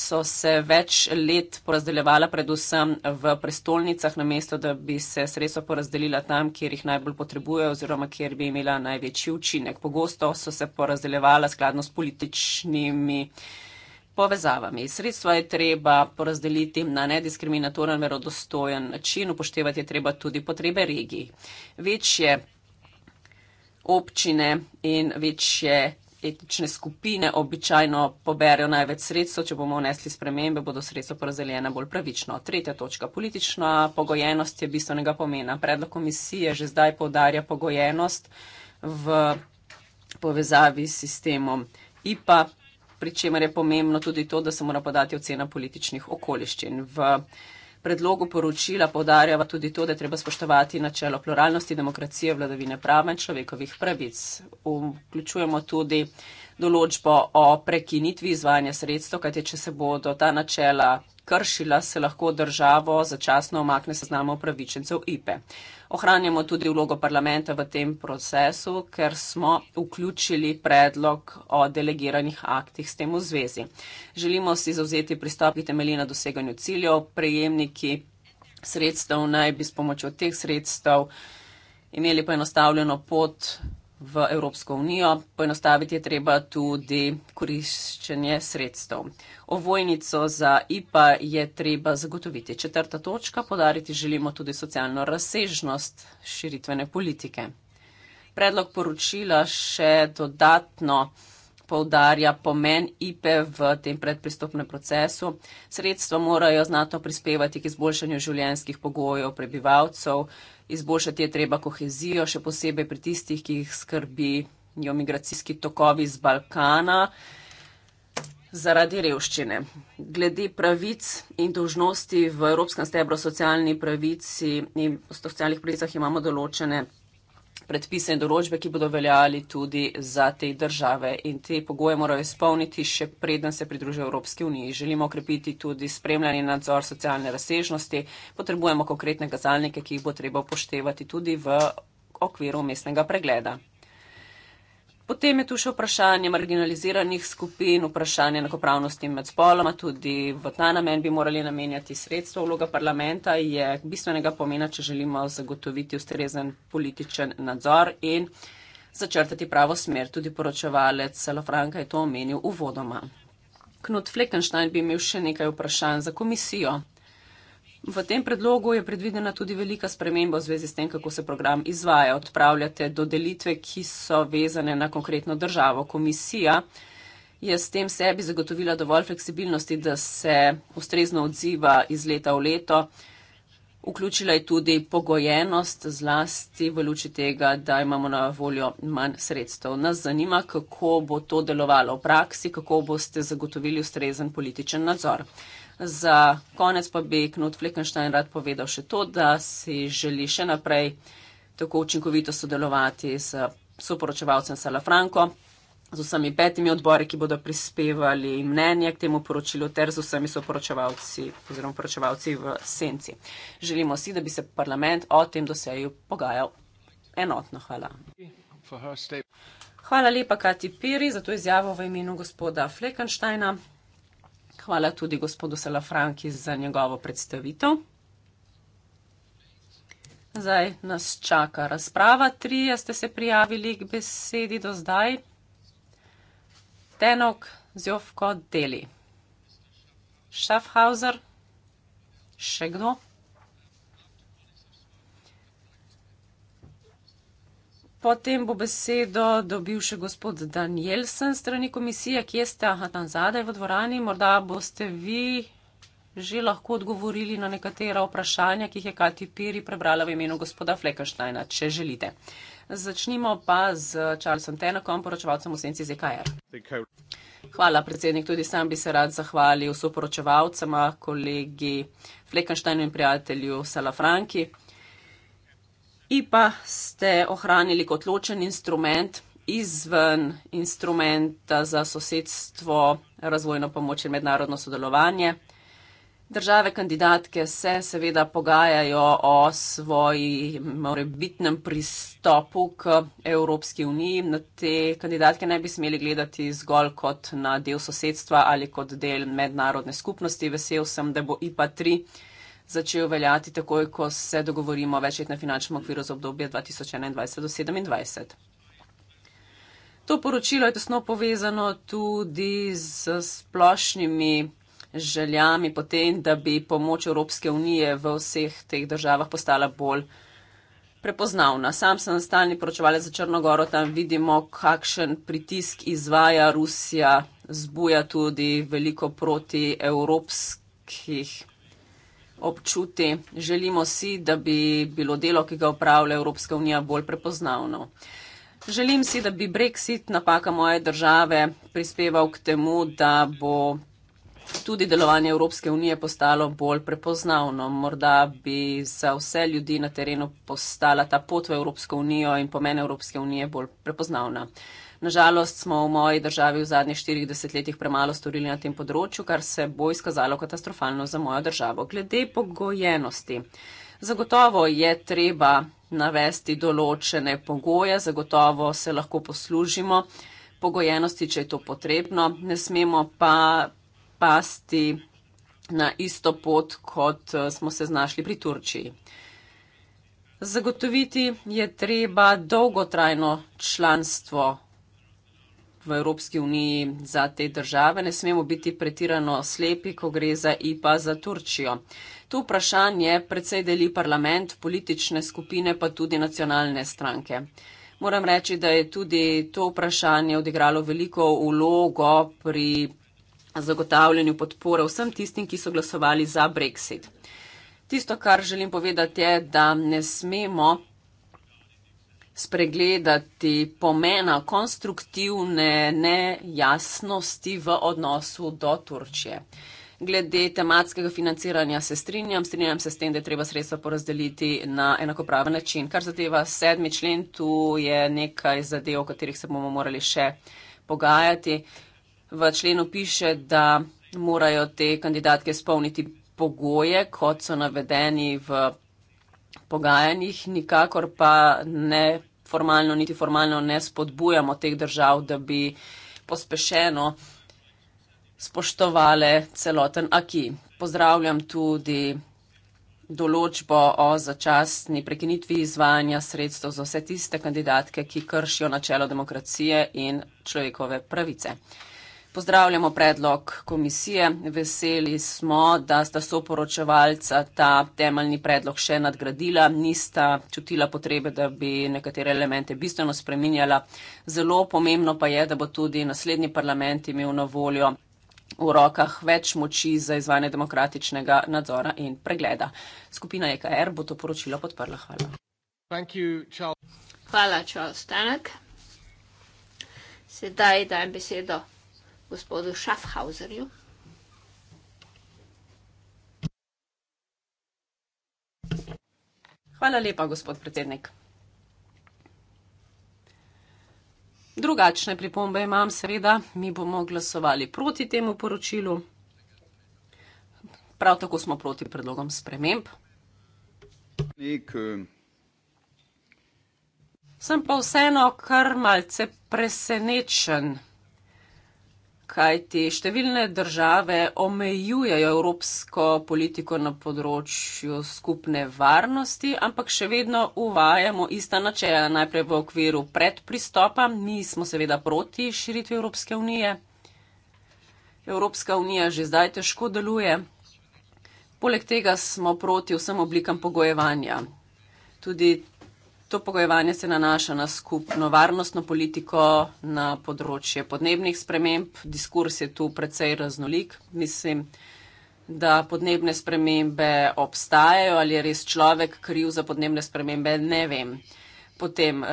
S2: so se več let porazdeljevala predvsem v prestolnicah, namesto da bi se sredstva porazdelila tam, kjer jih najbolj potrebujejo oziroma kjer bi imela največji učinek. Pogosto so se porazdeljevala skladno s političnimi povezavami. Sredstva je treba porazdeliti na nediskriminatoren, verodostojen način, upoštevati je treba tudi potrebe regij. Večje občine in večje etnične skupine običajno poberajo največ sredstev, če bomo vnesli spremembe, bodo sredstva porazdeljena bolj pravično. Tretja točka. Politična pogojenost je bistvenega pomena. Predlog komisije že zdaj povdarja pogojenost v povezavi s sistemom IPA, pri čemer je pomembno tudi to, da se mora podati ocena političnih okoliščin. V predlogu poročila podarjava tudi to, da je treba spoštovati načelo pluralnosti, demokracije, vladavine prava in človekovih pravic. Vključujemo tudi določbo o prekinitvi izvajanja sredstev, kajte če se bodo ta načela kršila, se lahko državo začasno omakne seznamo upravičencev IPE. Ohranjamo tudi vlogo parlamenta v tem procesu, ker smo vključili predlog o delegiranih aktih s tem v zvezi. Želimo si zauzeti pristop, ki temelji na doseganju ciljev, prejemniki sredstev naj bi s pomočjo teh sredstev imeli poenostavljeno pot v Evropsko unijo, poenostaviti je treba tudi koriščenje sredstev. Ovojnico za IPA je treba zagotoviti. Četrta točka, podariti želimo tudi socialno razsežnost širitvene politike. Predlog poročila še dodatno povdarja pomen IPE v tem predpristopnem procesu. Sredstva morajo znatno prispevati k izboljšanju življenjskih pogojev prebivalcev, Izboljšati je treba kohezijo, še posebej pri tistih, ki jih skrbi migracijski tokovi z Balkana zaradi revščine. Glede pravic in dožnosti v Evropskem stebru socialni pravici in socialnih pravicah imamo določene predpise in določbe, ki bodo veljali tudi za te države. In te pogoje morajo izpolniti še preden se pridružijo Evropski uniji. Želimo okrepiti tudi spremljanje in nadzor socialne razsežnosti. Potrebujemo konkretne kazalnike, ki jih bo treba upoštevati tudi v okviru mestnega pregleda. Potem je tu še vprašanje marginaliziranih skupin, vprašanje enakopravnosti med spoloma, tudi v ta namen bi morali namenjati sredstvo. Vloga parlamenta je bistvenega pomena, če želimo zagotoviti ustrezen političen nadzor in začrtati pravo smer. Tudi poročevalec Lofranka je to omenil uvodoma. Knut Fleckenstein bi imel še nekaj vprašanj za komisijo. V tem predlogu je predvidena tudi velika sprememba v zvezi s tem, kako se program izvaja. Odpravljate dodelitve, ki so vezane na konkretno državo. Komisija je s tem sebi zagotovila dovolj fleksibilnosti, da se ustrezno odziva iz leta v leto. Vključila je tudi pogojenost zlasti v luči tega, da imamo na voljo manj sredstev. Nas zanima, kako bo to delovalo v praksi, kako boste zagotovili ustrezen političen nadzor. Za konec pa bi Knut Fleckenstein rad povedal še to, da si želi še naprej tako učinkovito sodelovati s soporočevalcem Salafranko, z vsemi petimi odbori, ki bodo prispevali mnenje k temu poročilu, ter z vsemi soporočevalci oziroma poročevalci v senci. Želimo si, da bi se parlament o tem doseju pogajal enotno. Hvala. Hvala lepa, Kati Piri, za to izjavo v imenu gospoda Fleckensteina. Hvala tudi gospodu Salafranki za njegovo predstavitev. Zdaj nas čaka razprava. Trije ste se prijavili k besedi do zdaj. Tenok, Zjofko, Deli. Schaffhauser, še kdo? Potem bo besedo dobil še gospod Danielsen strani komisije, kje ste, aha, tam zadaj v dvorani. Morda boste vi že lahko odgovorili na nekatera vprašanja, ki jih je Kati Piri prebrala v imenu gospoda Flekaštajna, če želite. Začnimo pa z Charlesom Tenakom, poročevalcem v senci ZKR. Hvala, predsednik. Tudi sam bi se rad zahvalil soporočevalcema, kolegi Flekenštajnu in prijatelju Salafranki. IPA ste ohranili kot ločen instrument izven instrumenta za sosedstvo, razvojno pomoč in mednarodno sodelovanje. Države kandidatke se seveda pogajajo o svoji morebitnem pristopu k Evropski uniji. Na te kandidatke ne bi smeli gledati zgolj kot na del sosedstva ali kot del mednarodne skupnosti. Vesel sem, da bo IPA 3 začel veljati takoj, ko se dogovorimo o večletnem finančnem okviru za obdobje 2021 do 2027. To poročilo je tesno povezano tudi z splošnimi željami potem, da bi pomoč Evropske unije v vseh teh državah postala bolj prepoznavna. Sam sem stalni poročevalec za Črnogoro, tam vidimo, kakšen pritisk izvaja Rusija, zbuja tudi veliko proti evropskih občuti. Želimo si, da bi bilo delo, ki ga upravlja Evropska unija, bolj prepoznavno. Želim si, da bi brexit, napaka moje države, prispeval k temu, da bo tudi delovanje Evropske unije postalo bolj prepoznavno. Morda bi za vse ljudi na terenu postala ta pot v Evropsko unijo in pomen Evropske unije bolj prepoznavna. Nažalost smo v moji državi v zadnjih štirih desetletjih premalo storili na tem področju, kar se bo izkazalo katastrofalno za mojo državo. Glede pogojenosti. Zagotovo je treba navesti določene pogoje, zagotovo se lahko poslužimo pogojenosti, če je to potrebno. Ne smemo pa spasti na isto pot, kot eh, smo se znašli pri Turčiji. Zagotoviti je treba dolgotrajno članstvo v Evropski uniji za te države. Ne smemo biti pretirano slepi, ko gre za IPA za Turčijo. To vprašanje predvsej deli parlament, politične skupine, pa tudi nacionalne stranke. Moram reči, da je tudi to vprašanje odigralo veliko vlogo pri zagotavljanju podpore vsem tistim, ki so glasovali za Brexit. Tisto, kar želim povedati, je, da ne smemo spregledati pomena konstruktivne nejasnosti v odnosu do Turčije. Glede tematskega financiranja se strinjam, strinjam se s tem, da je treba sredstva porazdeliti na enakopraven način. Kar zadeva sedmi člen, tu je nekaj zadev, o katerih se bomo morali še pogajati v členu piše, da morajo te kandidatke spolniti pogoje, kot so navedeni v pogajanjih, nikakor pa ne formalno, niti formalno ne spodbujamo teh držav, da bi pospešeno spoštovale celoten aki. Pozdravljam tudi določbo o začasni prekinitvi izvajanja sredstev za vse tiste kandidatke, ki kršijo načelo demokracije in človekove pravice. Pozdravljamo predlog komisije. Veseli smo, da sta soporočevalca ta temeljni predlog še nadgradila. Nista čutila potrebe, da bi nekatere elemente bistveno spreminjala. Zelo pomembno pa je, da bo tudi naslednji parlament imel na voljo v rokah več moči za izvajanje demokratičnega nadzora in pregleda. Skupina EKR bo to poročilo podprla.
S1: Hvala. You, Charles. Hvala, Charles Tanek. Sedaj dajem besedo gospodu Schaffhauserju. Hvala
S2: lepa, gospod predsednik. Drugačne pripombe imam, seveda, mi bomo glasovali proti temu poročilu. Prav tako smo proti predlogom sprememb.
S5: Nek, uh...
S2: Sem pa vseeno kar malce presenečen kajti številne države omejujejo evropsko politiko na področju skupne varnosti, ampak še vedno uvajamo ista načela, najprej v okviru predpristopa. Mi smo seveda proti širitvi Evropske unije. Evropska unija že zdaj težko deluje. Poleg tega smo proti vsem oblikam pogojevanja. Tudi To pogojevanje se nanaša na skupno varnostno politiko, na področje podnebnih sprememb. Diskurs je tu precej raznolik. Mislim, da podnebne spremembe obstajajo, ali je res človek kriv za podnebne spremembe, ne vem. Potem,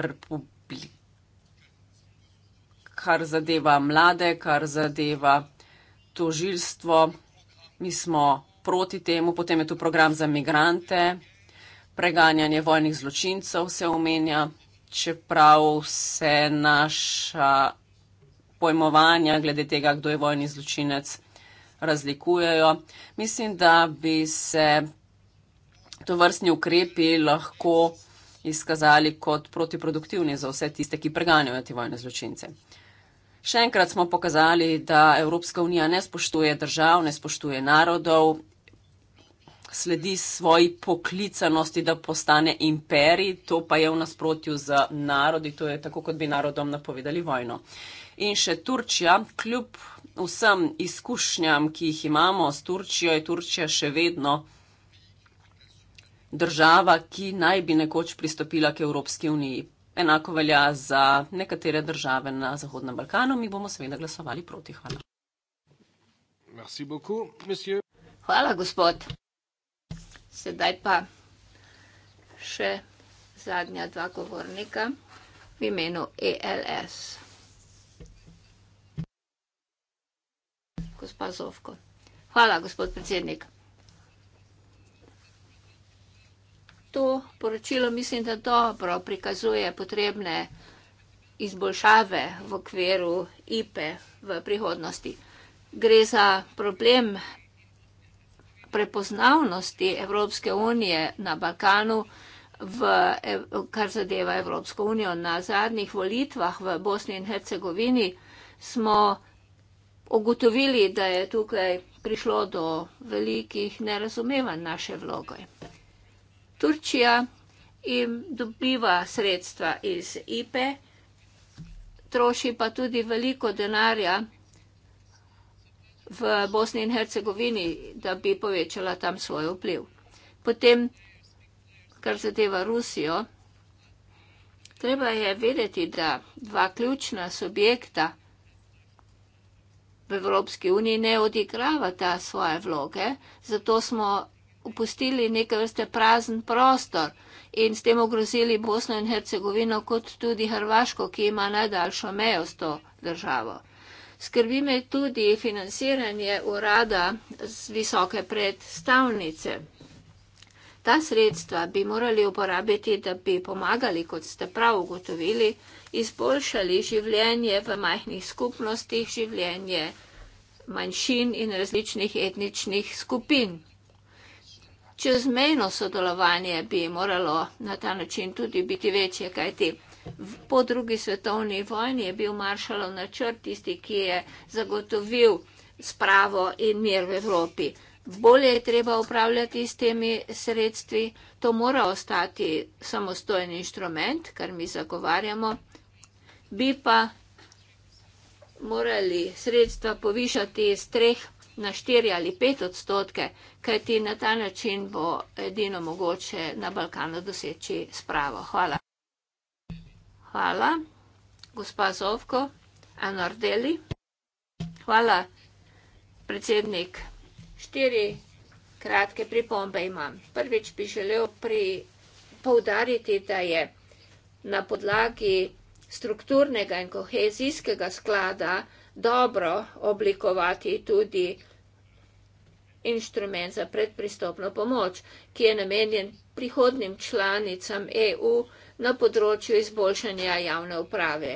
S2: kar zadeva mlade, kar zadeva tožilstvo, mi smo proti temu, potem je tu program za migrante preganjanje vojnih zločincev se omenja, čeprav se naša pojmovanja glede tega, kdo je vojni zločinec, razlikujejo. Mislim, da bi se to vrstni ukrepi lahko izkazali kot protiproduktivni za vse tiste, ki preganjajo te vojne zločince. Še enkrat smo pokazali, da Evropska unija ne spoštuje držav, ne spoštuje narodov sledi svoji poklicanosti, da postane imperij, to pa je v nasprotju z narodi, to je tako, kot bi narodom napovedali vojno. In še Turčija, kljub vsem izkušnjam, ki jih imamo s Turčijo, je Turčija še vedno država, ki naj bi nekoč pristopila k Evropski uniji. Enako velja za nekatere države na Zahodnem Balkanu, mi bomo seveda glasovali proti. Hvala.
S1: Hvala, gospod. Sedaj pa še zadnja dva govornika v imenu ELS. Gospa Zovko. Hvala, gospod predsednik. To poročilo mislim, da dobro prikazuje potrebne izboljšave v okviru IPE v prihodnosti. Gre za problem prepoznavnosti Evropske unije na Balkanu, v, kar zadeva Evropsko unijo na zadnjih volitvah v Bosni in Hercegovini, smo ugotovili, da je tukaj prišlo do velikih nerazumevanj naše vloge. Turčija jim dobiva sredstva iz IPE, troši pa tudi veliko denarja v Bosni in Hercegovini, da bi povečala tam svoj vpliv. Potem, kar zadeva Rusijo, treba je vedeti, da dva ključna subjekta v Evropski uniji ne odigravata svoje vloge, zato smo upustili neke vrste prazen prostor in s tem ogrozili Bosno in Hercegovino kot tudi Hrvaško, ki ima najdaljšo mejo s to državo. Skrbi me tudi financiranje urada z visoke predstavnice. Ta sredstva bi morali uporabiti, da bi pomagali, kot ste prav ugotovili, izboljšali življenje v majhnih skupnostih, življenje manjšin in različnih etničnih skupin. Čezmejno sodelovanje bi moralo na ta način tudi biti večje, kajti Po drugi svetovni vojni je bil maršalov načrt tisti, ki je zagotovil spravo in mir v Evropi. Bolje je treba upravljati s temi sredstvi, to mora ostati samostojen inštrument, kar mi zagovarjamo, bi pa morali sredstva povišati iz treh na štiri ali pet odstotke, kajti na ta način bo edino mogoče na Balkanu doseči spravo. Hvala. Hvala. Gospa Zovko, Anordeli. Hvala, predsednik. Štiri kratke pripombe imam. Prvič bi želel pri poudariti, da je na podlagi strukturnega in kohezijskega sklada dobro oblikovati tudi inštrument za predpristopno pomoč, ki je namenjen prihodnim članicam EU, na področju izboljšanja javne uprave.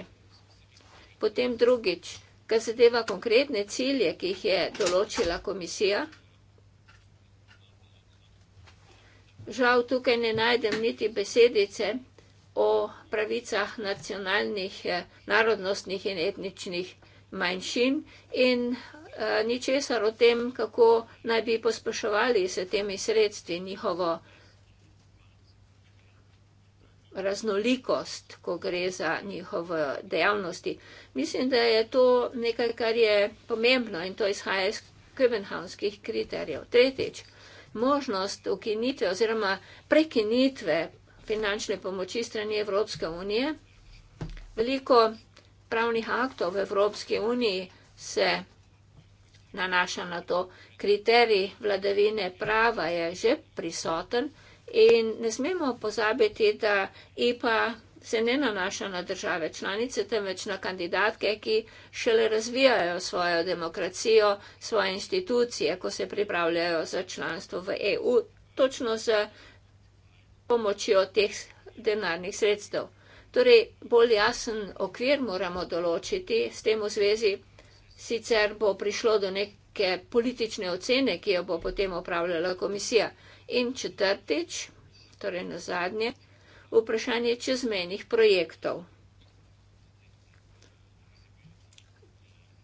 S1: Potem drugič, kar zadeva konkretne cilje, ki jih je določila komisija, žal tukaj ne najdem niti besedice o pravicah nacionalnih, eh, narodnostnih in etničnih manjšin in eh, ničesar o tem, kako naj bi pospešovali s temi sredstvi njihovo pravico raznolikost, ko gre za njihove dejavnosti. Mislim, da je to nekaj, kar je pomembno in to izhaja iz kubenhavskih kriterijev. Tretjič, možnost ukinitve oziroma prekinitve finančne pomoči strani Evropske unije. Veliko pravnih aktov v Evropski uniji se nanaša na to. Kriterij vladavine prava je že prisoten. In ne smemo pozabiti, da IPA se ne nanaša na države članice, temveč na kandidatke, ki šele razvijajo svojo demokracijo, svoje institucije, ko se pripravljajo za članstvo v EU, točno z pomočjo teh denarnih sredstev. Torej, bolj jasen okvir moramo določiti s tem v zvezi, sicer bo prišlo do neke politične ocene, ki jo bo potem upravljala komisija. In četrtič, torej na zadnje, vprašanje čezmenih projektov.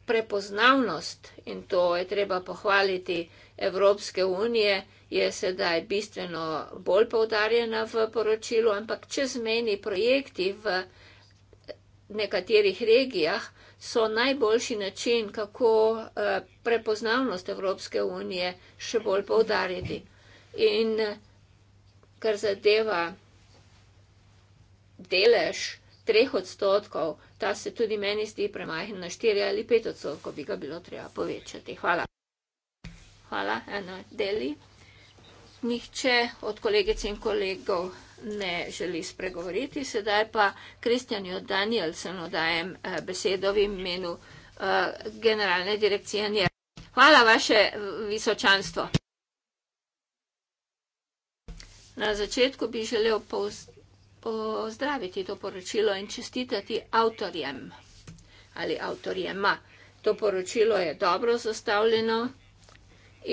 S1: Prepoznavnost, in to je treba pohvaliti Evropske unije, je sedaj bistveno bolj povdarjena v poročilu, ampak čezmeni projekti v nekaterih regijah so najboljši način, kako eh, prepoznavnost Evropske unije še bolj povdarjati. In eh, kar zadeva delež treh odstotkov, ta se tudi meni zdi premajhen na štiri ali pet odstotkov, bi ga bilo treba povečati. Hvala. Hvala, Ana Deli. Nihče od kolegic in kolegov ne želi spregovoriti, sedaj pa Kristjanju Danielsenu dajem eh, besedo v imenu uh, generalne direkcije. Hvala vaše visočanstvo. Na začetku bi želel pozdraviti to poročilo in čestitati avtorjem ali avtorjema. To poročilo je dobro zastavljeno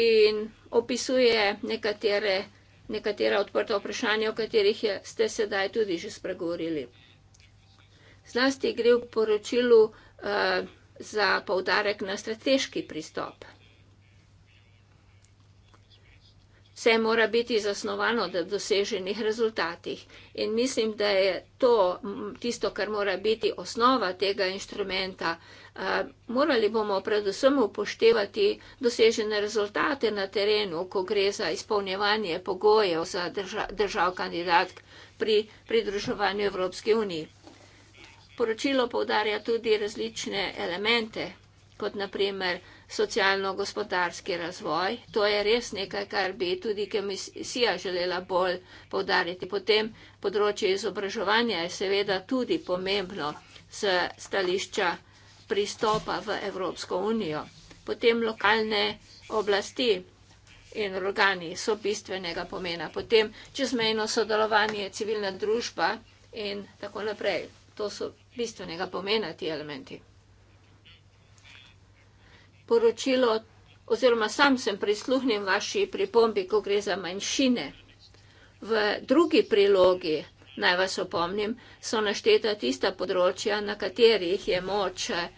S1: in opisuje nekatere, nekatera odprta vprašanja, o katerih ste sedaj tudi že spregovorili. Zlasti gre v poročilu uh, za poudarek na strateški pristop. vse mora biti zasnovano na doseženih rezultatih. In mislim, da je to tisto, kar mora biti osnova tega inštrumenta. Morali bomo predvsem upoštevati dosežene rezultate na terenu, ko gre za izpolnjevanje pogojev za držav, držav kandidat pri pridruževanju Evropske unije. Poročilo povdarja tudi različne elemente, kot naprimer socialno-gospodarski razvoj. To je res nekaj, kar bi tudi komisija želela bolj povdariti. Potem področje izobraževanja je seveda tudi pomembno z stališča pristopa v Evropsko unijo. Potem lokalne oblasti in organi so bistvenega pomena. Potem čezmejno sodelovanje civilna družba in tako naprej. To so bistvenega pomena ti elementi poročilo oziroma sam sem prisluhnil vaši pripombi, ko gre za manjšine. V drugi prilogi, naj vas opomnim, so našteta tista področja, na katerih je moč eh,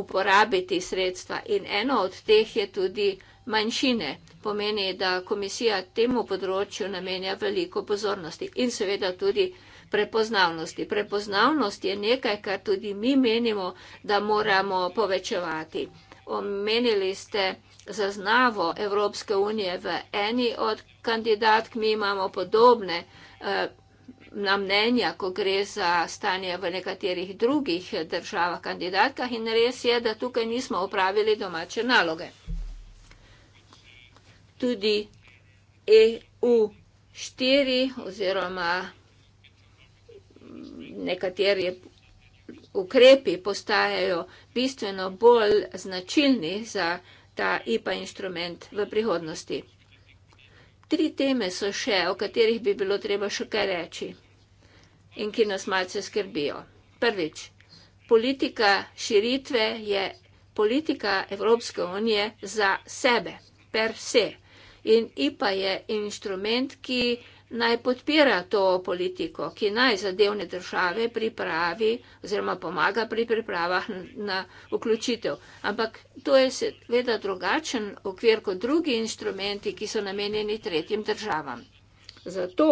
S1: uporabiti sredstva in eno od teh je tudi manjšine. Pomeni, da komisija temu področju namenja veliko pozornosti in seveda tudi prepoznavnosti. Prepoznavnost je nekaj, kar tudi mi menimo, da moramo povečevati omenili ste zaznavo Evropske unije v eni od kandidatk, mi imamo podobne eh, na mnenja, ko gre za stanje v nekaterih drugih državah kandidatkah in res je, da tukaj nismo upravili domače naloge. Tudi EU4 oziroma nekateri ukrepi postajajo bistveno bolj značilni za ta IPA inštrument v prihodnosti. Tri teme so še, o katerih bi bilo treba še kaj reči in ki nas malce skrbijo. Prvič, politika širitve je politika Evropske unije za sebe, per se. In IPA je inštrument, ki naj podpira to politiko, ki naj zadevne države pripravi oziroma pomaga pri pripravah na vključitev. Ampak to je seveda drugačen okvir kot drugi inštrumenti, ki so namenjeni tretjim državam. Zato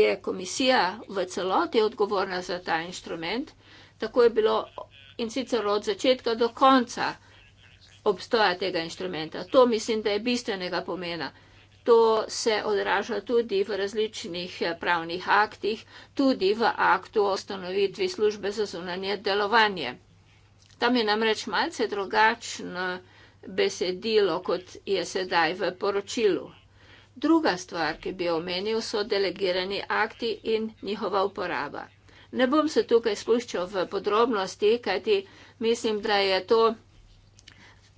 S1: je komisija v celoti odgovorna za ta inštrument. Tako je bilo in sicer od začetka do konca obstoja tega inštrumenta. To mislim, da je bistvenega pomena. To se odraža tudi v različnih eh, pravnih aktih, tudi v aktu o ustanovitvi službe za zunanje delovanje. Tam je namreč malce drugačno besedilo, kot je sedaj v poročilu. Druga stvar, ki bi omenil, so delegirani akti in njihova uporaba. Ne bom se tukaj spuščal v podrobnosti, kajti mislim, da je to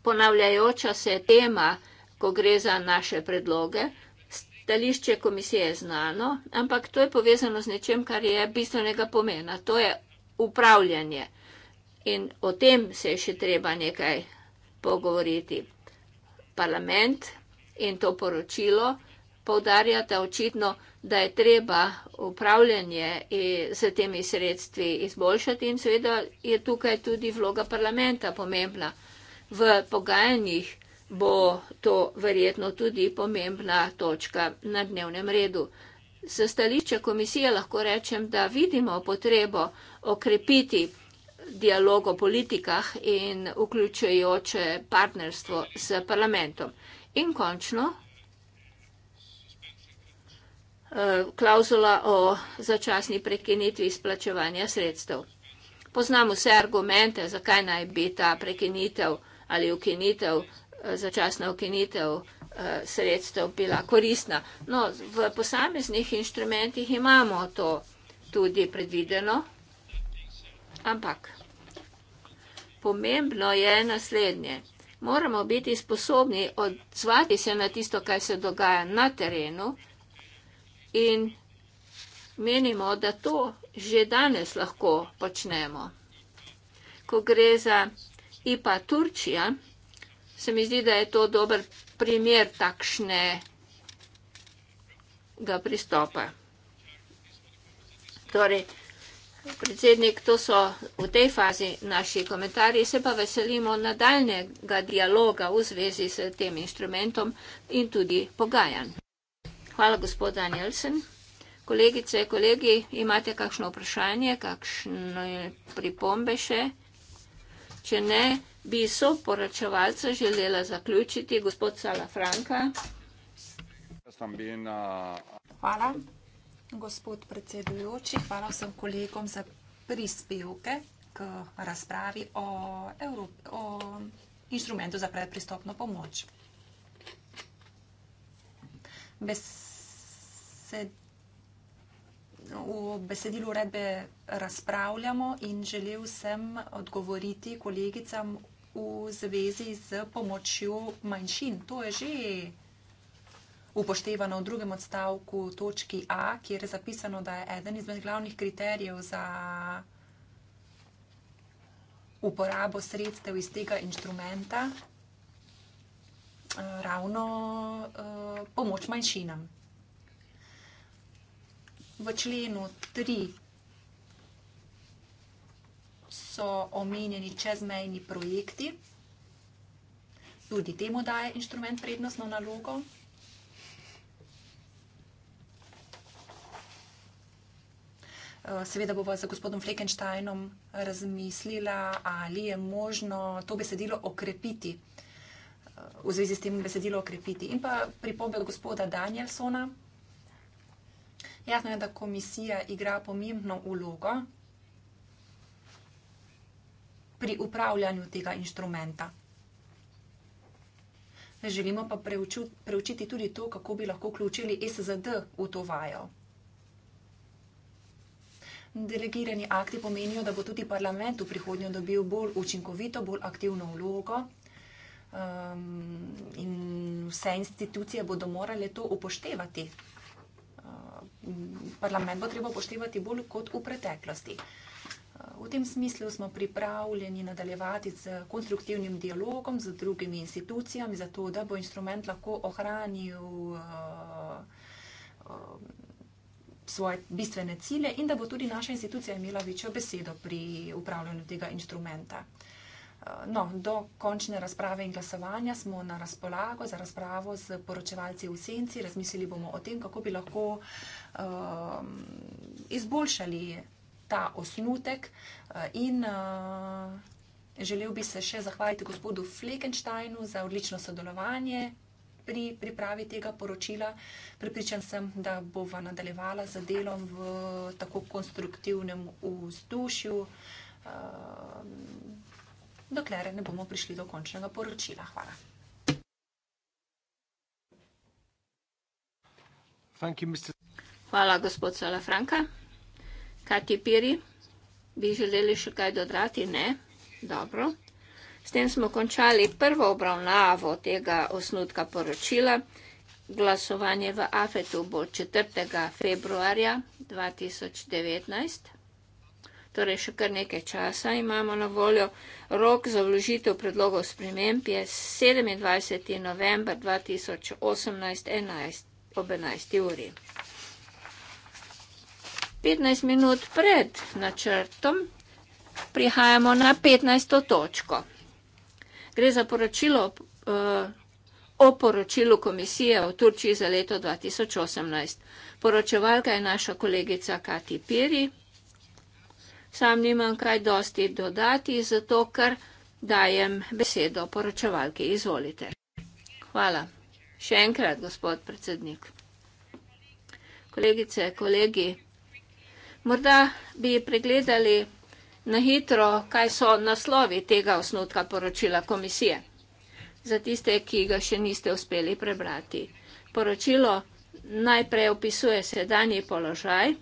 S1: ponavljajoča se tema ko gre za naše predloge. Stališče komisije je znano, ampak to je povezano z nečem, kar je bistvenega pomena. To je upravljanje. In o tem se je še treba nekaj pogovoriti. Parlament in to poročilo povdarjata očitno, da je treba upravljanje z temi sredstvi izboljšati in seveda je tukaj tudi vloga parlamenta pomembna. V pogajanjih bo to verjetno tudi pomembna točka na dnevnem redu. Se stališče komisije lahko rečem, da vidimo potrebo okrepiti dialog o politikah in vključujoče partnerstvo s parlamentom. In končno, eh, klauzula o začasni prekinitvi izplačevanja sredstev. Poznam vse argumente, zakaj naj bi ta prekinitev ali ukinitev začasna okenitev eh, sredstev bila koristna. No, v posameznih inštrumentih imamo to tudi predvideno, ampak pomembno je naslednje. Moramo biti sposobni odzvati se na tisto, kaj se dogaja na terenu in menimo, da to že danes lahko počnemo. Ko gre za IPA Turčija, se mi zdi, da je to dober primer takšnega pristopa. Torej, predsednik, to so v tej fazi naši komentarji, se pa veselimo nadaljnega dialoga v zvezi s tem inštrumentom in tudi pogajan. Hvala, gospod Danielsen. Kolegice, kolegi, imate kakšno vprašanje, kakšne pripombe še? Če ne, vprašanje bi so poročevalca želela zaključiti gospod Sala Franka.
S4: Hvala, gospod predsedujoči, hvala vsem kolegom za prispevke k razpravi o, Evropi, o inštrumentu za predpristopno pomoč. Besed... V besedilu uredbe razpravljamo in želel sem odgovoriti kolegicam v zvezi z pomočjo manjšin. To je že upoštevano v drugem odstavku točki A, kjer je zapisano, da je eden izmed glavnih kriterijev za uporabo sredstev iz tega inštrumenta eh, ravno eh, pomoč manjšinam. V členu 3 so omenjeni čezmejni projekti. Tudi temu daje inštrument prednostno nalogo. Eh, seveda bova z gospodom Fleckensteinom razmislila, ali je možno to besedilo okrepiti, eh, v zvezi s tem besedilo okrepiti. In pa pripombe gospoda Danielsona. Jasno je, da komisija igra pomembno ulogo pri upravljanju tega inštrumenta. Želimo pa preučiti tudi to, kako bi lahko vključili SZD v to vajo. Delegirani akti pomenijo, da bo tudi parlament v prihodnjo dobil bolj učinkovito, bolj aktivno vlogo um, in vse institucije bodo morale to upoštevati. Uh, parlament bo treba upoštevati bolj kot v preteklosti. Uh, V tem smislu smo pripravljeni nadaljevati z konstruktivnim dialogom z drugimi institucijami, zato da bo instrument lahko ohranil eh, svoje bistvene cilje in da bo tudi naša institucija imela večjo besedo pri upravljanju tega instrumenta. Eh, no, do končne razprave in glasovanja smo na razpolago za razpravo z poročevalci v senci. Razmislili bomo o tem, kako bi lahko um, izboljšali ta osnutek. Eh, in eh, želel bi se še zahvaliti gospodu Flekensteinu za odlično sodelovanje pri pripravi tega poročila. Pripričan sem, da bova nadaljevala z delom v tako konstruktivnem vzdušju, eh, dokler ne bomo prišli do končnega poročila. Hvala. Hvala, gospod Salafranka.
S1: Kati Piri, bi želeli še kaj dodati? Ne? Dobro. S tem smo končali prvo obravnavo tega osnutka poročila. Glasovanje v AFET-u bo 4. februarja 2019. Torej še kar nekaj časa imamo na voljo. Rok za vložitev predlogov sprememb je 27. november 2018 11, ob 11. uri. 15 minut pred načrtom prihajamo na 15. točko. Gre za poročilo eh, o poročilu komisije v Turčiji za leto 2018. Poročevalka je naša kolegica Kati Piri. Sam nimam kaj dosti dodati, zato ker dajem besedo poročevalki. Izvolite. Hvala. Še enkrat, gospod predsednik. Kolegice, kolegi. Morda bi pregledali na hitro, kaj so naslovi tega osnutka poročila komisije. Za tiste, ki ga še niste uspeli prebrati. Poročilo najprej opisuje sedanji položaj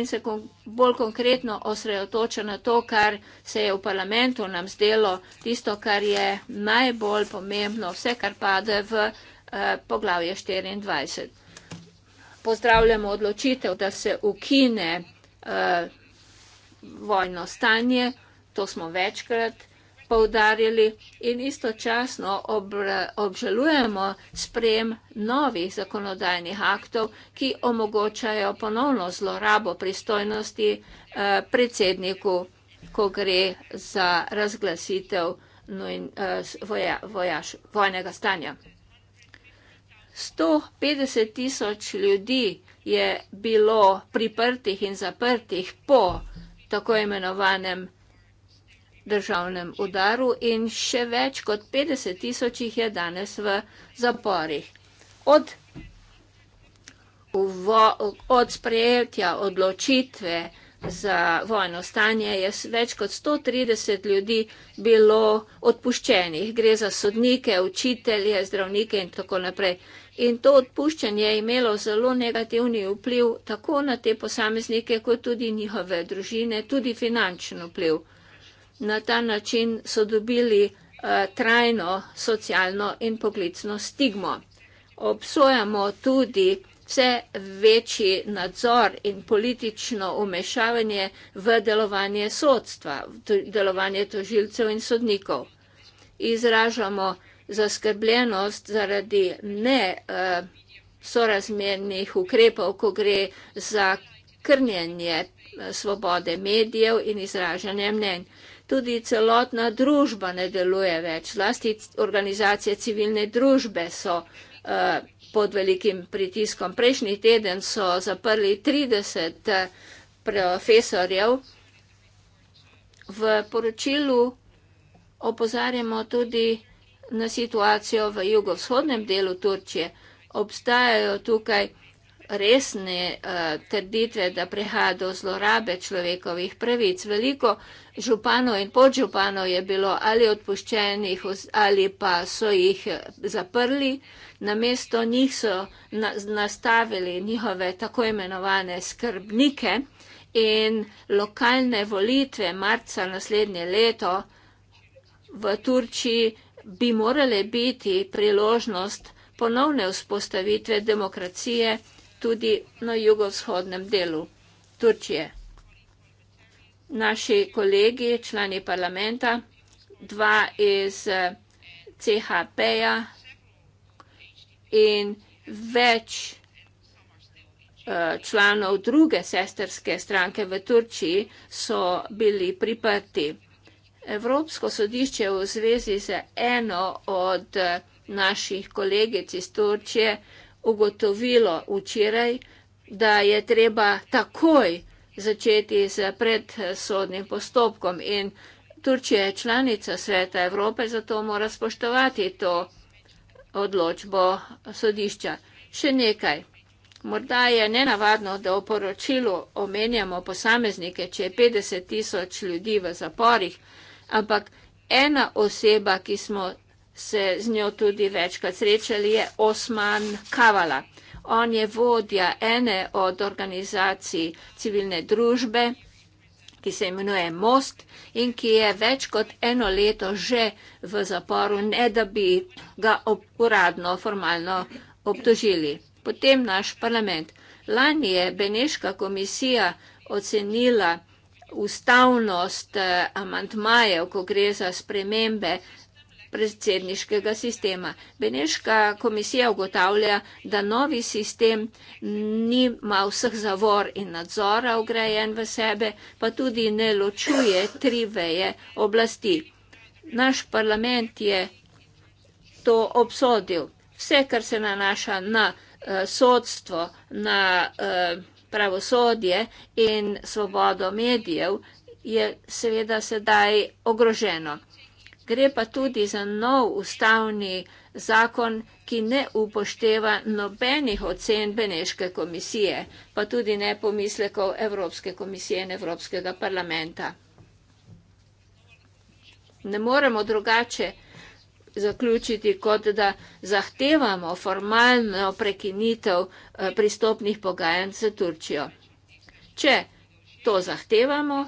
S1: in se kon bolj konkretno osredotoča na to, kar se je v parlamentu nam zdelo, tisto, kar je najbolj pomembno, vse, kar pade v eh, poglavje 24. Pozdravljamo odločitev, da se ukine Eh, vojno stanje, to smo večkrat povdarjali in istočasno obžalujemo sprejem novih zakonodajnih aktov, ki omogočajo ponovno zlorabo pristojnosti eh, predsedniku, ko gre za razglasitev eh, vojnega stanja. 150 tisoč ljudi je bilo priprtih in zaprtih po tako imenovanem državnem udaru in še več kot 50 tisoč jih je danes v zaporih. Od, vo, od sprejetja odločitve za vojno stanje je več kot 130 ljudi bilo odpuščenih. Gre za sodnike, učitelje, zdravnike in tako naprej. In to odpuščanje je imelo zelo negativni vpliv tako na te posameznike, kot tudi njihove družine, tudi finančni vpliv. Na ta način so dobili uh, trajno socialno in poklicno stigmo. Obsojamo tudi vse večji nadzor in politično umešavanje v delovanje sodstva, v delovanje tožilcev in sodnikov. Izražamo zaskrbljenost zaradi ne eh, sorazmernih ukrepov, ko gre za krnjenje eh, svobode medijev in izražanje mnenj. Tudi celotna družba ne deluje več, zlasti organizacije civilne družbe so eh, pod velikim pritiskom. Prejšnji teden so zaprli 30 profesorjev. V poročilu opozarjamo tudi vsega, na situacijo v jugovzhodnem delu Turčije. Obstajajo tukaj resne uh, trditve, da prihaja do zlorabe človekovih pravic. Veliko županov in podžupanov je bilo ali odpuščenih ali pa so jih eh, zaprli. Na mesto njih so na nastavili njihove tako imenovane skrbnike in lokalne volitve marca naslednje leto v Turčiji bi morale biti priložnost ponovne vzpostavitve demokracije tudi na jugovzhodnem delu Turčije. Naši kolegi, člani parlamenta, dva iz CHP-ja in več eh, članov druge sesterske stranke v Turčiji so bili priprti. Evropsko sodišče v zvezi z eno od eh, naših kolegic iz Turčije ugotovilo včeraj, da je treba takoj začeti z predsodnim postopkom in Turčija je članica sveta Evrope, zato mora spoštovati to odločbo sodišča. Še nekaj. Morda je nenavadno, da v poročilu omenjamo posameznike, če je 50 tisoč ljudi v zaporih, ampak ena oseba, ki smo se z njo tudi večkrat srečali, je Osman Kavala. On je vodja ene od organizacij civilne družbe, ki se imenuje Most in ki je več kot eno leto že v zaporu, ne da bi ga uradno, formalno obtožili. Potem naš parlament. Lani je Beneška komisija ocenila, ustavnost eh, amantmajev, ko gre za spremembe predsedniškega sistema. Beneška komisija ugotavlja, da novi sistem nima vseh zavor in nadzora ugrajen v sebe, pa tudi ne ločuje tri veje oblasti. Naš parlament je to obsodil. Vse, kar se nanaša na uh, sodstvo, na uh, pravosodje in svobodo medijev, je seveda sedaj ogroženo. Gre pa tudi za nov ustavni zakon, ki ne upošteva nobenih ocen Beneške komisije, pa tudi ne pomislekov Evropske komisije in Evropskega parlamenta. Ne moremo drugače zaključiti, kot da zahtevamo formalno prekinitev eh, pristopnih pogajanj z Turčijo. Če to zahtevamo,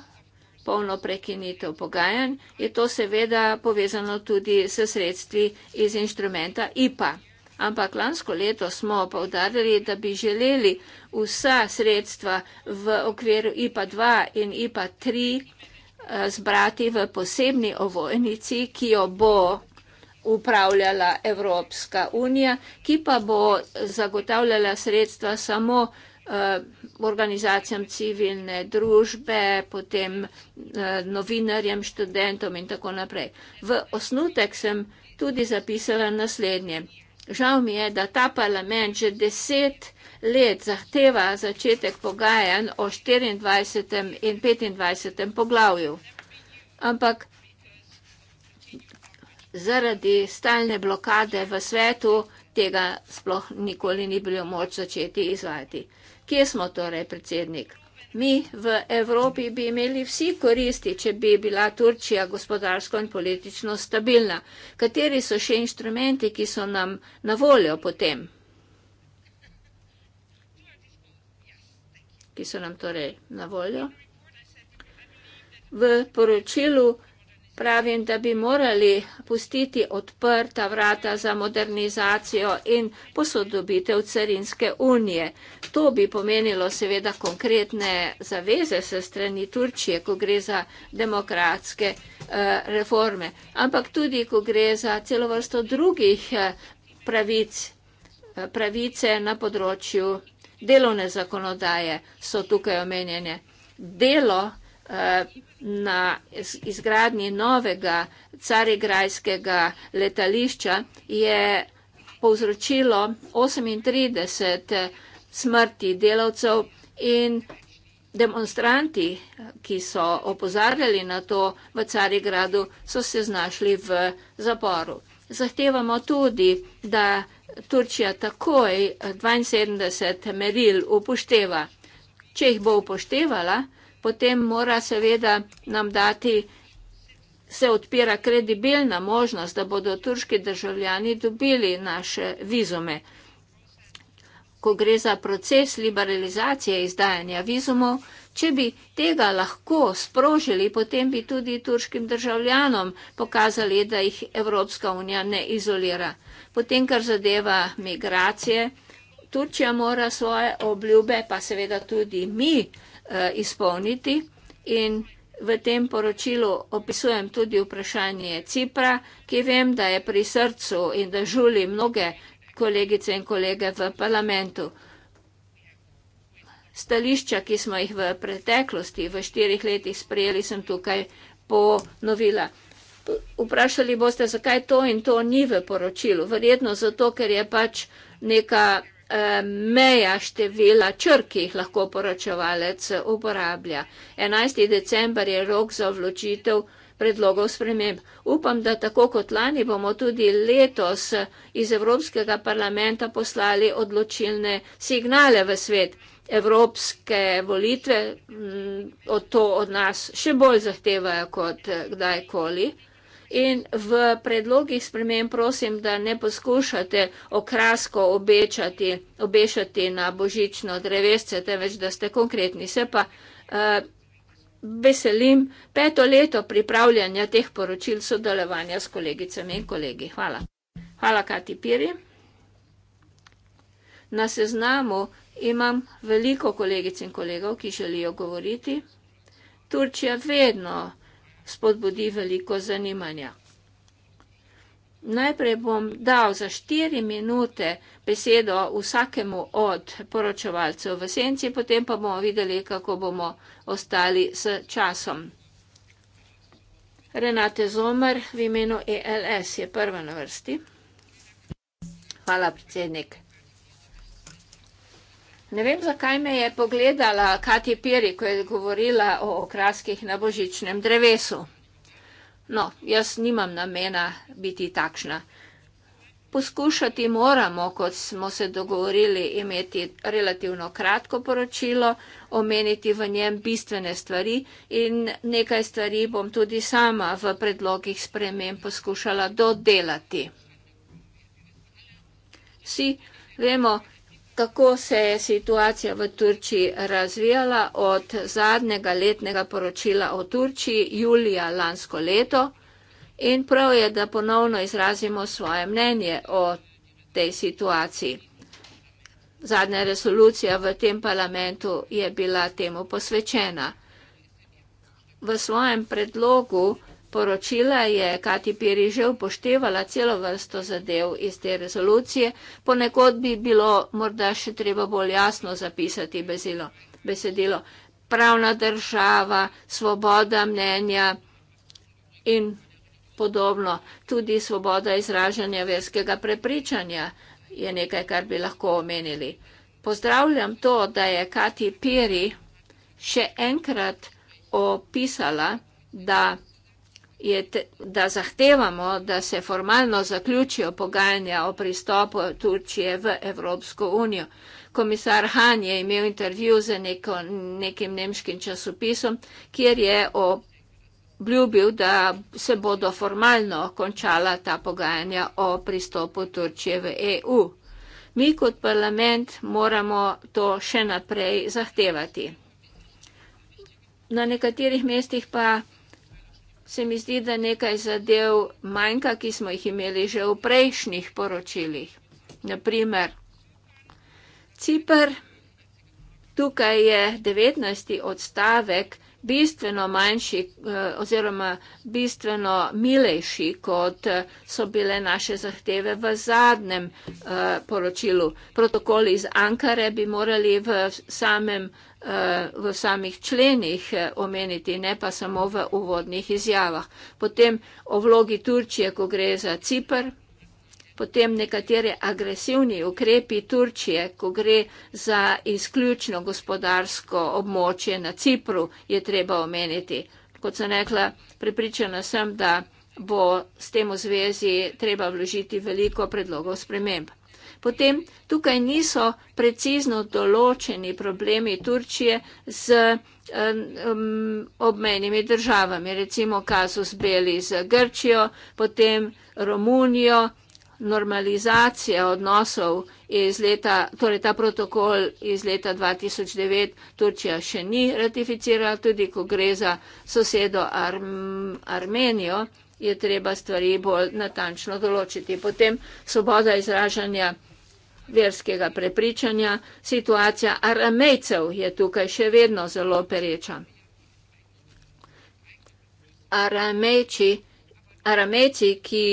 S1: polno prekinitev pogajanj, je to seveda povezano tudi s sredstvi iz inštrumenta IPA. Ampak lansko leto smo povdarjali, da bi želeli vsa sredstva v okviru IPA 2 in IPA 3 eh, zbrati v posebni ovojnici, ki jo bo upravljala Evropska unija, ki pa bo zagotavljala sredstva samo eh, organizacijam civilne družbe, potem eh, novinarjem, študentom in tako naprej. V osnutek sem tudi zapisala naslednje. Žal mi je, da ta parlament že deset let zahteva začetek pogajanj o 24. in 25. poglavju. Ampak zaradi stalne blokade v svetu tega sploh nikoli ni bilo moč začeti izvajati. Kje smo torej, predsednik? Mi v Evropi bi imeli vsi koristi, če bi bila Turčija gospodarsko in politično stabilna. Kateri so še inštrumenti, ki so nam na voljo potem? Ki so nam torej na voljo? V poročilu pravim, da bi morali pustiti odprta vrata za modernizacijo in posodobitev carinske unije. To bi pomenilo seveda konkretne zaveze se strani Turčije, ko gre za demokratske eh, reforme, ampak tudi, ko gre za celo vrsto drugih eh, pravic, eh, pravice na področju delovne zakonodaje so tukaj omenjene. Delo na izgradnji novega carigrajskega letališča je povzročilo 38 smrti delavcev in demonstranti, ki so opozarjali na to v Carigradu, so se znašli v zaporu. Zahtevamo tudi, da Turčija takoj 72 meril upošteva. Če jih bo upoštevala, potem mora seveda nam dati, se odpira kredibilna možnost, da bodo turški državljani dobili naše vizume. Ko gre za proces liberalizacije izdajanja vizumov, če bi tega lahko sprožili, potem bi tudi turškim državljanom pokazali, da jih Evropska unija ne izolira. Potem, kar zadeva migracije, Turčija mora svoje obljube, pa seveda tudi mi, Eh, izpolniti. In v tem poročilu opisujem tudi vprašanje Cipra, ki vem, da je pri srcu in da žuli mnoge kolegice in kolege v parlamentu. Stališča, ki smo jih v preteklosti, v štirih letih sprejeli, sem tukaj ponovila. Vprašali boste, zakaj to in to ni v poročilu. Verjetno zato, ker je pač neka Eh, meja števila črk, ki jih lahko poročevalec uporablja. 11. december je rok za vločitev predlogov sprememb. Upam, da tako kot lani bomo tudi letos iz Evropskega parlamenta poslali odločilne signale v svet. Evropske volitve mm, od to od nas še bolj zahtevajo kot kdajkoli. In v predlogih spremem prosim, da ne poskušate okrasko obečati, obešati na božično drevesce, temveč da ste konkretni. Se pa uh, veselim peto leto pripravljanja teh poročil sodelovanja s kolegicami in kolegi. Hvala. Hvala, Kati Piri. Na seznamu imam veliko kolegic in kolegov, ki želijo govoriti. Turčija vedno spodbudi veliko zanimanja. Najprej bom dal za štiri minute besedo vsakemu od poročevalcev v senci, potem pa bomo videli, kako bomo ostali s časom. Renate Zomer v imenu ELS je prva na vrsti. Hvala, predsednik. Ne vem, zakaj me je pogledala Kati Piri, ko je govorila o okraskih na božičnem drevesu. No, jaz nimam namena biti takšna. Poskušati moramo, kot smo se dogovorili, imeti relativno kratko poročilo, omeniti v njem bistvene stvari in nekaj stvari bom tudi sama v predlogih sprememb poskušala dodelati. Vsi vemo, kako se je situacija v Turčiji razvijala od zadnjega letnega poročila o Turčiji julija lansko leto in prav je, da ponovno izrazimo svoje mnenje o tej situaciji. Zadnja resolucija v tem parlamentu je bila temu posvečena. V svojem predlogu poročila je Kati Piri že upoštevala celo vrsto zadev iz te rezolucije, ponekod bi bilo morda še treba bolj jasno zapisati bezilo, besedilo. Pravna država, svoboda mnenja in podobno, tudi svoboda izražanja verskega prepričanja je nekaj, kar bi lahko omenili. Pozdravljam to, da je Kati Piri še enkrat opisala, da je, da zahtevamo, da se formalno zaključijo pogajanja o pristopu Turčije v Evropsko unijo. Komisar Han je imel intervju z neko, nekim nemškim časopisom, kjer je obljubil, da se bodo formalno končala ta pogajanja o pristopu Turčije v EU. Mi kot parlament moramo to še naprej zahtevati. Na nekaterih mestih pa se mi zdi, da nekaj zadev manjka, ki smo jih imeli že v prejšnjih poročilih. Naprimer, Cipr, tukaj je 19. odstavek bistveno manjši eh, oziroma bistveno milejši, kot eh, so bile naše zahteve v zadnjem eh, poročilu. Protokoli iz Ankare bi morali v samem v samih členih eh, omeniti, ne pa samo v uvodnih izjavah. Potem o vlogi Turčije, ko gre za Cipr, potem nekatere agresivni ukrepi Turčije, ko gre za izključno gospodarsko območje na Cipru, je treba omeniti. Kot sem rekla, pripričana sem, da bo s tem v zvezi treba vložiti veliko predlogov sprememb. Potem tukaj niso precizno določeni problemi Turčije z um, obmenimi državami, recimo kazus beli z Grčijo, potem Romunijo, normalizacija odnosov iz leta, torej ta protokol iz leta 2009 Turčija še ni ratificirala, tudi ko gre za sosedo Ar Armenijo je treba stvari bolj natančno določiti. Potem svoboda izražanja verskega prepričanja, situacija aramejcev je tukaj še vedno zelo pereča. Aramejci, aramejci, ki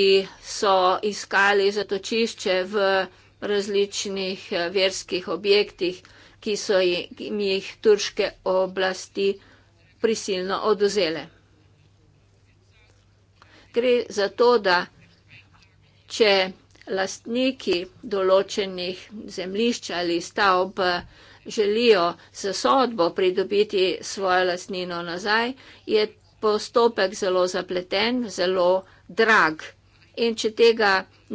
S1: so iskali zatočišče v različnih eh, verskih objektih, ki so jim jih turške oblasti prisilno oduzele. Gre za to, da če lastniki določenih zemljišč ali stavb želijo z sodbo pridobiti svojo lastnino nazaj, je postopek zelo zapleten, zelo drag. In če tega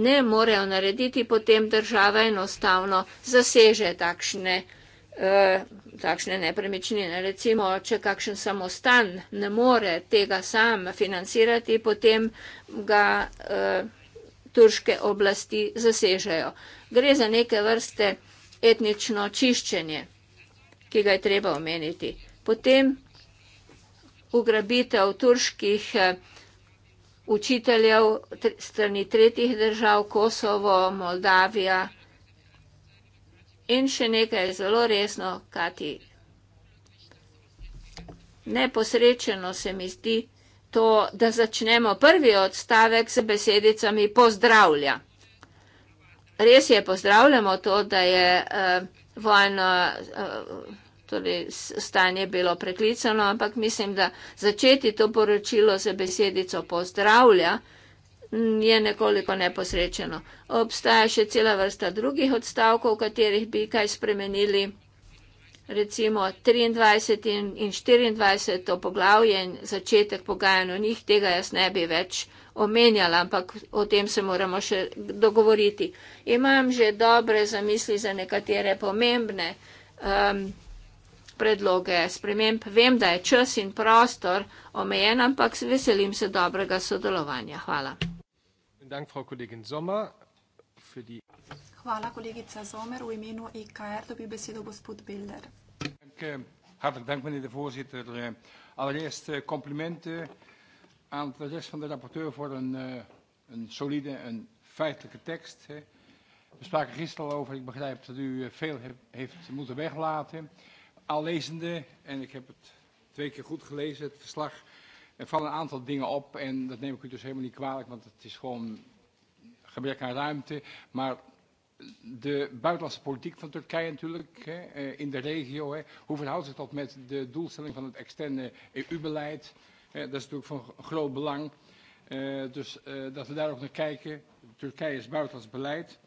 S1: ne morejo narediti, potem država enostavno zaseže takšne, eh, takšne nepremičnine. Recimo, če kakšen samostan ne more tega sam financirati, potem ga. Eh, turške oblasti zasežejo. Gre za neke vrste etnično čiščenje, ki ga je treba omeniti. Potem ugrabitev turških eh, učiteljev strani tretjih držav, Kosovo, Moldavija in še nekaj zelo resno, kati neposrečeno se mi zdi, to, da začnemo prvi odstavek z besedicami pozdravlja. Res je, pozdravljamo to, da je uh, vojno, uh, torej stanje bilo preklicano, ampak mislim, da začeti to poročilo z besedico pozdravlja mm, je nekoliko neposrečeno. Obstaja še cela vrsta drugih odstavkov, v katerih bi kaj spremenili recimo 23 in 24 poglavje in začetek pogajanj o njih, tega jaz ne bi več omenjala, ampak o tem se moramo še dogovoriti. Imam že dobre zamisli za nekatere pomembne um, predloge sprememb. Vem, da je čas in prostor omejen, ampak veselim se dobrega sodelovanja. Hvala.
S3: Dank,
S4: Hvala, kolegica Zomer. V imenu IKR e dobi besedo gospod Bilder.
S5: Hartelijk dank, meneer de voorzitter. Eh, allereerst eh, complimenten aan de rest van de rapporteur voor een, eh, een solide en feitelijke tekst. We spraken gisteren al over, ik begrijp dat u veel heeft moeten weglaten. Al lezende, en ik heb het twee keer goed gelezen, het verslag er van een aantal dingen op. En dat neem ik u dus helemaal niet kwalijk, want het is gewoon gebrek aan ruimte. Maar de buitenlandse politiek van Turkije natuurlijk hè, eh, in de regio. Hè. Hoe verhoudt zich dat met de doelstelling van het externe EU-beleid? Dat is natuurlijk van groot belang. Uh, dus uh, dat we daar ook naar kijken. Turkije is buitenlands beleid.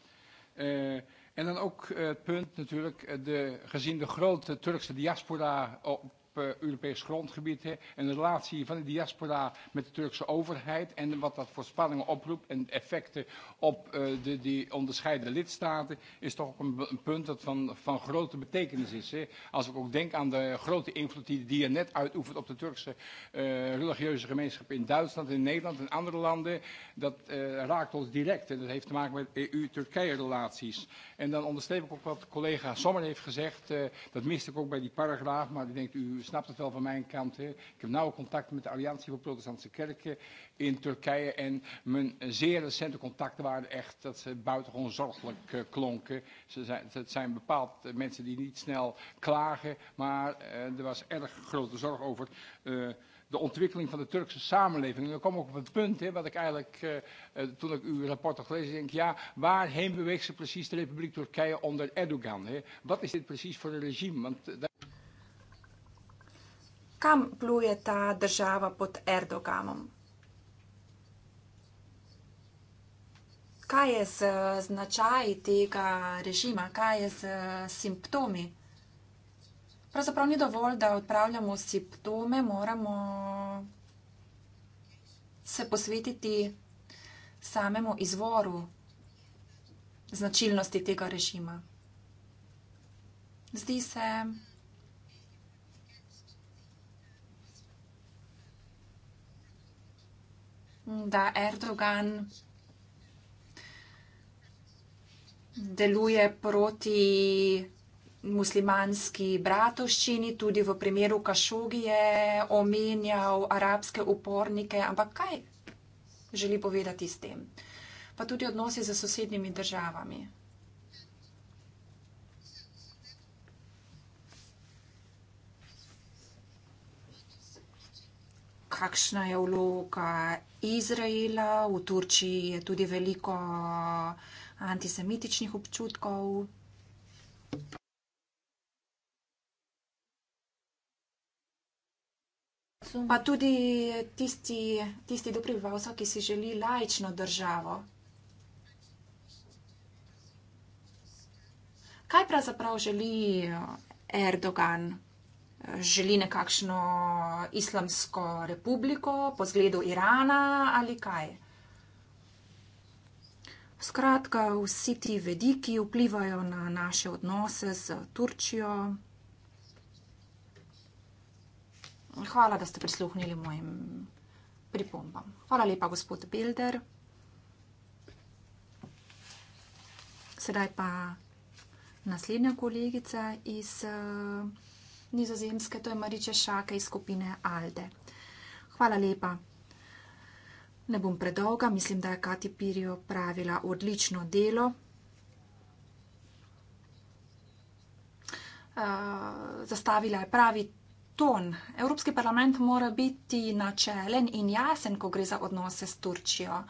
S5: Uh, en dan ook het punt natuurlijk, de, gezien de grote Turkse diaspora op uh, Europees grondgebied. Hè, en de relatie van de diaspora met de Turkse overheid. En wat dat voor spanningen oproept en effecten op uh, de, die onderscheidende lidstaten. Is toch ook een, een punt dat van, van grote betekenis is. Hè. Als ik ook denk aan de grote invloed die de er net uitoefent op de Turkse uh, religieuze gemeenschap in Duitsland, in Nederland en andere landen. Dat uh, raakt ons direct. En dat heeft te maken met EU-Turkije relaties. En dan onderstreep ik ook wat collega Sommer heeft gezegd. Uh, dat miste ik ook bij die paragraaf. Maar ik denk u snapt het wel van mijn kant. Hè. Ik heb nauwe contacten met de Alliantie voor Protestantse Kerken in Turkije. En mijn zeer recente contacten waren echt dat ze buitengewoon zorgelijk uh, klonken. Ze zijn, het zijn bepaald uh, mensen die niet snel klagen. Maar uh, er was erg grote zorg over uh, de ontwikkeling van de Turkse samenleving. En dan kom ik op het punt, hè, wat ik eigenlijk uh, uh, toen ik uw rapport had gelezen, denk ja, waarheen beweegt ze precies de Republiek Turkije onder Erdogan? Hè? Wat is dit precies voor een regime? Want uh, daar
S4: kam pluje ta država pod Erdoganom? Kaj je z značaji tega režima, kaj je z simptomi? Pravzaprav ni dovolj, da odpravljamo simptome, moramo se posvetiti samemu izvoru značilnosti tega režima. Zdi se, da. da Erdogan deluje proti muslimanski bratovščini, tudi v primeru Kašogi je omenjal arabske upornike, ampak kaj želi povedati s tem? Pa tudi odnosi z sosednjimi državami. kakšna je vloga Izraela. V Turčiji je tudi veliko eh, antisemitičnih občutkov. Pa tudi tisti, tisti dobri prebivalci, ki si želi lajično državo. Kaj pravzaprav želi eh, Erdogan? želi nekakšno islamsko republiko po zgledu Irana ali kaj. Skratka, vsi ti vediki vplivajo na naše odnose z Turčijo. Hvala, da ste prisluhnili mojim pripombam. Hvala lepa, gospod Bilder. Sedaj pa naslednja kolegica iz. Uh, nizozemske, to je Mariče Šake iz skupine Alde. Hvala lepa. Ne bom predolga, mislim, da je Kati Pirjo pravila odlično delo. Eh, zastavila je pravi ton. Evropski parlament mora biti načelen in jasen, ko gre za odnose s Turčijo.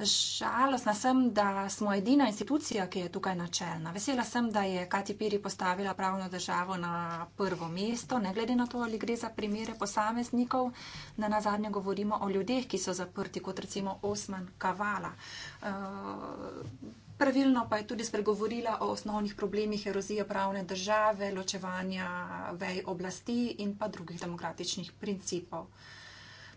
S4: Žalostna sem, da smo edina institucija, ki je tukaj načelna. Vesela sem, da je Kati Piri postavila pravno državo na prvo mesto, ne glede na to, ali gre za primere posameznikov. Na nazadnje govorimo o ljudeh, ki so zaprti, kot recimo Osman Kavala. Uh, Pravilno pa je tudi spregovorila o osnovnih problemih erozije pravne države, ločevanja vej oblasti in pa drugih demokratičnih principov. Uh,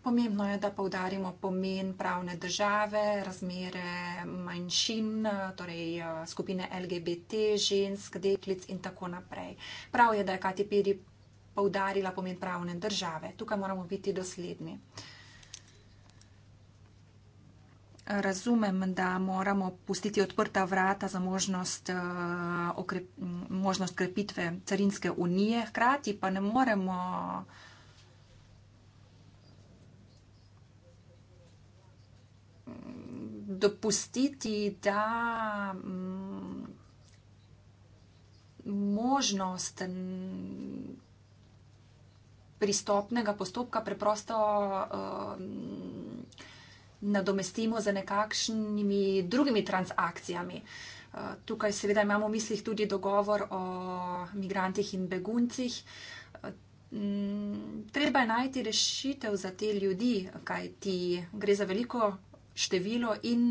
S4: Pomembno je, da povdarimo pomen pravne države, razmere manjšin, torej eh, skupine LGBT, žensk, deklic in tako naprej. Prav je, da je Kati Piri povdarila pomen pravne države. Tukaj moramo biti dosledni. Razumem, da moramo pustiti odprta vrata za možnost, eh, okre, možnost krepitve carinske unije, hkrati pa ne moremo. dopustiti ta mm, možnost pristopnega postopka preprosto mm, nadomestimo z nekakšnimi drugimi transakcijami. Tukaj seveda imamo v mislih tudi dogovor o migrantih in beguncih. Mm, treba je najti rešitev za te ljudi, kaj ti gre za veliko število in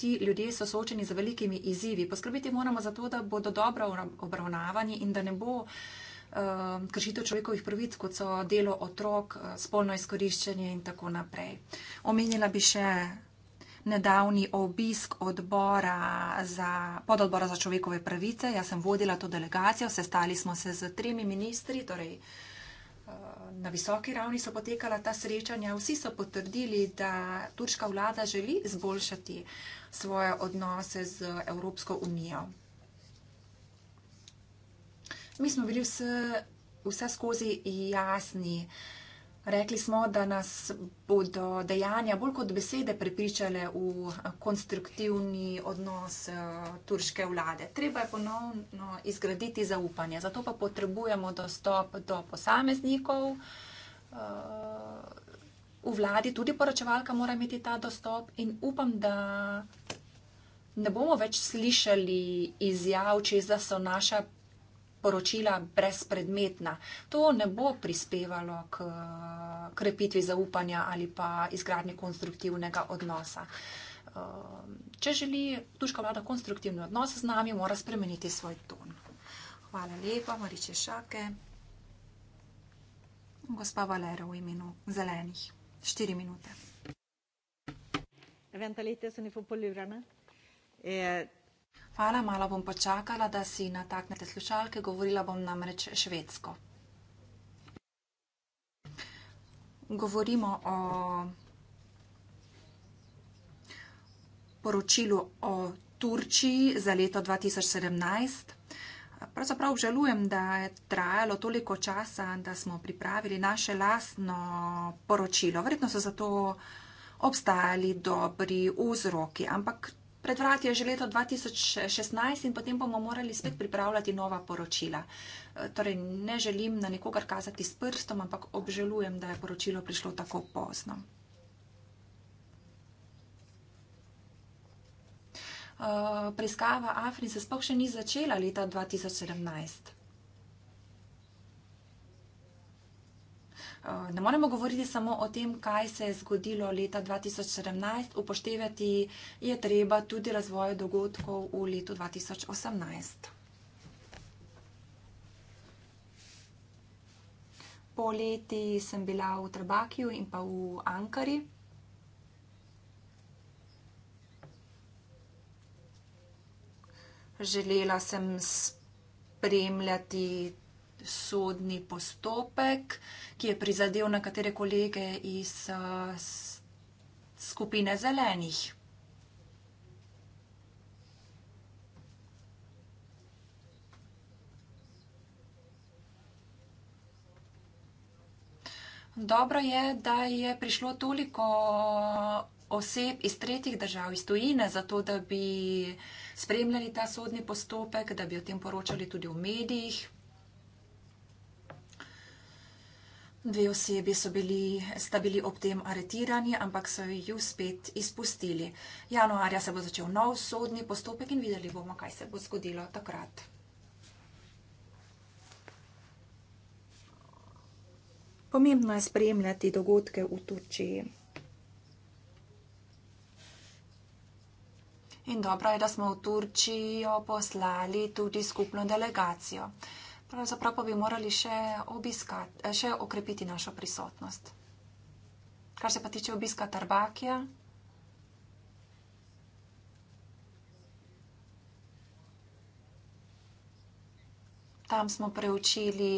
S4: ti ljudje so soočeni z velikimi izzivi. Poskrbeti moramo za to, da bodo dobro obravnavani in da ne bo eh, kršito človekovih prvic, kot so delo otrok, eh, spolno izkoriščenje in tako naprej. Omenila bi še nedavni obisk odbora za, pododbora za človekove pravice. Jaz sem vodila to delegacijo, sestali smo se z tremi ministri, torej Na visoki ravni so potekala ta srečanja. Vsi so potrdili, da turška vlada želi izboljšati svoje odnose z Evropsko unijo. Mi smo bili vse, vse skozi jasni. Uh, Rekli smo, da nas bodo dejanja bolj kot besede prepričale v konstruktivni odnos eh, turške vlade. Treba je ponovno izgraditi zaupanje. Zato pa potrebujemo dostop do posameznikov. Eh, v vladi tudi poročevalka mora imeti ta dostop in upam, da ne bomo več slišali izjav, če so naša poročila brezpredmetna. To ne bo prispevalo k krepitvi zaupanja ali pa izgradnje konstruktivnega odnosa. Ehm, če želi tuška vlada konstruktivni odnos z nami, mora spremeniti svoj ton. Hvala lepa, Mariče Šake. Gospa Valera v imenu zelenih. Štiri minute. Eventualite se ne bo poljubljena. E, Hvala, malo bom počakala, da si nataknete slušalke, govorila bom namreč švedsko. Govorimo o poročilu o Turčiji za leto 2017. Pravzaprav obžalujem, da je trajalo toliko časa, da smo pripravili naše lastno poročilo. Verjetno so za to obstajali dobri vzroki, ampak Pred vrati je že leto 2016 in potem bomo morali spet pripravljati nova poročila. E, torej, ne želim na nikogar kazati s prstom, ampak obžalujem, da je poročilo prišlo tako pozno. E, preiskava Afrin se sploh še ni začela leta 2017. Eh, ne moremo govoriti samo o tem, kaj se je zgodilo leta 2017, upoštevati je treba tudi razvoj dogodkov v letu 2018. Po leti sem bila v Trbakiju in pa v Ankari. Želela sem spremljati sodni postopek, ki je prizadel nekatere kolege iz uh, skupine zelenih. Dobro je, da je prišlo toliko oseb iz tretjih držav, iz tujine, zato da bi spremljali ta sodni postopek, da bi o tem poročali tudi v medijih. Dve osebi bili, sta bili ob tem aretirani, ampak so ju spet izpustili. Januarja se bo začel nov sodni postopek in videli bomo, kaj se bo zgodilo takrat. Pomembno je spremljati dogodke v Turčiji. In dobro je, da smo v Turčijo poslali tudi skupno delegacijo pravzaprav pa bi morali še, obiskat, še okrepiti našo prisotnost. Kar se pa tiče obiska Tarbakija. Tam smo preučili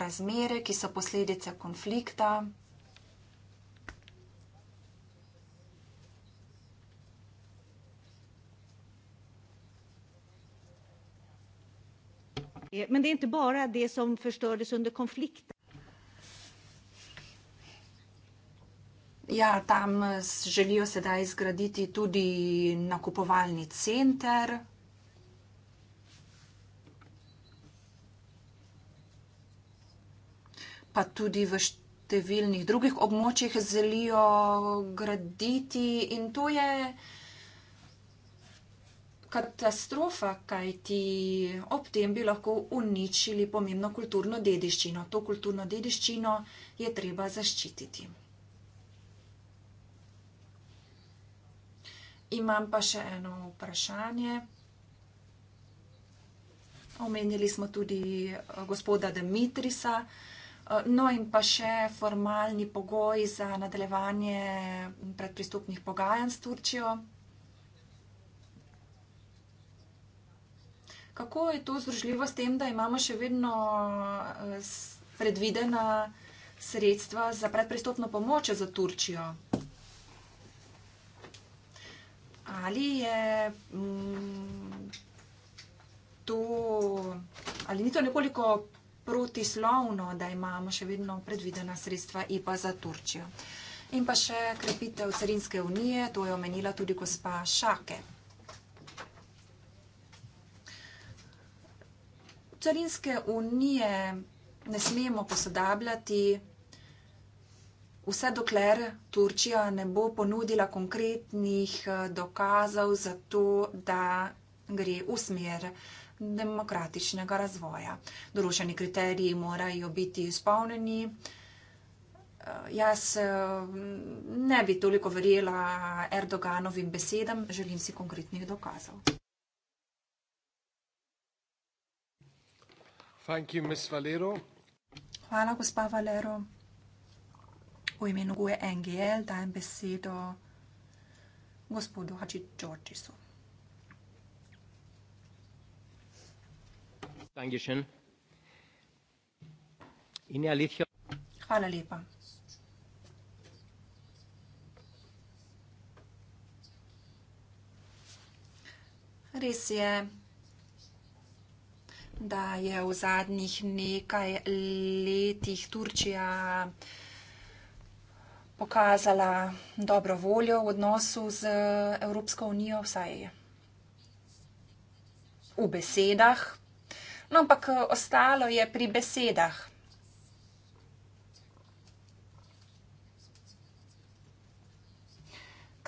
S4: razmere, ki so posledice konflikta.
S1: Eh, men det är inte bara det som förstördes under konflikten.
S4: Ja, tam eh, želijo sedaj zgraditi tudi nakupovalni center. Pa tudi v številnih drugih območjih želijo graditi in to je katastrofa, kajti ob tem bi lahko uničili pomembno kulturno dediščino. To kulturno dediščino je treba zaščititi. Imam pa še eno vprašanje. Omenili smo tudi eh, gospoda Dimitrisa. Eh, no in pa še formalni pogoj za nadaljevanje predpristupnih pogajanj s Turčijo. Kako je to združljivo s tem, da imamo še vedno eh, predvidena sredstva za predpristopno pomoč za Turčijo? Ali je mm, to, ali ni to nekoliko protislovno, da imamo še vedno predvidena sredstva IPA za Turčijo? In pa še krepitev carinske unije, to je omenila tudi gospa Šake. carinske unije ne smemo posodabljati, vse dokler Turčija ne bo ponudila konkretnih eh, dokazov za to, da gre v smer demokratičnega razvoja. Določeni kriteriji morajo biti izpolneni. Eh, jaz eh, ne bi toliko verjela Erdoganovim besedam, želim si konkretnih dokazov.
S3: Thank you, Ms. Valero.
S4: Hvala, gospa Valero. V imenu GUE NGL dajem besedo gospodu Hači Džorčisu. Hvala lepa. Res je, da je v zadnjih nekaj letih Turčija pokazala dobro voljo v odnosu z Evropsko unijo, vsaj v besedah. No, ampak ostalo je pri besedah.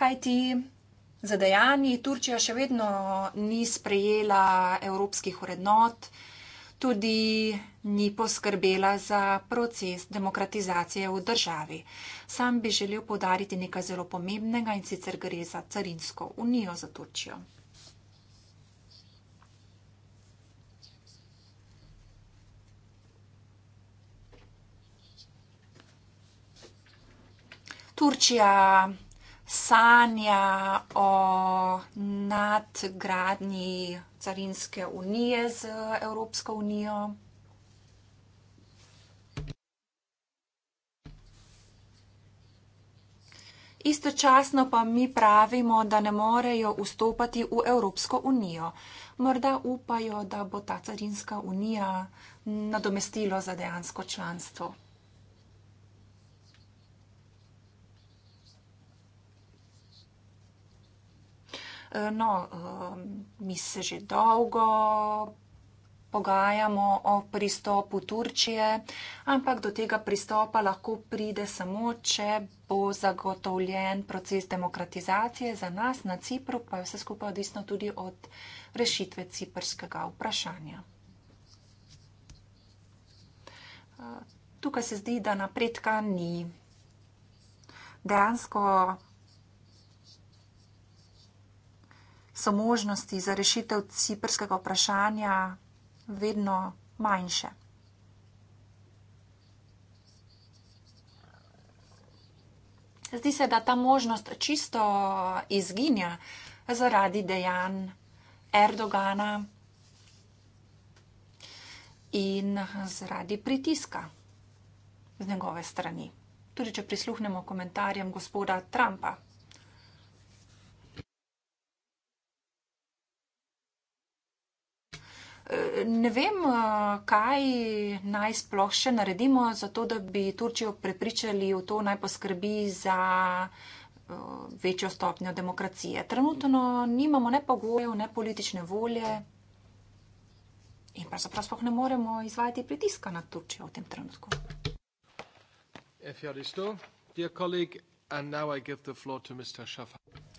S4: Kaj ti za dejanji. Turčija še vedno ni sprejela evropskih vrednot, tudi ni poskrbela za proces demokratizacije v državi. Sam bi želel podariti nekaj zelo pomembnega in sicer gre za carinsko unijo za Turčijo. Turčija sanja o nadgradnji carinske unije z Evropsko unijo. Istočasno pa mi pravimo, da ne morejo vstopati v Evropsko unijo. Morda upajo, da bo ta carinska unija nadomestilo za dejansko članstvo. No, um, mi se že dolgo pogajamo o pristopu Turčije, ampak do tega pristopa lahko pride samo, če bo zagotovljen proces demokratizacije za nas na Cipru, pa je vse skupaj odvisno tudi od rešitve ciprskega vprašanja. Uh, tukaj se zdi, da napredka ni. Dejansko so možnosti za rešitev ciprskega vprašanja vedno manjše. Zdi se, da ta možnost čisto izginja zaradi dejanj Erdogana in zaradi pritiska z njegove strani. Tudi, če prisluhnemo komentarjem gospoda Trumpa. Ne vem, eh, kaj naj sploh še naredimo, zato da bi Turčijo prepričali v to naj poskrbi za eh, večjo stopnjo demokracije. Trenutno nimamo ne pogojev, ne politične volje in pravzaprav sploh ne moremo izvajati pritiska na Turčijo v tem trenutku.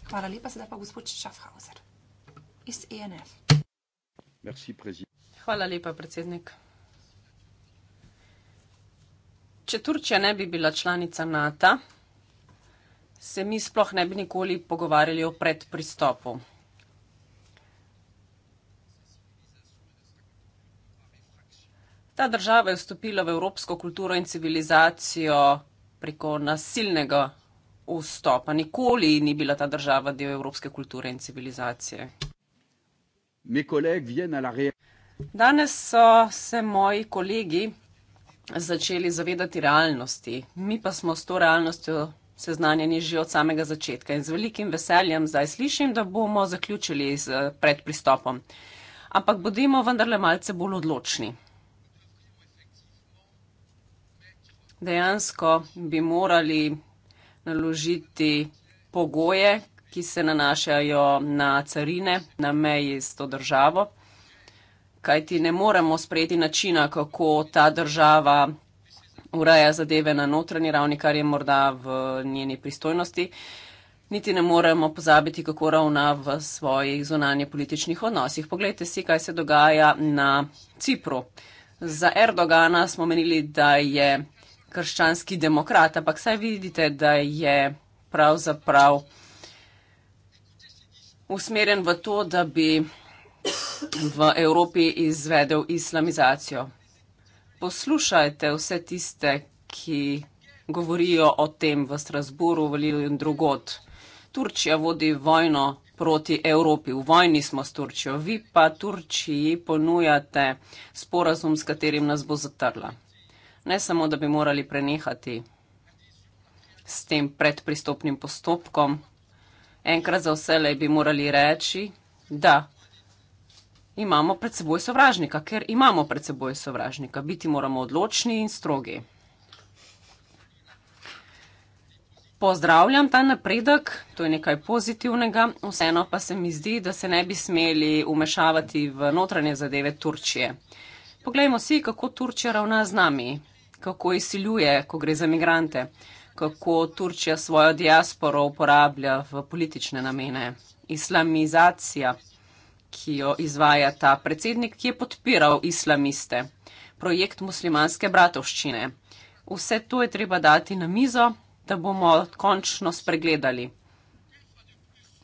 S4: Hvala lepa, sedaj pa gospod Schaffhauser iz ENF.
S2: Merci, Hvala lepa, predsednik. Če Turčija ne bi bila članica NATO, se mi sploh ne bi nikoli pogovarjali o predpristopu. Ta država je vstopila v evropsko kulturo in civilizacijo preko nasilnega vstopa. Nikoli ni bila ta država del evropske kulture in civilizacije mes collègues viennent à la réalité. Danes so se moji kolegi začeli zavedati realnosti. Mi pa smo s to realnostjo seznanjeni že od samega začetka in z velikim veseljem zdaj slišim, da bomo zaključili z predpristopom. Ampak bodimo vendarle malce bolj odločni. Dejansko bi morali naložiti pogoje, ki se nanašajo na carine na meji s to državo. Kaj ti ne moremo sprejeti načina, kako ta država ureja zadeve na notranji ravni, kar je morda v njeni pristojnosti, niti ne moremo pozabiti, kako ravna v svojih zunanje političnih odnosih. Poglejte si, kaj se dogaja na Cipru. Za Erdogana smo menili, da je krščanski demokrat, ampak saj vidite, da je pravzaprav. Prav usmerjen v to, da bi v Evropi izvedel islamizacijo. Poslušajte vse tiste, ki govorijo o tem v Strasburu, v Lilju in drugod. Turčija vodi vojno proti Evropi. V vojni smo s Turčijo. Vi pa Turčiji ponujate sporazum, s katerim nas bo zatrla. Ne samo, da bi morali prenehati s tem predpristopnim postopkom, enkrat za vselej bi morali reči, da imamo pred seboj sovražnika, ker imamo pred seboj sovražnika. Biti moramo odločni in strogi. Pozdravljam ta napredek, to je nekaj pozitivnega, vseeno pa se mi zdi, da se ne bi smeli umešavati v notranje zadeve Turčije. Poglejmo si, kako Turčija ravna z nami, kako izsiljuje, ko gre za migrante kako Turčija svojo diasporo uporablja v politične namene. Islamizacija, ki jo izvaja ta predsednik, ki je podpiral islamiste, projekt muslimanske bratovščine. Vse to je treba dati na mizo, da bomo končno spregledali.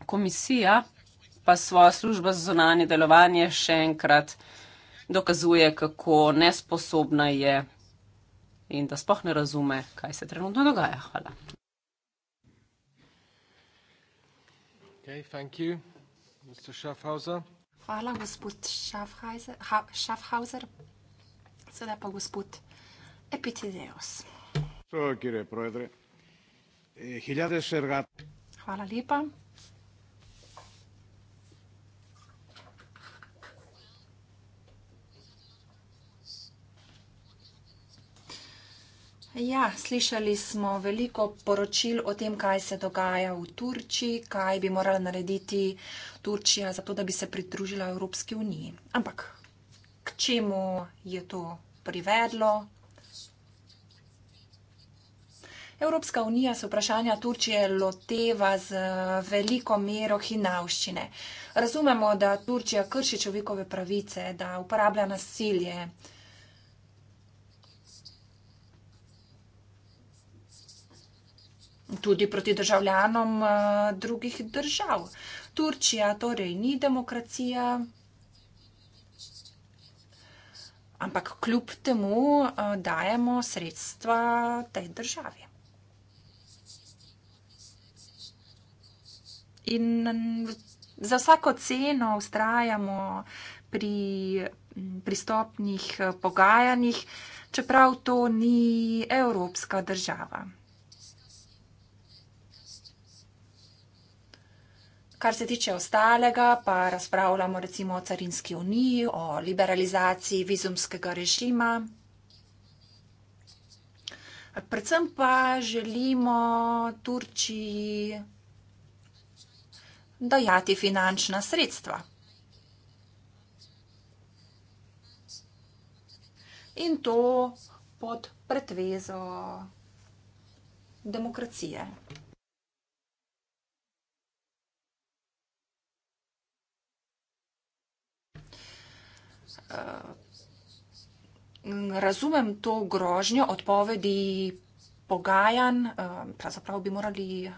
S2: Komisija pa svojo službo za zonanje delovanje še enkrat dokazuje, kako nesposobna je in da spoh ne razume, kaj se trenutno dogaja. Hvala.
S3: Okay, thank you, Mr. Schaffhauser.
S4: Hvala, gospod ha Schaffhauser. Sedaj pa gospod Epitideus. So, kire, Hvala lepa. Ja, slišali smo veliko poročil o tem, kaj se dogaja v Turčiji, kaj bi morala narediti Turčija, zato da bi se pridružila Evropski uniji. Ampak k čemu je to privedlo? Evropska unija se vprašanja Turčije loteva z veliko mero hinavščine. Razumemo, da Turčija krši človekove pravice, da uporablja nasilje. tudi proti državljanom eh, drugih držav. Turčija torej ni demokracija, ampak kljub temu eh, dajemo sredstva tej državi. In za vsako ceno ustrajamo pri pristopnih eh, pogajanjih, čeprav to ni evropska država. Kar se tiče ostalega, pa razpravljamo recimo o carinski uniji, o liberalizaciji vizumskega režima. Predvsem pa želimo Turčiji dajati finančna sredstva. In to pod pretvezo demokracije. Eh, razumem to grožnjo odpovedi pogajanj, eh, pravzaprav bi morali eh,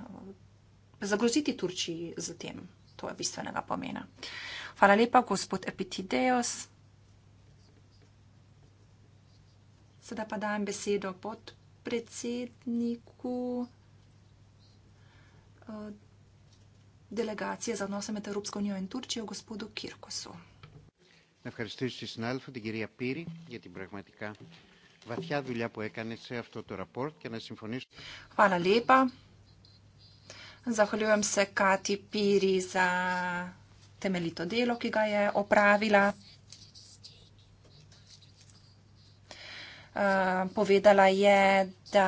S4: zagroziti Turčiji z tem. To je bistvenega pomena. Hvala lepa, gospod Epitideos. Sedaj pa dajem besedo podpredsedniku delegacije za odnose med Evropsko unijo in Turčijo, gospodu Kirkosu. Ευχαριστήσω τη συνάδελφο, την κυρία Πύρη, για την πραγματικά βαθιά δουλειά που έκανε σε αυτό το ραπόρτ και να συμφωνήσω. Πάρα λίπα. Zahvaljujem se Kati Piri za temeljito delo, ki ga je opravila. Eh, povedala je, da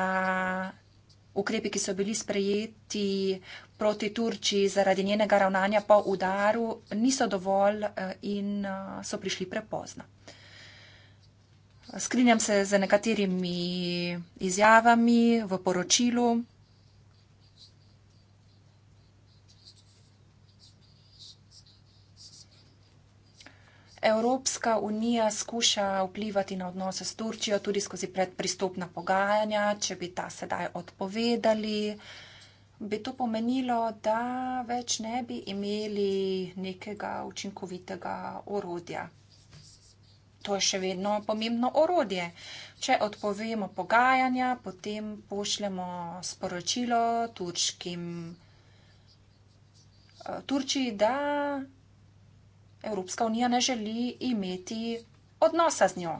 S4: ukrepi, ki so bili sprejeti proti Turčiji zaradi njenega ravnanja po udaru niso dovolj eh, in eh, so prišli prepozno. Skrinjam se z nekaterimi izjavami v poročilu. Evropska unija skuša vplivati na odnose s Turčijo tudi skozi predpristopna pogajanja, če bi ta sedaj odpovedali. Uh, bi to pomenilo, da več ne bi imeli nekega učinkovitega orodja. To je še vedno pomembno orodje. Če odpovemo pogajanja, potem pošljemo sporočilo turškim, eh, Turčiji, da Evropska unija ne želi imeti odnosa z njo.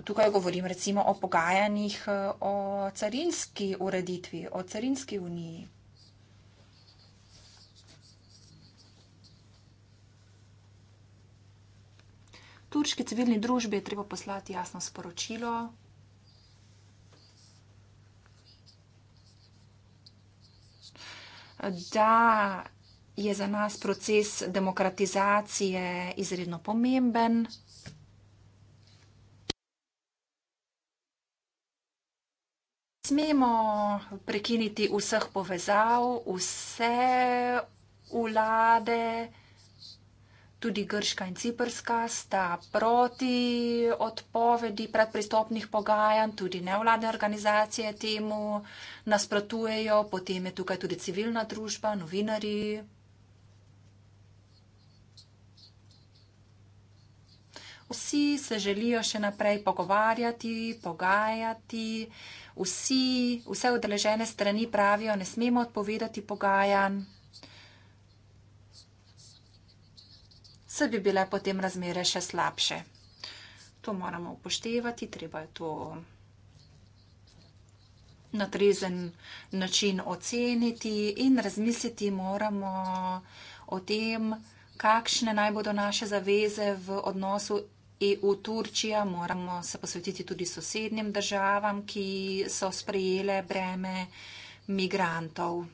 S4: Tukaj govorim recimo o pogajanjih eh, o carinski ureditvi, o carinski uniji. Turški civilni družbi je treba poslati jasno sporočilo. Da je za nas proces demokratizacije izredno pomemben. smemo prekiniti vseh povezav, vse vlade, tudi Grška in Ciprska sta proti odpovedi predpristopnih pogajanj, tudi nevladne organizacije temu nasprotujejo, potem je tukaj tudi civilna družba, novinari. Vsi se želijo še naprej pogovarjati, pogajati vsi, vse odeležene strani pravijo, ne smemo odpovedati pogajanj. Se bi bile potem razmere še slabše. To moramo upoštevati, treba je to na trezen način oceniti in razmisliti moramo o tem, kakšne naj bodo naše zaveze v odnosu EU-Turčija, moramo se posvetiti tudi sosednjim državam, ki so sprejele breme migrantov.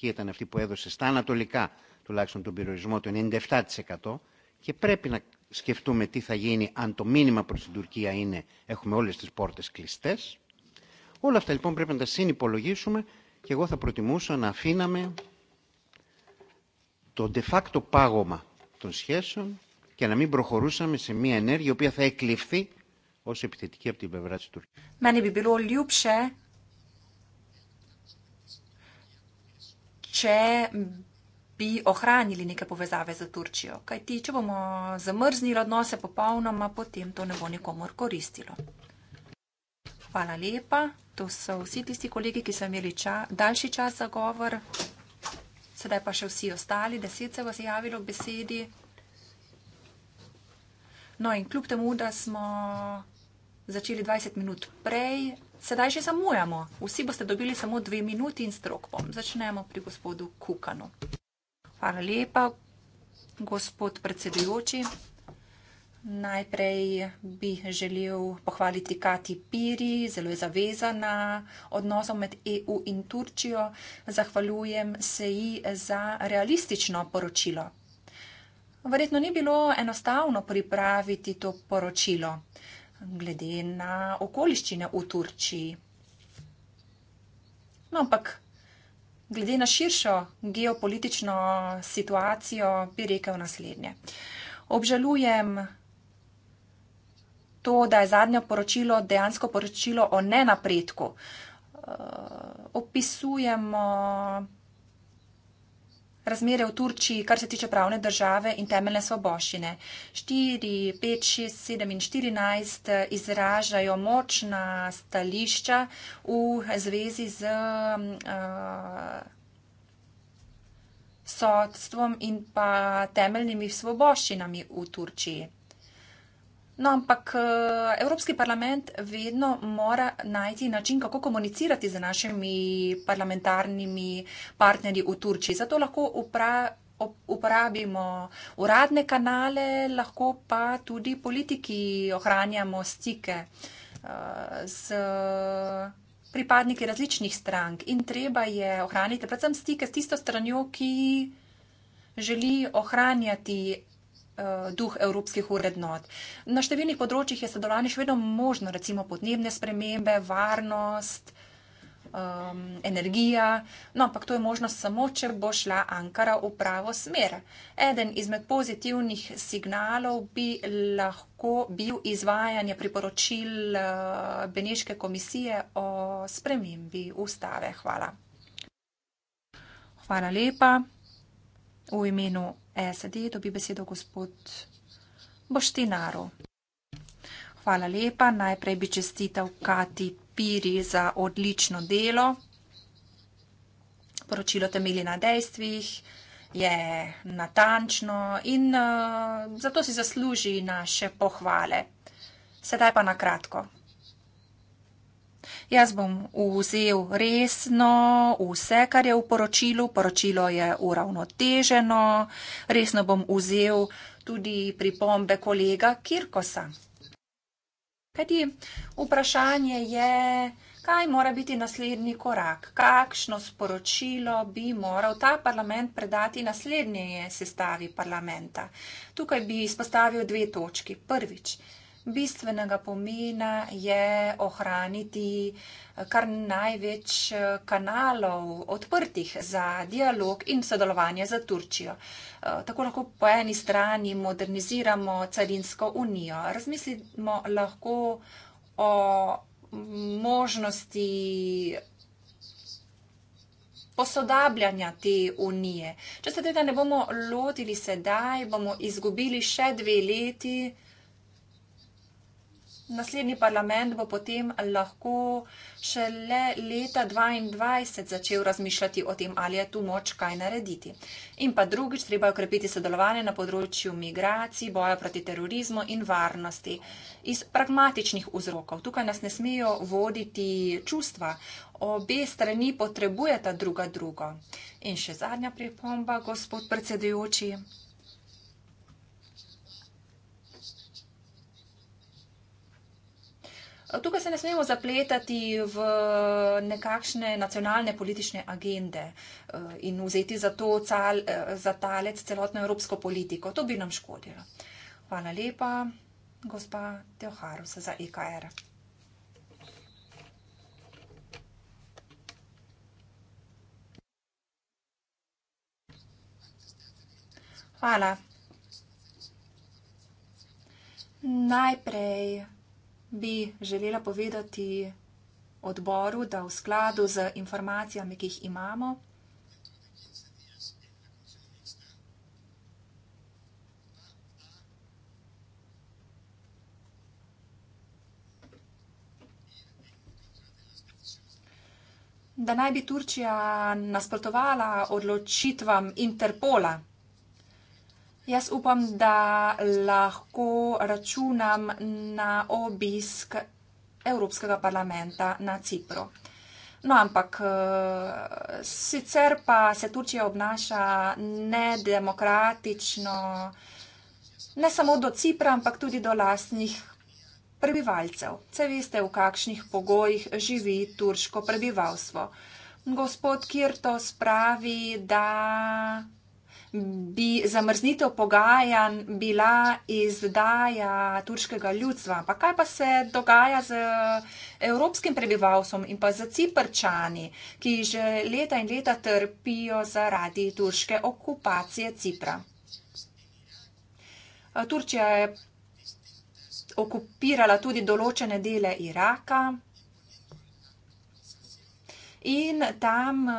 S2: Ποιοι ήταν αυτοί που έδωσε στα ανατολικά τουλάχιστον τον περιορισμό του 97% και πρέπει να σκεφτούμε τι θα γίνει αν το μήνυμα προς την Τουρκία είναι έχουμε όλες τις πόρτες κλειστές. Όλα αυτά λοιπόν πρέπει να τα συνυπολογίσουμε και εγώ θα προτιμούσα να αφήναμε το de facto πάγωμα των σχέσεων και να μην προχωρούσαμε σε μια ενέργεια η οποία θα εκλειφθεί ω επιθετική από την πλευρά τη Τουρκία.
S4: Μένει επιπειρού ο Λιούψε και μπει ο χράνη λινίκα που βεζάβε σε Τουρκία. Κατί και πω μου ζεμρζνει ροδνώσε από πάνω μα από τίμ τον εγωνικό μου ορκορίστηλο. Hvala lepa. To so vsi tisti kolegi, ki so imeli ča, daljši čas za govor. Sedaj pa še vsi ostali, deset se vas je javilo k besedi. No, in kljub temu, da smo začeli 20 minut prej, sedaj že zamujamo. Vsi boste dobili samo dve minuti in strok bom. Začnemo pri gospodu Kukanu. Hvala lepa, gospod predsedujoči. Najprej bi želel pohvaliti Kati Piri, zelo je zavezana odnosom med EU in Turčijo. Zahvaljujem se ji za realistično poročilo. Verjetno ni bilo enostavno pripraviti to poročilo, glede na okoliščine v Turčiji. No, ampak glede na širšo geopolitično situacijo bi rekel naslednje. Obžalujem to, da je zadnje poročilo dejansko poročilo o nenapredku. Uh, opisujemo razmere v Turčiji, kar se tiče pravne države in temeljne svoboščine. 4, 5, 6, 7 in 14 eh, izražajo močna stališča v zvezi z uh, sodstvom in pa temeljnimi svoboščinami v Turčiji. No, ampak eh, Evropski parlament vedno mora najti način, kako komunicirati z našimi parlamentarnimi partnerji v Turčiji. Zato lahko upra, uporabimo uradne kanale, lahko pa tudi politiki ohranjamo stike z eh, pripadniki različnih strank. In treba je ohraniti predvsem stike s tisto stranjo, ki želi ohranjati Eh, duh evropskih urednot. Na številnih področjih je sodelovanje še vedno možno, recimo podnebne spremembe, varnost, um, energija, no, ampak to je možno samo, če bo šla Ankara v pravo smer. Eden izmed pozitivnih signalov bi lahko bil izvajanje priporočil eh, Beneške komisije o spremembi ustave. Hvala. Hvala lepa. V imenu SD dobi besedo gospod Boštinaro. Hvala lepa. Najprej bi čestital Kati Piri za odlično delo. Poročilo temelji na dejstvih, je natančno in uh, zato si zasluži naše pohvale. Sedaj pa na kratko. Jaz bom vzel resno vse, kar je v poročilu. Poročilo je uravnoteženo. Resno bom vzel tudi pripombe kolega Kirkosa. Kajti vprašanje je, kaj mora biti naslednji korak, kakšno sporočilo bi moral ta parlament predati naslednje sestavi parlamenta. Tukaj bi izpostavil dve točki. Prvič, bistvenega pomena je ohraniti eh, kar največ eh, kanalov odprtih za dialog in sodelovanje za Turčijo. Eh, tako lahko po eni strani moderniziramo carinsko unijo, razmislimo lahko o možnosti posodabljanja te unije. Če se tega ne bomo lotili sedaj, bomo izgubili še dve leti, Naslednji parlament bo potem lahko šele leta 2022 začel razmišljati o tem, ali je tu moč kaj narediti. In pa drugič, treba ukrepiti sodelovanje na področju migracij, boja proti terorizmu in varnosti iz pragmatičnih vzrokov. Tukaj nas ne smejo voditi čustva. Obe strani potrebujeta druga drugo. In še zadnja pripomba, gospod predsedujoči. Tukaj se ne smemo zapletati v nekakšne nacionalne politične agende eh, in vzeti za, to, eh, za talec celotno evropsko politiko. To bi nam škodilo. Hvala lepa, gospa Teoharus za EKR. Hvala. Najprej bi želela povedati odboru, da v skladu z informacijami, ki jih imamo, da naj bi Turčija nasprotovala odločitvam Interpola. Jaz upam, da lahko računam na obisk Evropskega parlamenta na Cipru. No, ampak eh, sicer pa se Turčija obnaša nedemokratično, ne samo do Cipra, ampak tudi do lastnih prebivalcev. Se veste, v kakšnih pogojih živi turško prebivalstvo. Gospod Kirtos pravi, da bi zamrznitev pogajanj bila izdaja turškega ljudstva. Pa kaj pa se dogaja z evropskim prebivalstvom in pa z ciprčani, ki že leta in leta trpijo zaradi turške okupacije Cipra? Turčija je okupirala tudi določene dele Iraka in tam uh,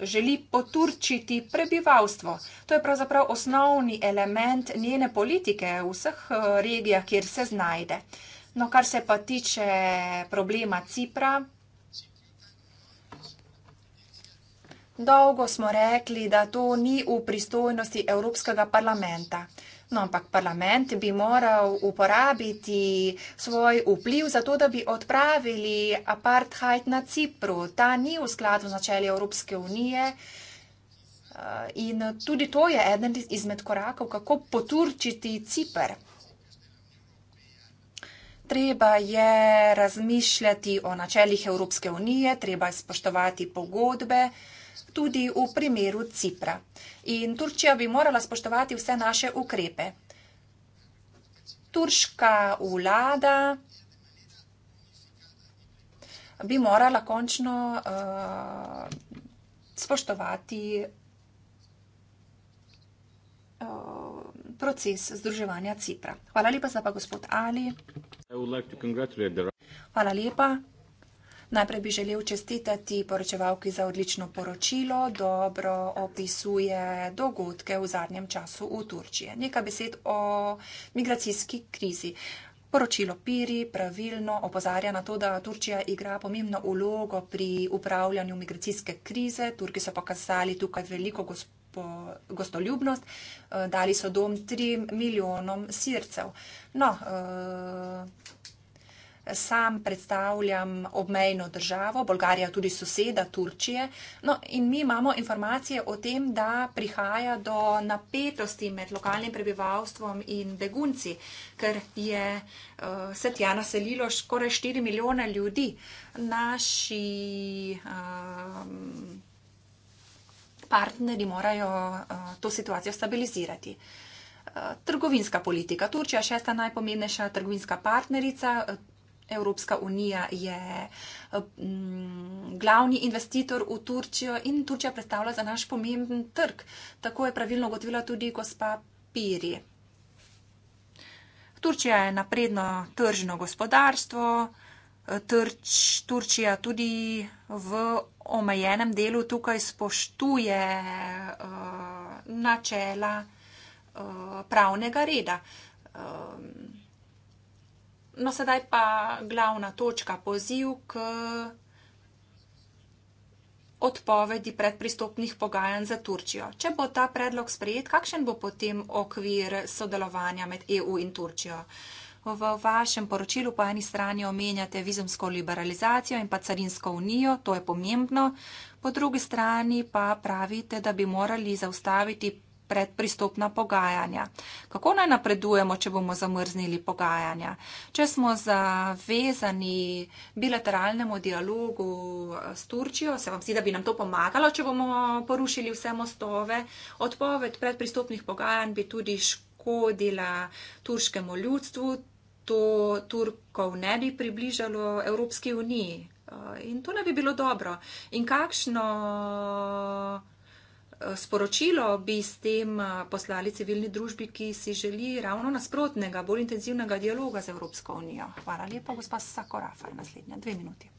S4: želi poturčiti prebivalstvo. To je pravzaprav osnovni element njene politike v vseh uh, regijah, kjer se znajde. No, kar se pa tiče problema Cipra, dolgo smo rekli, da to ni v pristojnosti Evropskega parlamenta. Uh, No, ampak parlament bi moral uporabiti svoj vpliv za to, da bi odpravili apartheid na Cipru. Ta ni v skladu z načeli Evropske unije. Eh, in tudi to je eden izmed korakov, kako poturčiti Cipr. Treba je razmišljati o načeljih Evropske unije, treba je spoštovati pogodbe, tudi v primeru Cipra in Turčija bi morala spoštovati vse naše ukrepe. Turška vlada bi morala končno uh, spoštovati uh, proces združevanja Cipra. Hvala lepa za pa gospod Ali. Hvala lepa. Najprej bi želel čestitati poročevalki za odlično poročilo, dobro opisuje dogodke v zadnjem času v Turčiji. Nekaj besed o migracijski krizi. Poročilo Piri pravilno opozarja na to, da Turčija igra pomembno ulogo pri upravljanju migracijske krize. Turki so pokazali tukaj veliko gospo, gostoljubnost, eh, dali so dom 3 milijonom sircev. No, uh, sam predstavljam obmejno državo, Bolgarija tudi soseda Turčije. No, in mi imamo informacije o tem, da prihaja do napetosti med lokalnim prebivalstvom in begunci, ker je uh, se tja naselilo skoraj 4 milijona ljudi. Naši um, eh, partneri morajo uh, to situacijo stabilizirati. Trgovinska politika. Turčija je šesta najpomembnejša trgovinska partnerica. Evropska unija je um, glavni investitor v Turčijo in Turčija predstavlja za naš pomemben trg. Tako je pravilno gotovila tudi gospa Piri. Turčija je napredno tržno gospodarstvo. Trč, Turčija tudi v omejenem delu tukaj spoštuje uh, načela uh, pravnega reda. Uh, No, sedaj pa glavna točka, poziv k odpovedi predpristopnih pogajanj za Turčijo. Če bo ta predlog sprejet, kakšen bo potem okvir sodelovanja med EU in Turčijo? V vašem poročilu po eni strani omenjate vizumsko liberalizacijo in pa carinsko unijo, to je pomembno. Po drugi strani pa pravite, da bi morali zaustaviti predpristopna pogajanja. Kako naj napredujemo, če bomo zamrznili pogajanja? Če smo zavezani bilateralnemu dialogu eh, s Turčijo, se vam zdi, da bi nam to pomagalo, če bomo porušili vse mostove? Odpoved predpristopnih pogajanj bi tudi škodila turškemu ljudstvu, to Turkov ne bi približalo Evropski uniji. Eh, in to ne bi bilo dobro. In kakšno sporočilo bi s tem eh, poslali civilni družbi, ki si želi ravno nasprotnega, bolj intenzivnega dialoga z Evropsko unijo? Hvala lepa, gospa Sakorafa, naslednje dve minuti.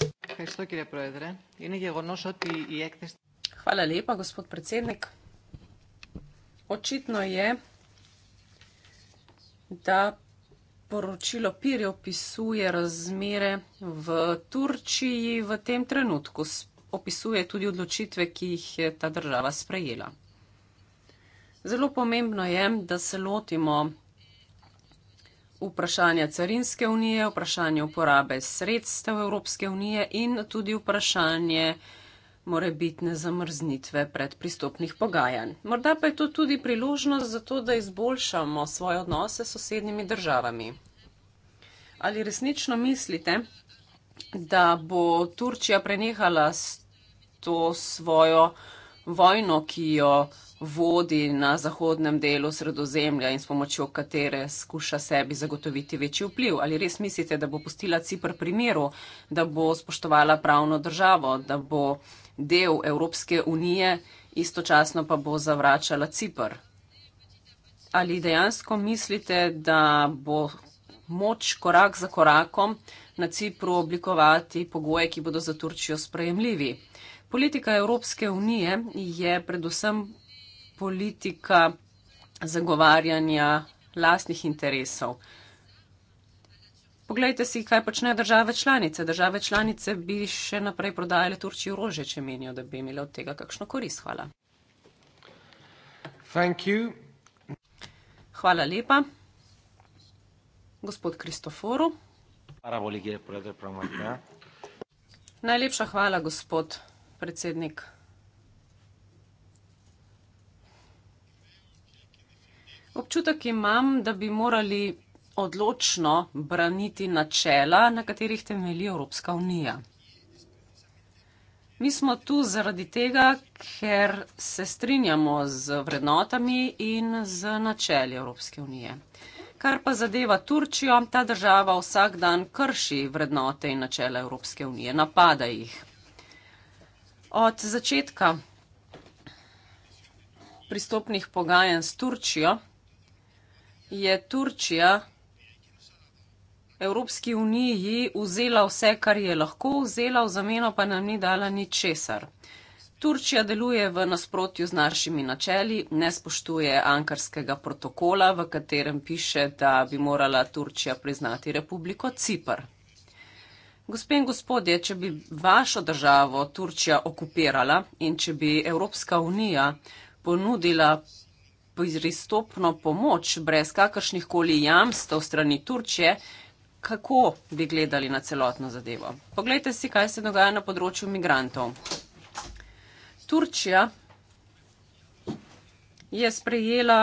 S2: Hvala lepa, gospod predsednik. Očitno je, da poročilo Pirje opisuje razmere v Turčiji v tem trenutku opisuje tudi odločitve, ki jih je ta država sprejela. Zelo pomembno je, da se lotimo vprašanja carinske unije, vprašanja uporabe sredstev Evropske unije in tudi vprašanje morebitne zamrznitve pred pristopnih pogajanj. Morda pa je to tudi priložnost za to, da izboljšamo svoje odnose s sosednjimi državami. Ali resnično mislite, da bo Turčija prenehala s to svojo vojno, ki jo vodi na zahodnem delu sredozemlja in s pomočjo katere skuša sebi zagotoviti večji vpliv. Ali res mislite, da bo pustila Cipr pri miru, da bo spoštovala pravno državo, da bo del Evropske unije, istočasno pa bo zavračala Cipr? Ali dejansko mislite, da bo moč korak za korakom na Cipru oblikovati pogoje, ki bodo za Turčijo sprejemljivi? Politika Evropske unije je predvsem politika zagovarjanja lastnih interesov. Poglejte si, kaj počnejo države članice. Države članice bi še naprej prodajale Turčiji rože, če menijo, da bi imele od tega kakšno korist. Hvala.
S3: Thank you.
S2: Hvala lepa. Gospod Kristoforu. Najlepša hvala, gospod predsednik. Občutek imam, da bi morali odločno braniti načela, na katerih temelji Evropska unija. Mi smo tu zaradi tega, ker se strinjamo z vrednotami in z načeli Evropske unije. Kar pa zadeva Turčijo, ta država vsak dan krši vrednote in načela Evropske unije, napada jih. Od začetka pristopnih pogajanj s Turčijo je Turčija Evropski uniji vzela vse, kar je lahko vzela, v zameno pa nam ni dala ničesar. Turčija deluje v nasprotju z našimi načeli, ne spoštuje ankarskega protokola, v katerem piše, da bi morala Turčija priznati Republiko Cipr. Gospe in gospodje, če bi vašo državo Turčija okupirala in če bi Evropska unija ponudila pristopno pomoč brez kakršnih koli jamstev strani Turčije, kako bi gledali na celotno zadevo? Poglejte si, kaj se dogaja na področju migrantov. Turčija je sprejela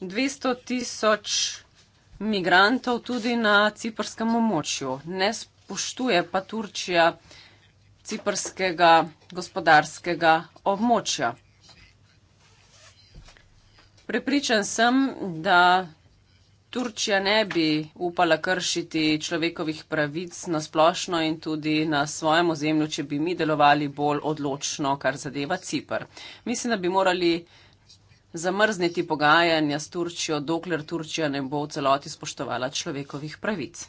S2: 200 tisoč 000 migrantov tudi na ciprskem območju. Ne spoštuje pa Turčija ciprskega gospodarskega območja. Prepričan sem, da Turčija ne bi upala kršiti človekovih pravic na splošno in tudi na svojem ozemlju, če bi mi delovali bolj odločno, kar zadeva Cipr. Mislim, da bi morali zamrzniti pogajanja s Turčijo, dokler Turčija ne bo v celoti spoštovala človekovih pravic.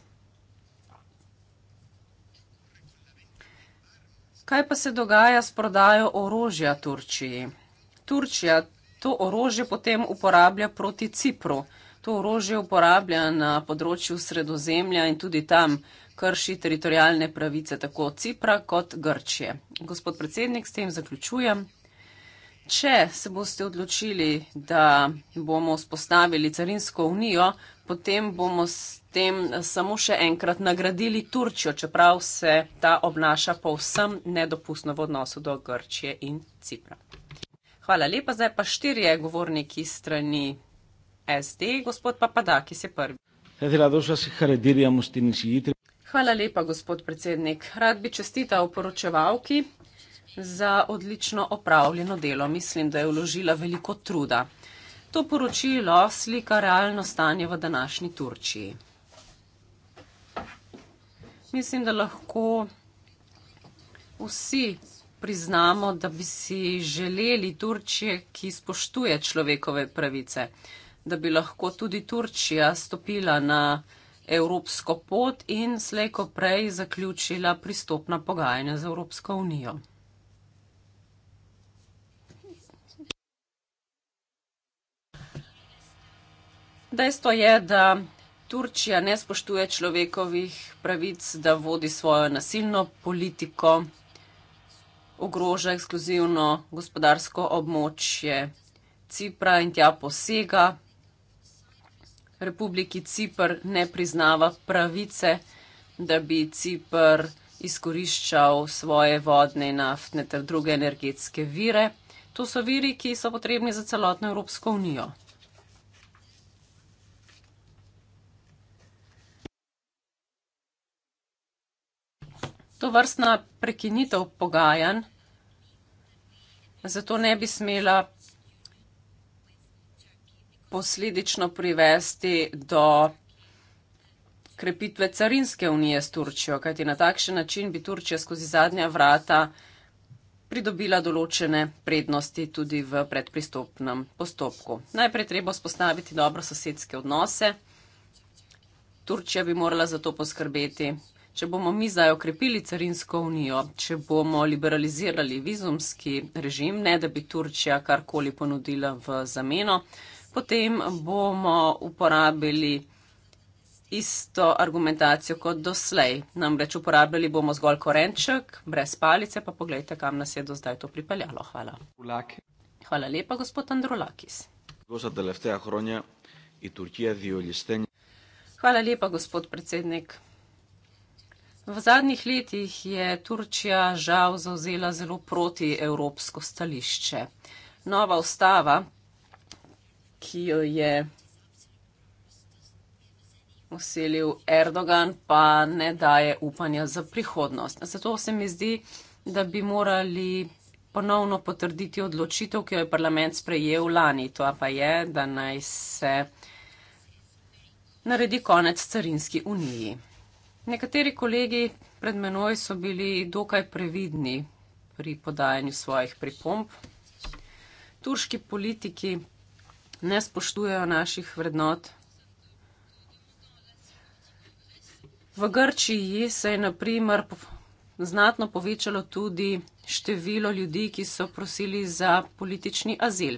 S2: Kaj pa se dogaja s prodajo orožja Turčiji? Turčija to orožje potem uporablja proti Cipru. To orožje uporablja na področju sredozemlja in tudi tam krši teritorijalne pravice tako Cipra kot Grčije. Gospod predsednik, s tem zaključujem. Če se boste odločili, da bomo spostavili carinsko unijo, potem bomo s tem samo še enkrat nagradili Turčjo, čeprav se ta obnaša povsem nedopustno v odnosu do Grčije in Cipra. Hvala lepa, zdaj pa štirje govorniki strani SD, gospod Papadakis je prvi. Hvala lepa, gospod predsednik. Rad bi čestital poročevalki za odlično opravljeno delo. Mislim, da je vložila veliko truda. To poročilo slika realno stanje v današnji Turčiji. Mislim, da lahko vsi priznamo, da bi si želeli Turčije, ki spoštuje človekove pravice, da bi lahko tudi Turčija stopila na evropsko pot in slejko prej zaključila pristopna pogajanja z Evropsko unijo. Dejstvo je, da Turčija ne spoštuje človekovih pravic, da vodi svojo nasilno politiko, ogroža ekskluzivno gospodarsko območje Cipra in tja posega. Republiki Cipr ne priznava pravice, da bi Cipr izkoriščal svoje vodne, naftne ter druge energetske vire. To so viri, ki so potrebni za celotno Evropsko unijo. to vrstna prekinitev pogajanj, zato ne bi smela posledično privesti do krepitve carinske unije s Turčijo, kajti na takšen način bi Turčija skozi zadnja vrata pridobila določene prednosti tudi v predpristopnem postopku. Najprej treba spostaviti dobro sosedske odnose. Turčija bi morala za to poskrbeti, Če bomo mi zdaj okrepili carinsko unijo, če bomo liberalizirali vizumski režim, ne da bi Turčija karkoli ponudila v zameno, potem bomo uporabili isto argumentacijo kot doslej. Namreč uporabljali bomo zgolj korenček, brez palice, pa pogledajte, kam nas je do zdaj to pripeljalo. Hvala. Hvala lepa, gospod Androlakis. Hvala lepa, gospod predsednik. V zadnjih letih je Turčija žal zauzela zelo protievropsko stališče. Nova ustava, ki jo je usilil Erdogan, pa ne daje upanja za prihodnost. Zato se mi zdi, da bi morali ponovno potrditi odločitev, ki jo je parlament sprejel lani. To pa je, da naj se naredi konec carinski uniji. Nekateri kolegi pred menoj so bili dokaj previdni pri podajanju svojih pripomb. Turški politiki ne spoštujejo naših vrednot. V Grčiji se je naprimer znatno povečalo tudi število ljudi, ki so prosili za politični azil.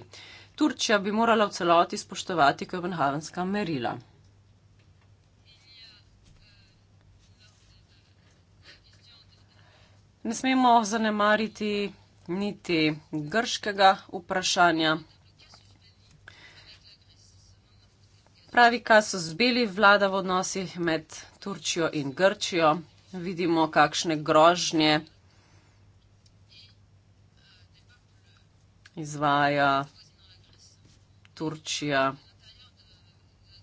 S2: Turčija bi morala v celoti spoštovati Kopenhavenska merila. Ne smemo zanemariti niti grškega vprašanja. Pravi, kaj so zbeli vlada v odnosih med Turčijo in Grčijo. Vidimo, kakšne grožnje izvaja Turčija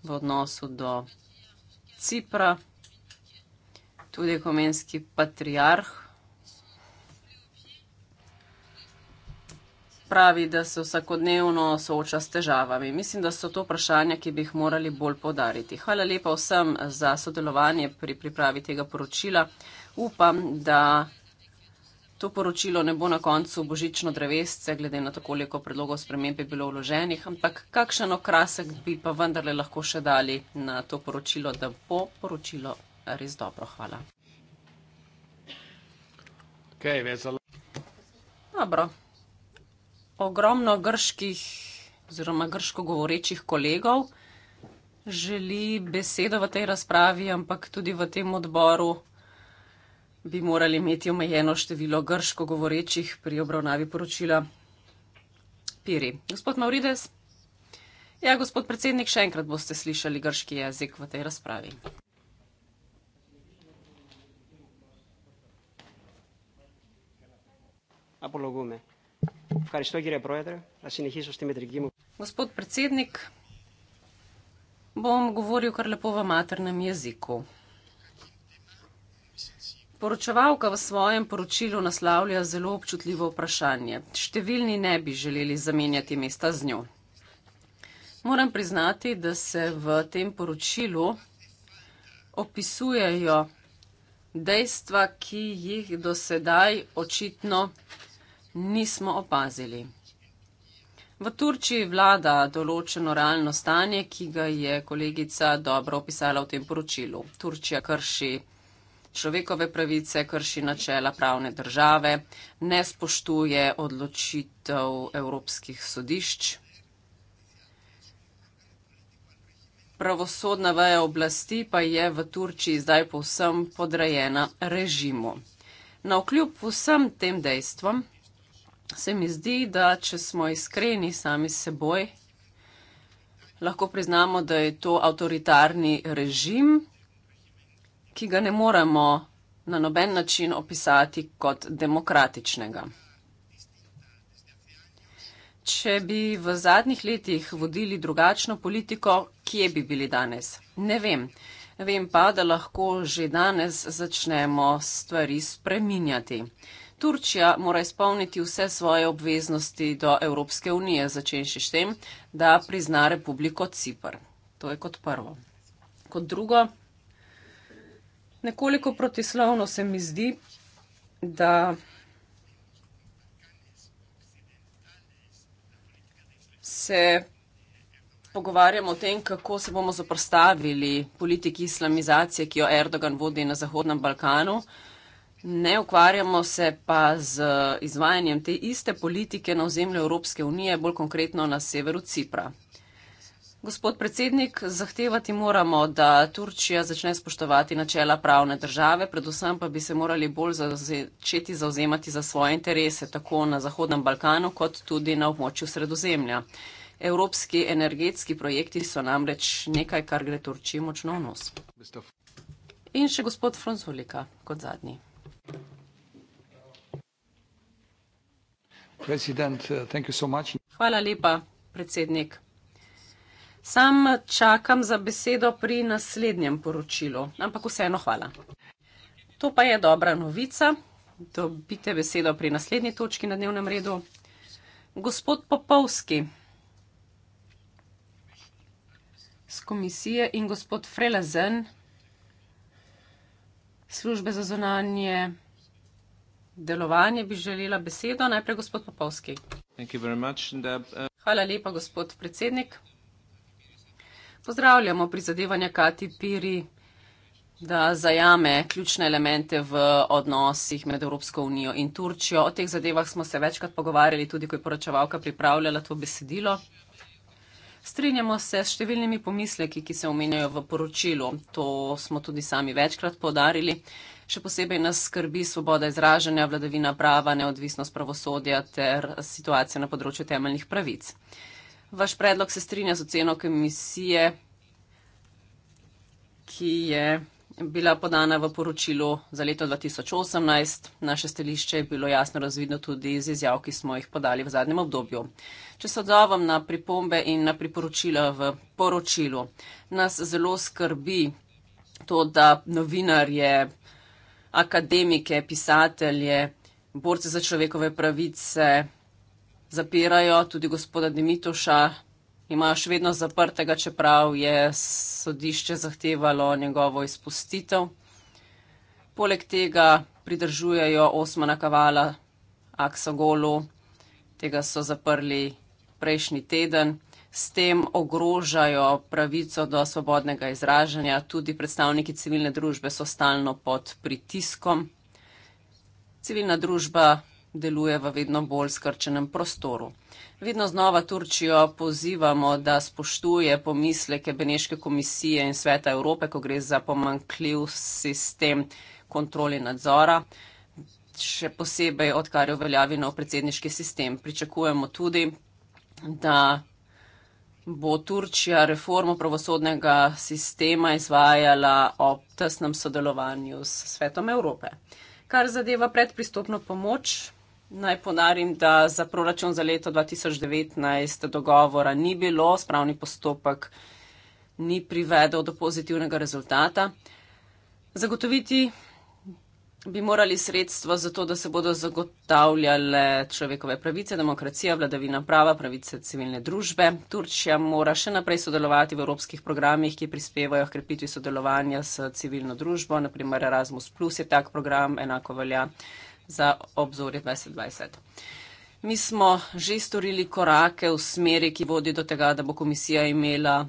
S2: v odnosu do Cipra. Tudi komenski patriarh pravi, da se vsakodnevno sooča s težavami. Mislim, da so to vprašanja, ki bi jih morali bolj podariti. Hvala lepa vsem za sodelovanje pri pripravi tega poročila. Upam, da to poročilo ne bo na koncu božično drevesce, glede na to, koliko predlogov spremembe bilo vloženih, ampak kakšen okrasek bi pa vendarle lahko še dali na to poročilo, da bo poročilo res dobro. Hvala. Okay, Dobro ogromno grških oziroma grško govorečih kolegov želi besedo v tej razpravi, ampak tudi v tem odboru bi morali imeti omejeno število grško govorečih pri obravnavi poročila Piri. Gospod Maurides. Ja, gospod predsednik, še enkrat boste slišali grški jezik v tej razpravi.
S4: Apologume. Ευχαριστώ κύριε Πρόεδρε. Θα συνεχίσω στη μετρική μου.
S2: Господ председник, бом говорил карлепова матерным языком. Poročevalka v svojem poročilu naslavlja zelo občutljivo vprašanje. Številni ne bi želeli zamenjati mesta z njo. Moram priznati, da se v tem poročilu opisujejo dejstva, ki jih do sedaj očitno nismo opazili. V Turčiji vlada določeno realno stanje, ki ga je kolegica dobro opisala v tem poročilu. Turčija krši človekove pravice, krši načela pravne države, ne spoštuje odločitev evropskih sodišč. Pravosodna veja oblasti pa je v Turčiji zdaj povsem podrejena režimu. Na okljub vsem tem dejstvom, se mi zdi, da če smo iskreni sami s seboj, lahko priznamo, da je to avtoritarni režim, ki ga ne moremo na noben način opisati kot demokratičnega. Če bi v zadnjih letih vodili drugačno politiko, kje bi bili danes? Ne vem. Vem pa, da lahko že danes začnemo stvari spreminjati. Turčija mora izpolniti vse svoje obveznosti do Evropske unije, začenši s tem, da prizna Republiko Cipr. To je kot prvo. Kot drugo, nekoliko protislovno se mi zdi, da. Se pogovarjamo o tem, kako se bomo zoprstavili politiki islamizacije, ki jo Erdogan vodi na Zahodnem Balkanu, Ne ukvarjamo se pa z izvajanjem te iste politike na ozemlju Evropske unije, bolj konkretno na severu Cipra. Gospod predsednik, zahtevati moramo, da Turčija začne spoštovati načela pravne države, predvsem pa bi se morali bolj začeti zauzemati za svoje interese tako na Zahodnem Balkanu kot tudi na območju Sredozemlja. Evropski energetski projekti so namreč nekaj, kar gre Turčiji močno v nos. In še gospod Fronzulika kot zadnji. Uh, hvala lepa, predsednik. Sam čakam za besedo pri naslednjem poročilu, ampak vseeno hvala. To pa je dobra novica. Dobite besedo pri naslednji točki na dnevnem redu. Gospod Popovski s komisije in gospod Frelazen službe za zunanje delovanje, bi želela besedo najprej gospod Popovski.
S1: Uh,
S2: Hvala lepa, gospod predsednik. Pozdravljamo prizadevanja Kati Piri, da zajame ključne elemente v odnosih med Evropsko unijo in Turčijo. O teh zadevah smo se večkrat pogovarjali, tudi ko je poročevalka pripravljala to besedilo. Strinjamo se s številnimi pomisleki, ki se omenjajo v poročilu. To smo tudi sami večkrat podarili. Še posebej nas skrbi svoboda izražanja, vladavina prava, neodvisnost pravosodja ter situacija na področju temeljnih pravic. Vaš predlog se strinja z oceno komisije, ki je bila podana v poročilu za leto 2018. Naše stališče je bilo jasno razvidno tudi iz izjav, ki smo jih podali v zadnjem obdobju. Če se odzovem na pripombe in na priporočila v poročilu, nas zelo skrbi to, da novinarje, akademike, pisatelje, borce za človekove pravice zapirajo, tudi gospoda Dimitoša imajo še vedno zaprtega, čeprav je sodišče zahtevalo njegovo izpustitev. Poleg tega pridržujejo Osmana Kavala, Aksa Golu, tega so zaprli prejšnji teden. S tem ogrožajo pravico do svobodnega izražanja, tudi predstavniki civilne družbe so stalno pod pritiskom. Civilna družba deluje v vedno bolj skrčenem prostoru. Vedno znova Turčijo pozivamo, da spoštuje pomisleke Beneške komisije in Sveta Evrope, ko gre za pomankljiv sistem kontroli nadzora, še posebej odkar je uveljavljen nov predsedniški sistem. Pričakujemo tudi, da bo Turčija reformo pravosodnega sistema izvajala ob tesnem sodelovanju s Svetom Evrope. Kar zadeva predpristopno pomoč, Naj ponarim, da za proračun za leto 2019 dogovora ni bilo, spravni postopek ni privedel do pozitivnega rezultata. Zagotoviti bi morali sredstva za to, da se bodo zagotavljale človekove pravice, demokracija, vladavina prava, pravice civilne družbe. Turčija mora še naprej sodelovati v evropskih programih, ki prispevajo k krepitvi sodelovanja s civilno družbo, naprimer Erasmus, je tak program, enako velja za obzorje 2020. Mi smo že storili korake v smeri, ki vodi do tega, da bo komisija imela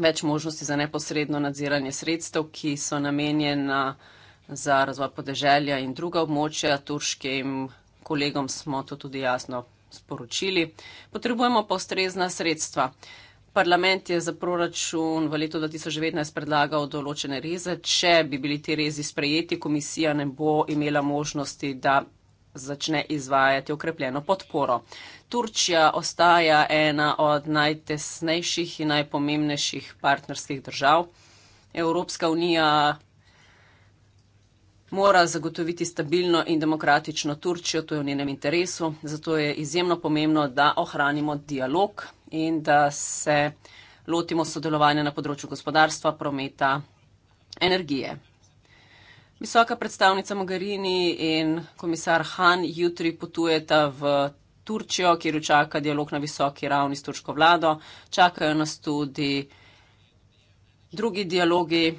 S2: več možnosti za neposredno nadziranje sredstev, ki so namenjena za razvoj podeželja in druga območja. Turškim kolegom smo to tudi jasno sporočili. Potrebujemo pa ustrezna sredstva. Parlament je za proračun v letu 2019 predlagal določene reze. Če bi bili ti rezi sprejeti, komisija ne bo imela možnosti, da začne izvajati okrepljeno podporo. Turčija ostaja ena od najtesnejših in najpomembnejših partnerskih držav. Evropska unija mora zagotoviti stabilno in demokratično Turčijo, to je v njenem interesu, zato je izjemno pomembno, da ohranimo dialog in da se lotimo sodelovanja na področju gospodarstva, prometa, energije. Visoka predstavnica Mogherini in komisar Han jutri potujeta v Turčijo, kjer jo čaka dialog na visoki ravni s turško vlado. Čakajo nas tudi drugi dialogi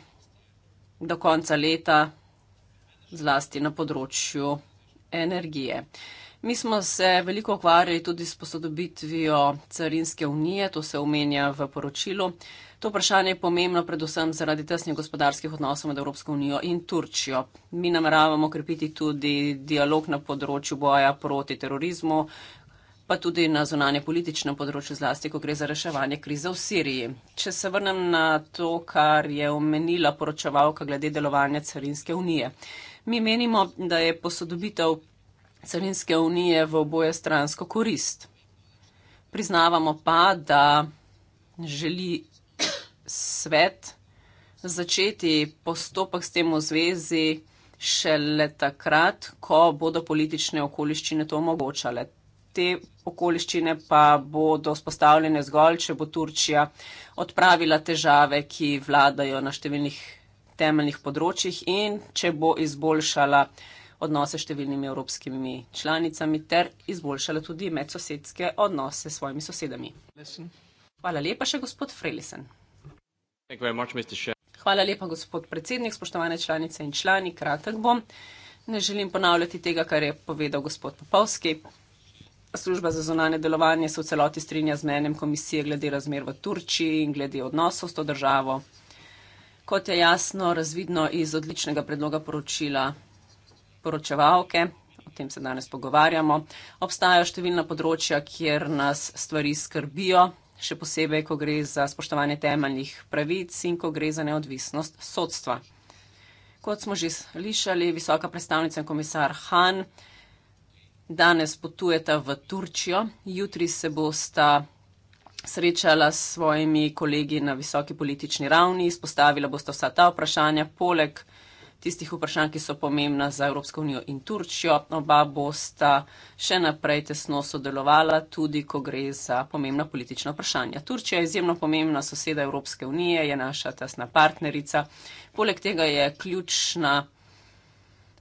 S2: do konca leta, zlasti na področju energije. Mi smo se veliko ukvarjali tudi s posodobitvijo Carinske unije, to se omenja v poročilu. To vprašanje je pomembno predvsem zaradi tesnih gospodarskih odnosov med Evropsko unijo in Turčijo. Mi nameravamo krepiti tudi dialog na področju boja proti terorizmu, pa tudi na zunanje politično področje zlasti, ko gre za reševanje krize v Siriji. Če se vrnem na to, kar je omenila poročevalka glede delovanja Carinske unije. Mi menimo, da je posodobitev carinske unije v oboje stransko korist. Priznavamo pa, da želi svet začeti postopek s tem v zvezi šele takrat, ko bodo politične okoliščine to omogočale. Te okoliščine pa bodo spostavljene zgolj, če bo Turčija odpravila težave, ki vladajo na številnih temeljnih področjih in če bo izboljšala odnose s številnimi evropskimi članicami ter izboljšala tudi medsosedske odnose s svojimi sosedami. Hvala lepa še gospod Frelisen.
S4: Hvala
S2: lepa gospod predsednik, spoštovane članice in člani, kratek bom. Ne želim ponavljati tega, kar je povedal gospod Popovski. Služba za zonane delovanje se v celoti strinja z menem komisije glede razmer v Turčiji in glede odnosov s to državo kot je jasno razvidno iz odličnega predloga poročila poročevalke, o tem se danes pogovarjamo, obstajajo številna področja, kjer nas stvari skrbijo, še posebej, ko gre za spoštovanje temeljnih pravic in ko gre za neodvisnost sodstva. Kot smo že slišali, visoka predstavnica in komisar Han danes potujeta v Turčijo, jutri se bosta srečala s svojimi kolegi na visoki politični ravni, izpostavila boste vsa ta vprašanja, poleg tistih vprašanj, ki so pomembna za Evropsko unijo in Turčjo. Oba bosta še naprej tesno sodelovala, tudi ko gre za pomembna politična vprašanja. Turčija je izjemno pomembna soseda Evropske unije, je naša tesna partnerica. Poleg tega je ključna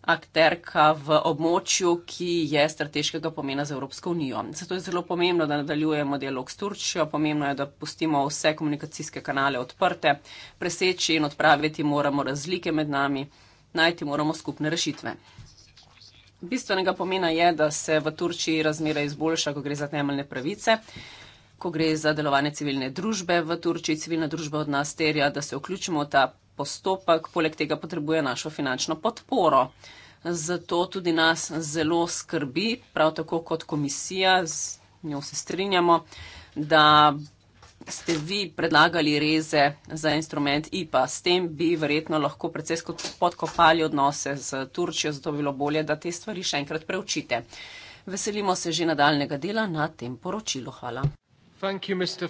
S2: akterka v območju, ki je strateškega pomena za Evropsko unijo. Zato je zelo pomembno, da nadaljujemo dialog s Turčijo, pomembno je, da pustimo vse komunikacijske kanale odprte, preseči in odpraviti moramo razlike med nami, najti moramo skupne rešitve. Bistvenega pomena je, da se v Turčiji razmere izboljša, ko gre za temeljne pravice, ko gre za delovanje civilne družbe v Turčiji. Civilna družba od nas terja, da se vključimo v ta postopek, poleg tega potrebuje našo finančno podporo. Zato tudi nas zelo skrbi, prav tako kot komisija, z njo se strinjamo, da ste vi predlagali reze za instrument IPA. S tem bi verjetno lahko precej podkopali odnose z Turčijo, zato bi bilo bolje, da te stvari še enkrat preučite. Veselimo se že nadaljnega dela na tem poročilu. Hvala. You,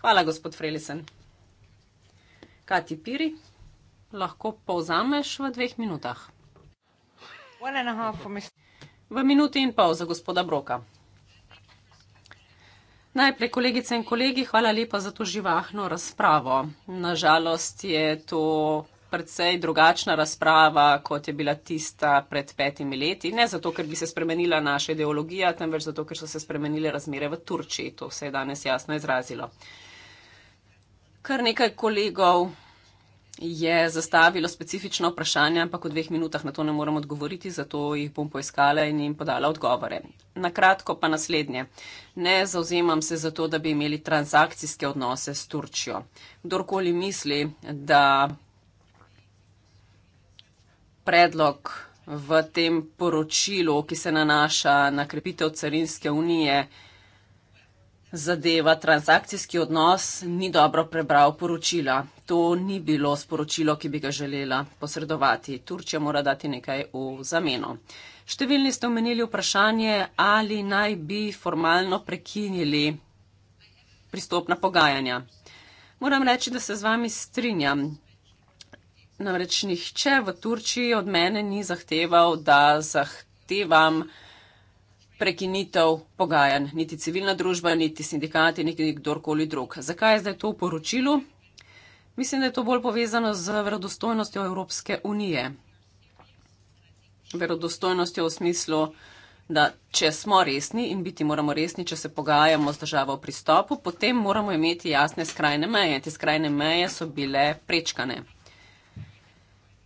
S2: Hvala, gospod Frelisen. Kati Piri lahko povzameš v dveh minutah? V minuti in pol za gospoda Broka. Najprej, kolegice in kolegi, hvala lepa za to živahno razpravo. Nažalost je to predvsej drugačna razprava, kot je bila tista pred petimi leti. Ne zato, ker bi se spremenila naša ideologija, temveč zato, ker so se spremenile razmere v Turčiji. To se je danes jasno izrazilo. Kar nekaj kolegov je zastavilo specifična vprašanja, ampak v dveh minutah na to ne morem odgovoriti, zato jih bom poiskala in jim podala odgovore. Na kratko pa naslednje. Ne zauzemam se za to, da bi imeli transakcijske odnose s Turčijo. Kdorkoli misli, da predlog v tem poročilu, ki se nanaša na krepitev carinske unije, zadeva transakcijski odnos, ni dobro prebral poročila. To ni bilo sporočilo, ki bi ga želela posredovati. Turčija mora dati nekaj v zameno. Številni ste omenili vprašanje, ali naj bi formalno prekinili pristopna pogajanja. Moram reči, da se z vami strinjam. Namreč nihče v Turčiji od mene ni zahteval, da zahtevam prekinitev pogajanj, niti civilna družba, niti sindikati, niti kdorkoli drug. Zakaj je zdaj to v poročilu? Mislim, da je to bolj povezano z verodostojnostjo Evropske unije. Verodostojnostjo v smislu, da če smo resni in biti moramo resni, če se pogajamo z državo o pristopu, potem moramo imeti jasne skrajne meje. Te skrajne meje so bile prečkane.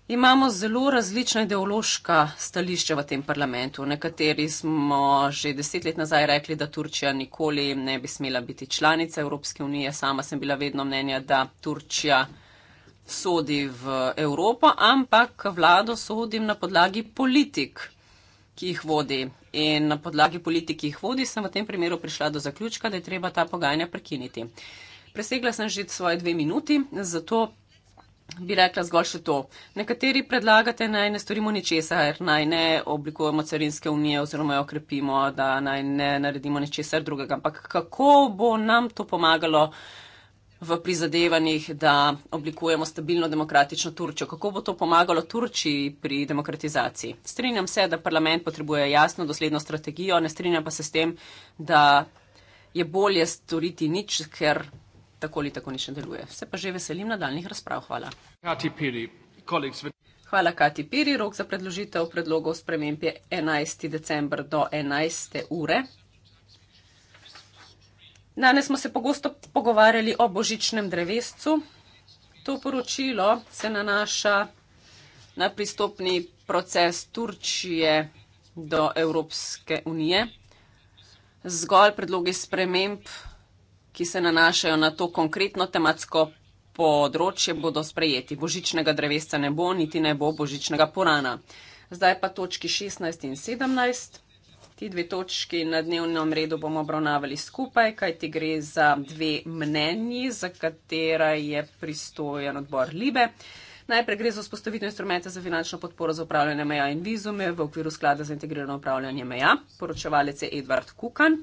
S2: Imamo zelo različna ideološka stališča v tem parlamentu. Nekateri smo že deset let nazaj rekli, da Turčija nikoli ne bi smela biti članica Evropske unije. Sama sem bila vedno mnenja, da Turčija sodi v Evropo, ampak vlado sodim na podlagi politik, ki jih vodi. In na podlagi politik, ki jih vodi, sem v tem primeru prišla do zaključka, da je treba ta pogajanja prekiniti. Presegla sem že svoje dve minuti, zato bi rekla zgolj še to. Nekateri predlagate, naj ne storimo ničesar, naj ne oblikujemo carinske unije oziroma jo okrepimo, da naj ne naredimo ničesar drugega. Ampak kako bo nam to pomagalo v prizadevanjih, da oblikujemo stabilno demokratično Turčjo? Kako bo to pomagalo Turčji pri demokratizaciji? Strinjam se, da parlament potrebuje jasno, dosledno strategijo, ne strinjam pa se s tem, da je bolje storiti nič, ker tako ali tako nič ne deluje. Se pa že veselim nadaljnih razprav. Hvala. Kati Piri, kolegs. Hvala, Kati Piri. Rok za predložitev predlogov sprememb je 11. december do 11. ure. Danes smo se pogosto pogovarjali o božičnem drevescu. To poročilo se nanaša na pristopni proces Turčije do Evropske unije. Zgolj predlogi sprememb ki se nanašajo na to konkretno tematsko področje, bodo sprejeti. Božičnega drevesca ne bo, niti ne bo božičnega porana. Zdaj pa točki 16 in 17. Ti dve točki na dnevnem redu bomo obravnavali skupaj, kajti gre za dve mnenji, za katera je pristojen odbor Libe. Najprej gre za vzpostavitev instrumenta za finančno podporo za upravljanje meja in vizume v okviru sklada za integrirano upravljanje meja. Poročevalec je Edvard Kukan,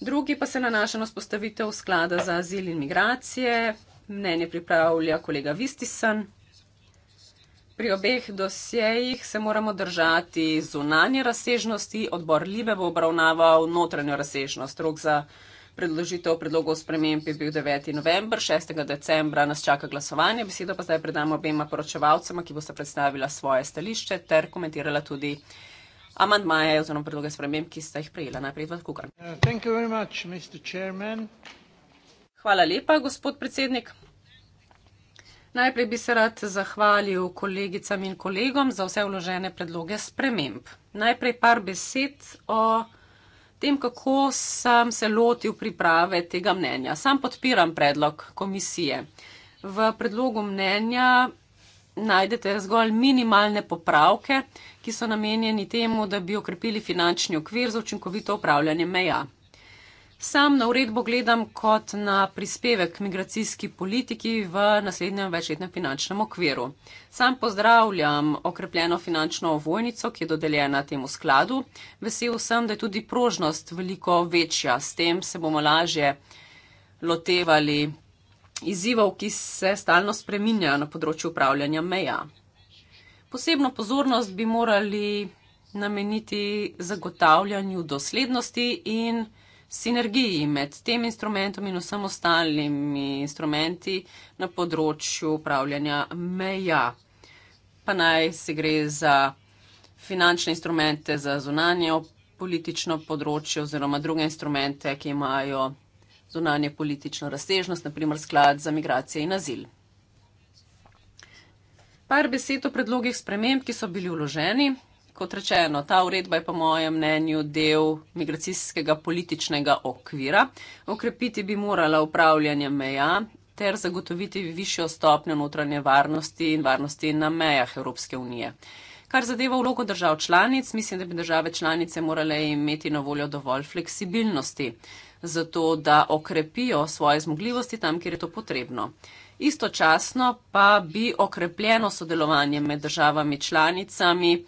S2: drugi pa se nanaša na spostavitev sklada za azil in migracije, mnenje pripravlja kolega Vistisen. Pri obeh dosjejih se moramo držati zunanje razsežnosti, odbor Libe bo obravnaval notranjo razsežnost. Rok za predložitev predlogov sprememb je bil 9. november, 6. decembra nas čaka glasovanje. Besedo pa zdaj predamo obema poročevalcema, ki bo sta predstavila svoje stališče ter komentirala tudi amantmaje oziroma predloge sprememb, ki ste jih prejela. Najprej Edvard Kukar.
S5: Uh,
S2: Hvala lepa, gospod predsednik. Najprej bi se rad zahvalil kolegicam in kolegom za vse vložene predloge sprememb. Najprej par besed o tem, kako sem se lotil priprave tega mnenja. Sam podpiram predlog komisije. V predlogu mnenja najdete zgolj minimalne popravke, ki so namenjeni temu, da bi okrepili finančni okvir za učinkovito upravljanje meja. Sam na uredbo gledam kot na prispevek migracijski politiki v naslednjem večletnem finančnem okviru. Sam pozdravljam okrepljeno finančno ovojnico, ki je dodeljena temu skladu. Vesel sem, da je tudi prožnost veliko večja. S tem se bomo lažje lotevali izzivov, ki se stalno spreminjajo na področju upravljanja meja. Posebno pozornost bi morali nameniti zagotavljanju doslednosti in sinergiji med tem instrumentom in vsem ostalimi instrumenti na področju upravljanja meja. Pa naj se gre za finančne instrumente, za zunanje politično področje oziroma druge instrumente, ki imajo zunanje politično razsežnost, naprimer sklad za migracije in azil. Par besed o predlogih sprememb, ki so bili vloženi. Kot rečeno, ta uredba je po mojem mnenju del migracijskega političnega okvira. Okrepiti bi morala upravljanje meja ter zagotoviti višjo stopnjo notranje varnosti in varnosti na mejah Evropske unije. Kar zadeva vlogo držav članic, mislim, da bi države članice morale imeti na voljo dovolj fleksibilnosti, zato da okrepijo svoje zmogljivosti tam, kjer je to potrebno istočasno pa bi okrepljeno sodelovanje med državami članicami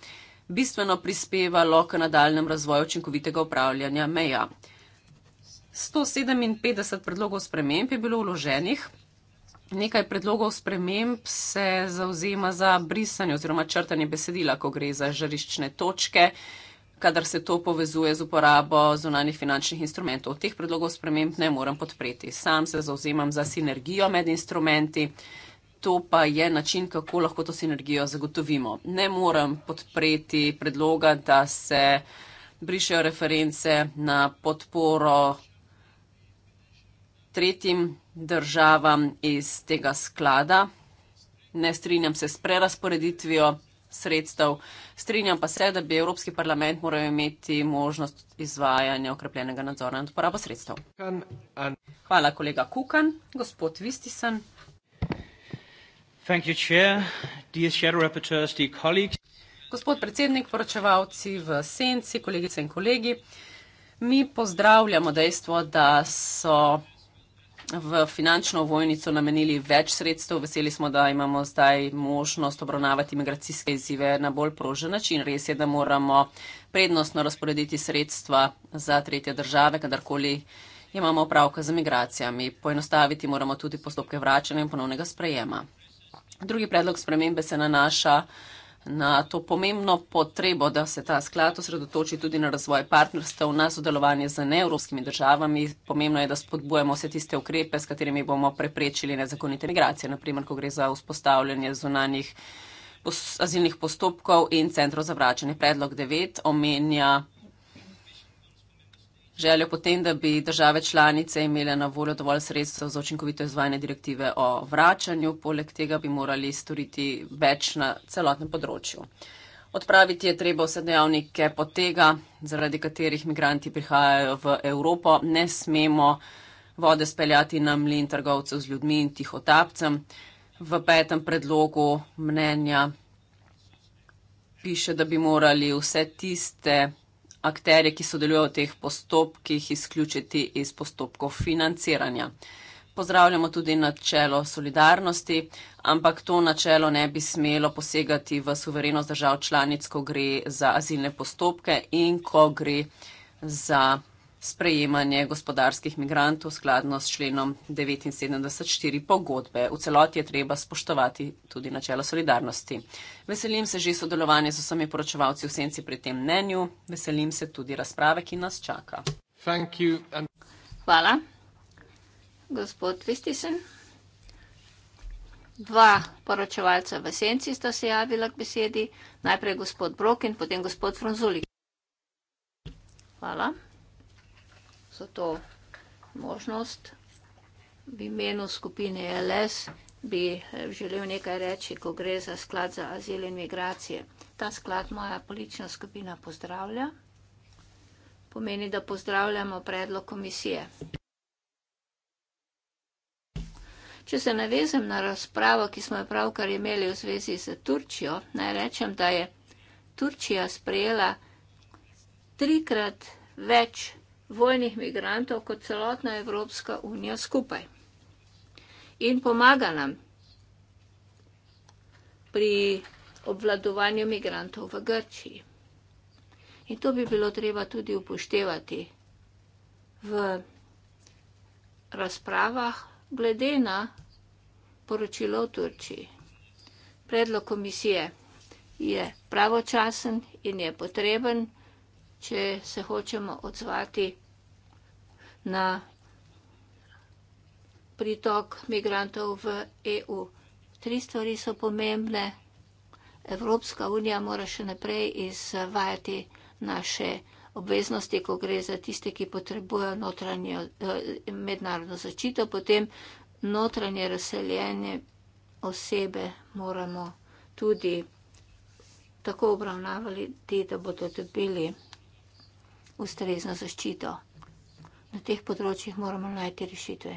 S2: bistveno prispevalo k nadaljem razvoju učinkovitega upravljanja meja. 157 predlogov sprememb je bilo vloženih, nekaj predlogov sprememb se zauzema za brisanje oziroma črtanje besedila, ko gre za žariščne točke, uh, kadar se to povezuje z uporabo zunanih finančnih instrumentov. Teh predlogov sprememb ne morem podpreti. Sam se zauzemam za sinergijo med instrumenti. To pa je način, kako lahko to sinergijo zagotovimo. Ne morem podpreti predloga, da se brišejo reference na podporo tretjim državam iz tega sklada. Ne strinjam se s prerasporeditvijo sredstev. Strinjam pa se, da bi Evropski parlament moral imeti možnost izvajanja okrepljenega nadzora nad porabo sredstev. Hvala, kolega Kukan. Gospod Vistisen.
S3: You, chair.
S2: Gospod predsednik, poročevalci v senci, kolegice in kolegi. Mi pozdravljamo dejstvo, da so v finančno vojnico namenili več sredstev. Veseli smo, da imamo zdaj možnost obravnavati migracijske izzive na bolj prožen način. Res je, da moramo prednostno razporediti sredstva za tretje države, kadarkoli imamo opravka z migracijami. Poenostaviti moramo tudi postopke vračanja in ponovnega sprejema. Drugi predlog spremembe se nanaša. Na na to pomembno potrebo, da se ta sklad osredotoči tudi na razvoj partnerstev, na sodelovanje z neevropskimi državami. Pomembno je, da spodbujamo vse tiste ukrepe, s katerimi bomo preprečili nezakonite migracije, naprimer, ko gre za vzpostavljanje zunanjih azilnih postopkov in centrov za vračanje. Predlog 9 omenja željo potem, da bi države članice imele na voljo dovolj sredstev za očinkovito izvajanje direktive o vračanju, poleg tega bi morali storiti več na celotnem področju. Odpraviti je treba vse dejavnike potega, zaradi katerih migranti prihajajo v Evropo. Ne smemo vode speljati na mlin trgovcev z ljudmi in tihotapcem. V petem predlogu mnenja piše, da bi morali vse tiste akterje, ki sodelujejo v teh postopkih, izključiti iz postopkov financiranja. Pozdravljamo tudi načelo solidarnosti, ampak to načelo ne bi smelo posegati v suverenost držav članic, ko gre za azilne postopke in ko gre za sprejemanje gospodarskih migrantov skladno s členom 79.4 pogodbe. V celoti je treba spoštovati tudi načelo solidarnosti. Veselim se že sodelovanja z vsemi poročevalci v senci pri tem mnenju. Veselim se tudi razprave, ki nas čaka.
S1: Hvala. Gospod Vistisen, dva poročevalca v senci sta se javila k besedi. Najprej gospod Brokin, potem gospod Franzulik. Hvala so to možnost. V imenu skupine LS bi eh, želel nekaj reči, ko gre za sklad za azil in migracije. Ta sklad moja politična skupina pozdravlja. Pomeni, da pozdravljamo predlog komisije. Če se navezem na razpravo, ki smo jo pravkar imeli v zvezi z Turčijo, naj rečem, da je Turčija sprejela trikrat več vojnih migrantov kot celotna Evropska unija skupaj. In pomaga nam pri obvladovanju migrantov v Grčiji. In to bi bilo treba tudi upoštevati v razpravah glede na poročilo v Turčiji. Predlog komisije je pravočasen in je potreben če se hočemo odzvati na pritok migrantov v EU. Tri stvari so pomembne. Evropska unija mora še naprej izvajati naše obveznosti, ko gre za tiste, ki potrebujejo notranjo eh, mednarodno zaščito, potem notranje razseljenje osebe moramo tudi tako obravnavali, da bodo dobili ustrezno zaščito. Na teh področjih moramo najti rešitve.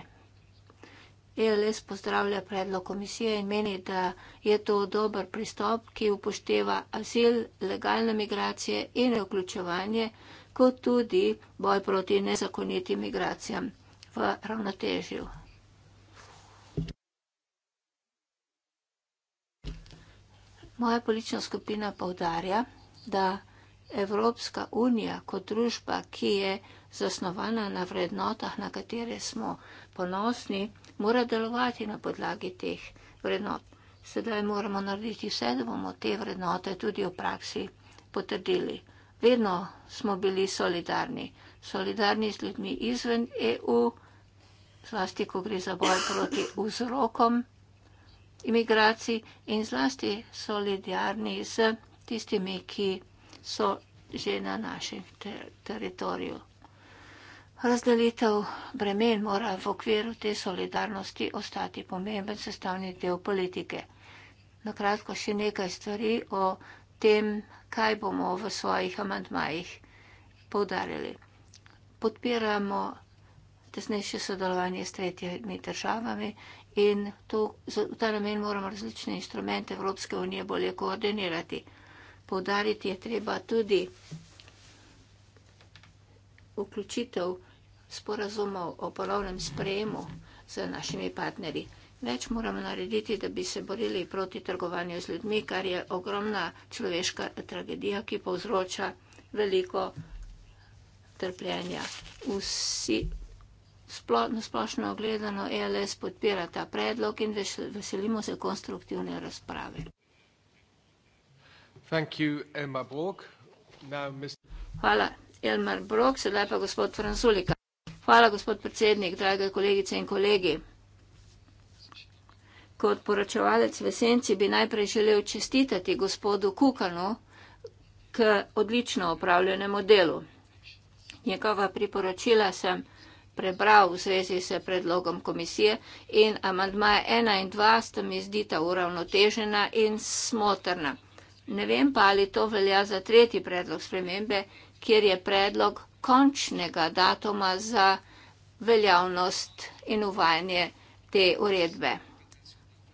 S1: ELS pozdravlja predlog komisije in meni, da je to dober pristop, ki upošteva azil, legalne migracije in vključevanje, kot tudi boj proti nezakonitim migracijam v ravnotežju. Moja politična skupina povdarja, da je Evropska unija kot družba, ki je zasnovana na vrednotah, na katere smo ponosni, mora delovati na podlagi teh vrednot. Sedaj moramo narediti vse, da bomo te vrednote tudi v praksi potrdili. Vedno smo bili solidarni, solidarni z ljudmi izven EU, zlasti, ko gre za boj proti vzrokom imigracij in zlasti solidarni z tistimi, ki so že na našem ter teritoriju. Razdelitev bremen mora v okviru te solidarnosti ostati pomemben sestavni del politike. Na kratko še nekaj stvari o tem, kaj bomo v svojih amantmajih povdarjali. Podpiramo tesnejše sodelovanje s tretjimi državami in to, v ta namen moramo različne instrumente Evropske unije bolje koordinirati poudariti je treba tudi vključitev sporazumov o ponovnem sprejemu z našimi partnerji. Več moramo narediti, da bi se borili proti trgovanju z ljudmi, kar je ogromna človeška tragedija, ki povzroča veliko trpljenja. Vsi splošno, splošno ogledano ELS podpira ta predlog in veselimo se konstruktivne razprave. Hvala, Elmar Brok, sedaj pa gospod Franzulika. Hvala, gospod predsednik, drage kolegice in kolegi. Kot poročevalec v esenci bi najprej želel čestitati gospodu Kukanu k odlično opravljenemu delu. Njegova priporočila sem prebral v zvezi s predlogom komisije in amandmaja 1 in 2 sta mi zdita uravnotežena in smotrna. Ne vem pa, ali to velja za tretji predlog spremembe, kjer je predlog končnega datuma za veljavnost in uvajanje te uredbe.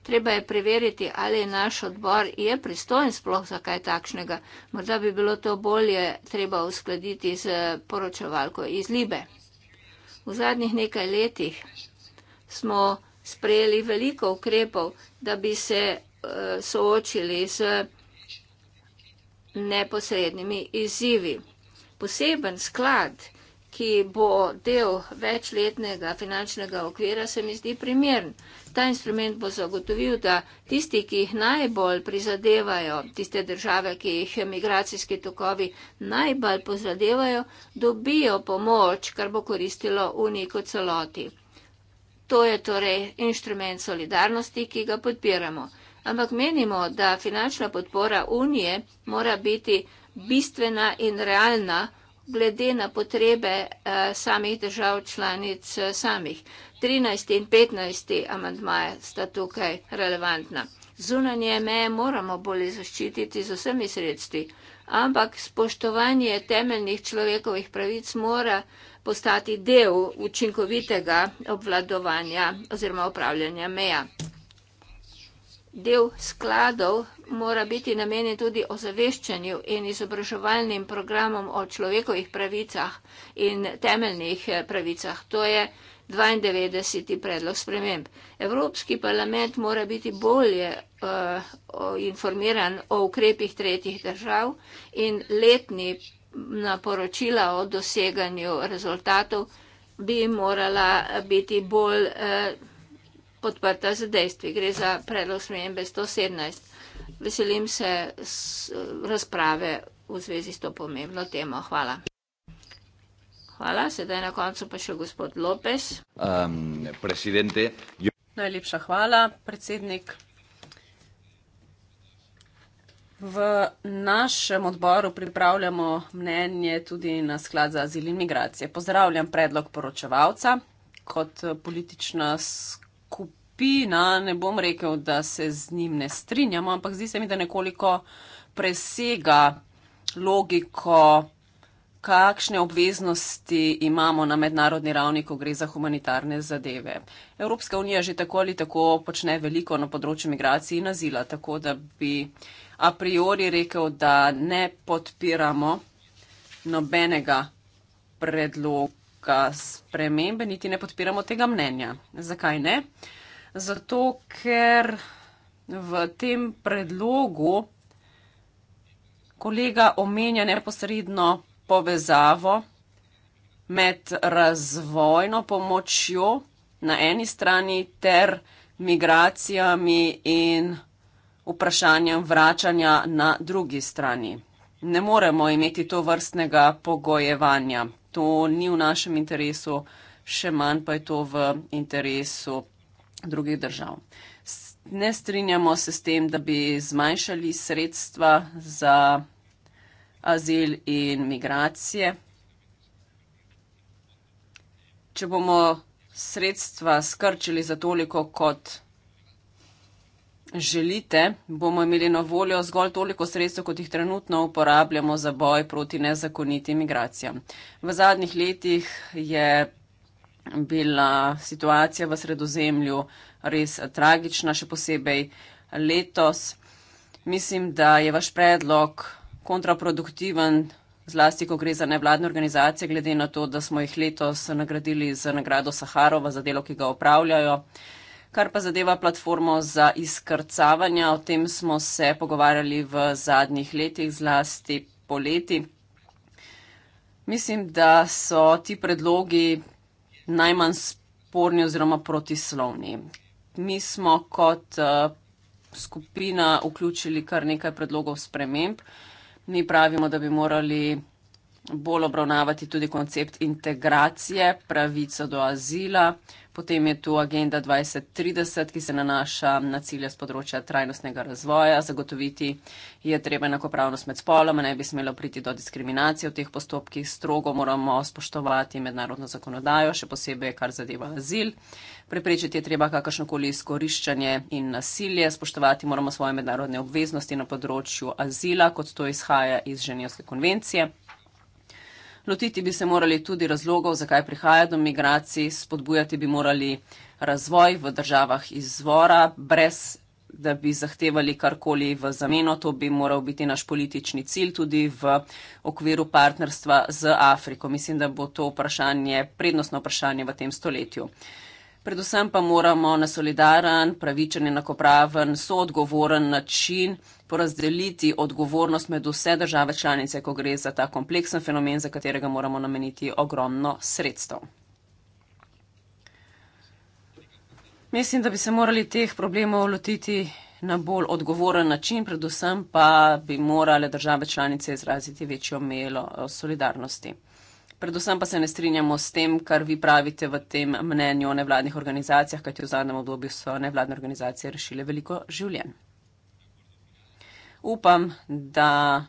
S1: Treba je preveriti, ali je naš odbor je pristojen sploh za kaj takšnega. Morda bi bilo to bolje treba uskladiti z poročevalko iz Libe. V zadnjih nekaj letih smo sprejeli veliko ukrepov, da bi se uh, soočili z neposrednimi izzivi. Poseben sklad, ki bo del večletnega finančnega okvira, se mi zdi primern. Ta instrument bo zagotovil, da tisti, ki jih najbolj prizadevajo, tiste države, ki jih migracijski tokovi najbolj pozadevajo, dobijo pomoč, kar bo koristilo Uniji kot celoti. To je torej inštrument solidarnosti, ki ga podpiramo ampak menimo, da finančna podpora unije mora biti bistvena in realna glede na potrebe uh, samih držav članic uh, samih. 13 in 15 amantmaja sta tukaj relevantna. Zunanje meje moramo bolje zaščititi z vsemi sredstvi, ampak spoštovanje temeljnih človekovih pravic mora postati del učinkovitega obvladovanja oziroma upravljanja meja del skladov mora biti namenjen tudi ozaveščanju in izobraževalnim programom o človekovih pravicah in temeljnih eh, pravicah. To je 92. predlog sprememb. Evropski parlament mora biti bolje eh, informiran o ukrepih tretjih držav in letni naporočila o doseganju rezultatov bi morala biti bolj eh, podprta z dejstvi. Gre za predlog smembe 117. Veselim se razprave v zvezi s to pomembno temo. Hvala. Hvala. Sedaj na koncu pa še gospod Lopes.
S5: Um, presidente.
S1: Najlepša hvala, predsednik.
S2: V našem odboru pripravljamo mnenje tudi na sklad za azil in migracije. Pozdravljam predlog poročevalca. Kot politična skupina, ne bom rekel, da se z njim ne strinjamo, ampak zdi se mi, da nekoliko presega logiko, kakšne obveznosti imamo na mednarodni ravni, ko gre za humanitarne zadeve. Evropska unija že tako ali tako počne veliko na področju migracij in azila, tako da bi a priori rekel, da ne podpiramo nobenega predloga predloga spremembe, niti ne podpiramo tega mnenja. Zakaj ne? Zato, ker v tem predlogu kolega omenja neposredno povezavo med razvojno pomočjo na eni strani ter migracijami in vprašanjem vračanja na drugi strani. Ne moremo imeti to vrstnega pogojevanja to ni v našem interesu, še manj pa je to v interesu drugih držav. Ne strinjamo se s tem, da bi zmanjšali sredstva za azil in migracije. Če bomo sredstva skrčili za toliko, kot želite, bomo imeli na voljo zgolj toliko sredstev, kot jih trenutno uporabljamo za boj proti nezakonitim migracijam. V zadnjih letih je bila situacija v sredozemlju res tragična, še posebej letos. Mislim, da je vaš predlog kontraproduktiven, zlasti ko gre za nevladne organizacije, glede na to, da smo jih letos nagradili z nagrado Saharova za delo, ki ga opravljajo. Uh, Kar pa zadeva platformo za izkrcavanja, o tem smo se pogovarjali v zadnjih letih, zlasti poleti. Mislim, da so ti predlogi najmanj sporni oziroma protislovni. Mi smo kot eh, skupina vključili kar nekaj predlogov sprememb. Mi pravimo, da bi morali bolj obravnavati tudi koncept integracije, pravico do azila. Potem je tu agenda 2030, ki se nanaša na cilje z področja trajnostnega razvoja. Zagotoviti je treba enakopravnost med spoloma, ne bi smelo priti do diskriminacije v teh postopkih. Strogo moramo spoštovati mednarodno zakonodajo, še posebej, kar zadeva azil. Preprečiti je treba kakršnokoli izkoriščanje in nasilje. Spoštovati moramo svoje mednarodne obveznosti na področju azila, kot to izhaja iz Ženevske konvencije. Lotiti bi se morali tudi razlogov, zakaj prihaja do migracij, spodbujati bi morali razvoj v državah izvora, brez da bi zahtevali karkoli v zameno. To bi moral biti naš politični cilj tudi v okviru partnerstva z Afriko. Mislim, da bo to vprašanje, prednostno vprašanje v tem stoletju. Predvsem pa moramo na solidaren, pravičen, enakopraven, soodgovoren način porazdeliti odgovornost med vse države članice, ko gre za ta kompleksen fenomen, za katerega moramo nameniti ogromno sredstev. Mislim, da bi se morali teh problemov lotiti na bolj odgovoren način, predvsem pa bi morale države članice izraziti večjo melo eh, solidarnosti. Predvsem pa se ne strinjamo s tem, kar vi pravite v tem mnenju o nevladnih organizacijah, kajti v zadnjem obdobju so nevladne organizacije rešile veliko življenj upam, da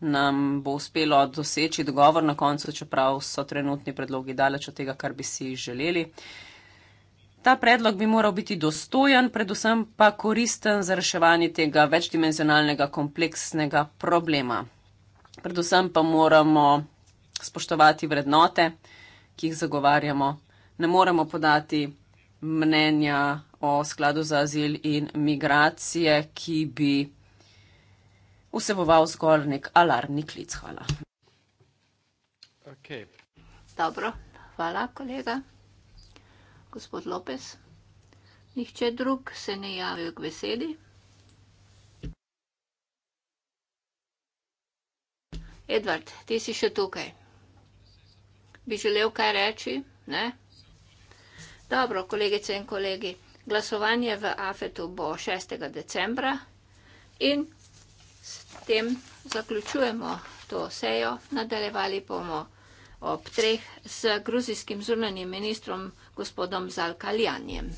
S2: nam bo uspelo doseči dogovor na koncu, čeprav so trenutni predlogi daleč od tega, kar bi si želeli. Ta predlog bi moral biti dostojen, predvsem pa koristen za reševanje tega večdimenzionalnega kompleksnega problema. Predvsem pa moramo spoštovati vrednote, ki jih zagovarjamo. Ne moremo podati mnenja o skladu za azil in migracije, ki bi vseboval zgolj nek alarmni klic. Hvala.
S3: Okay.
S1: Dobro, hvala, kolega. Gospod Lopes, nihče drug se ne javlja k veseli. Edvard, ti si še tukaj. Bi želel kaj reči? Ne? Dobro, kolegice in kolegi, glasovanje v AFET-u bo 6. decembra in S tem zaključujemo to sejo. Nadaljevali bomo ob treh s gruzijskim zunanjim ministrom gospodom Zalkaljanjem.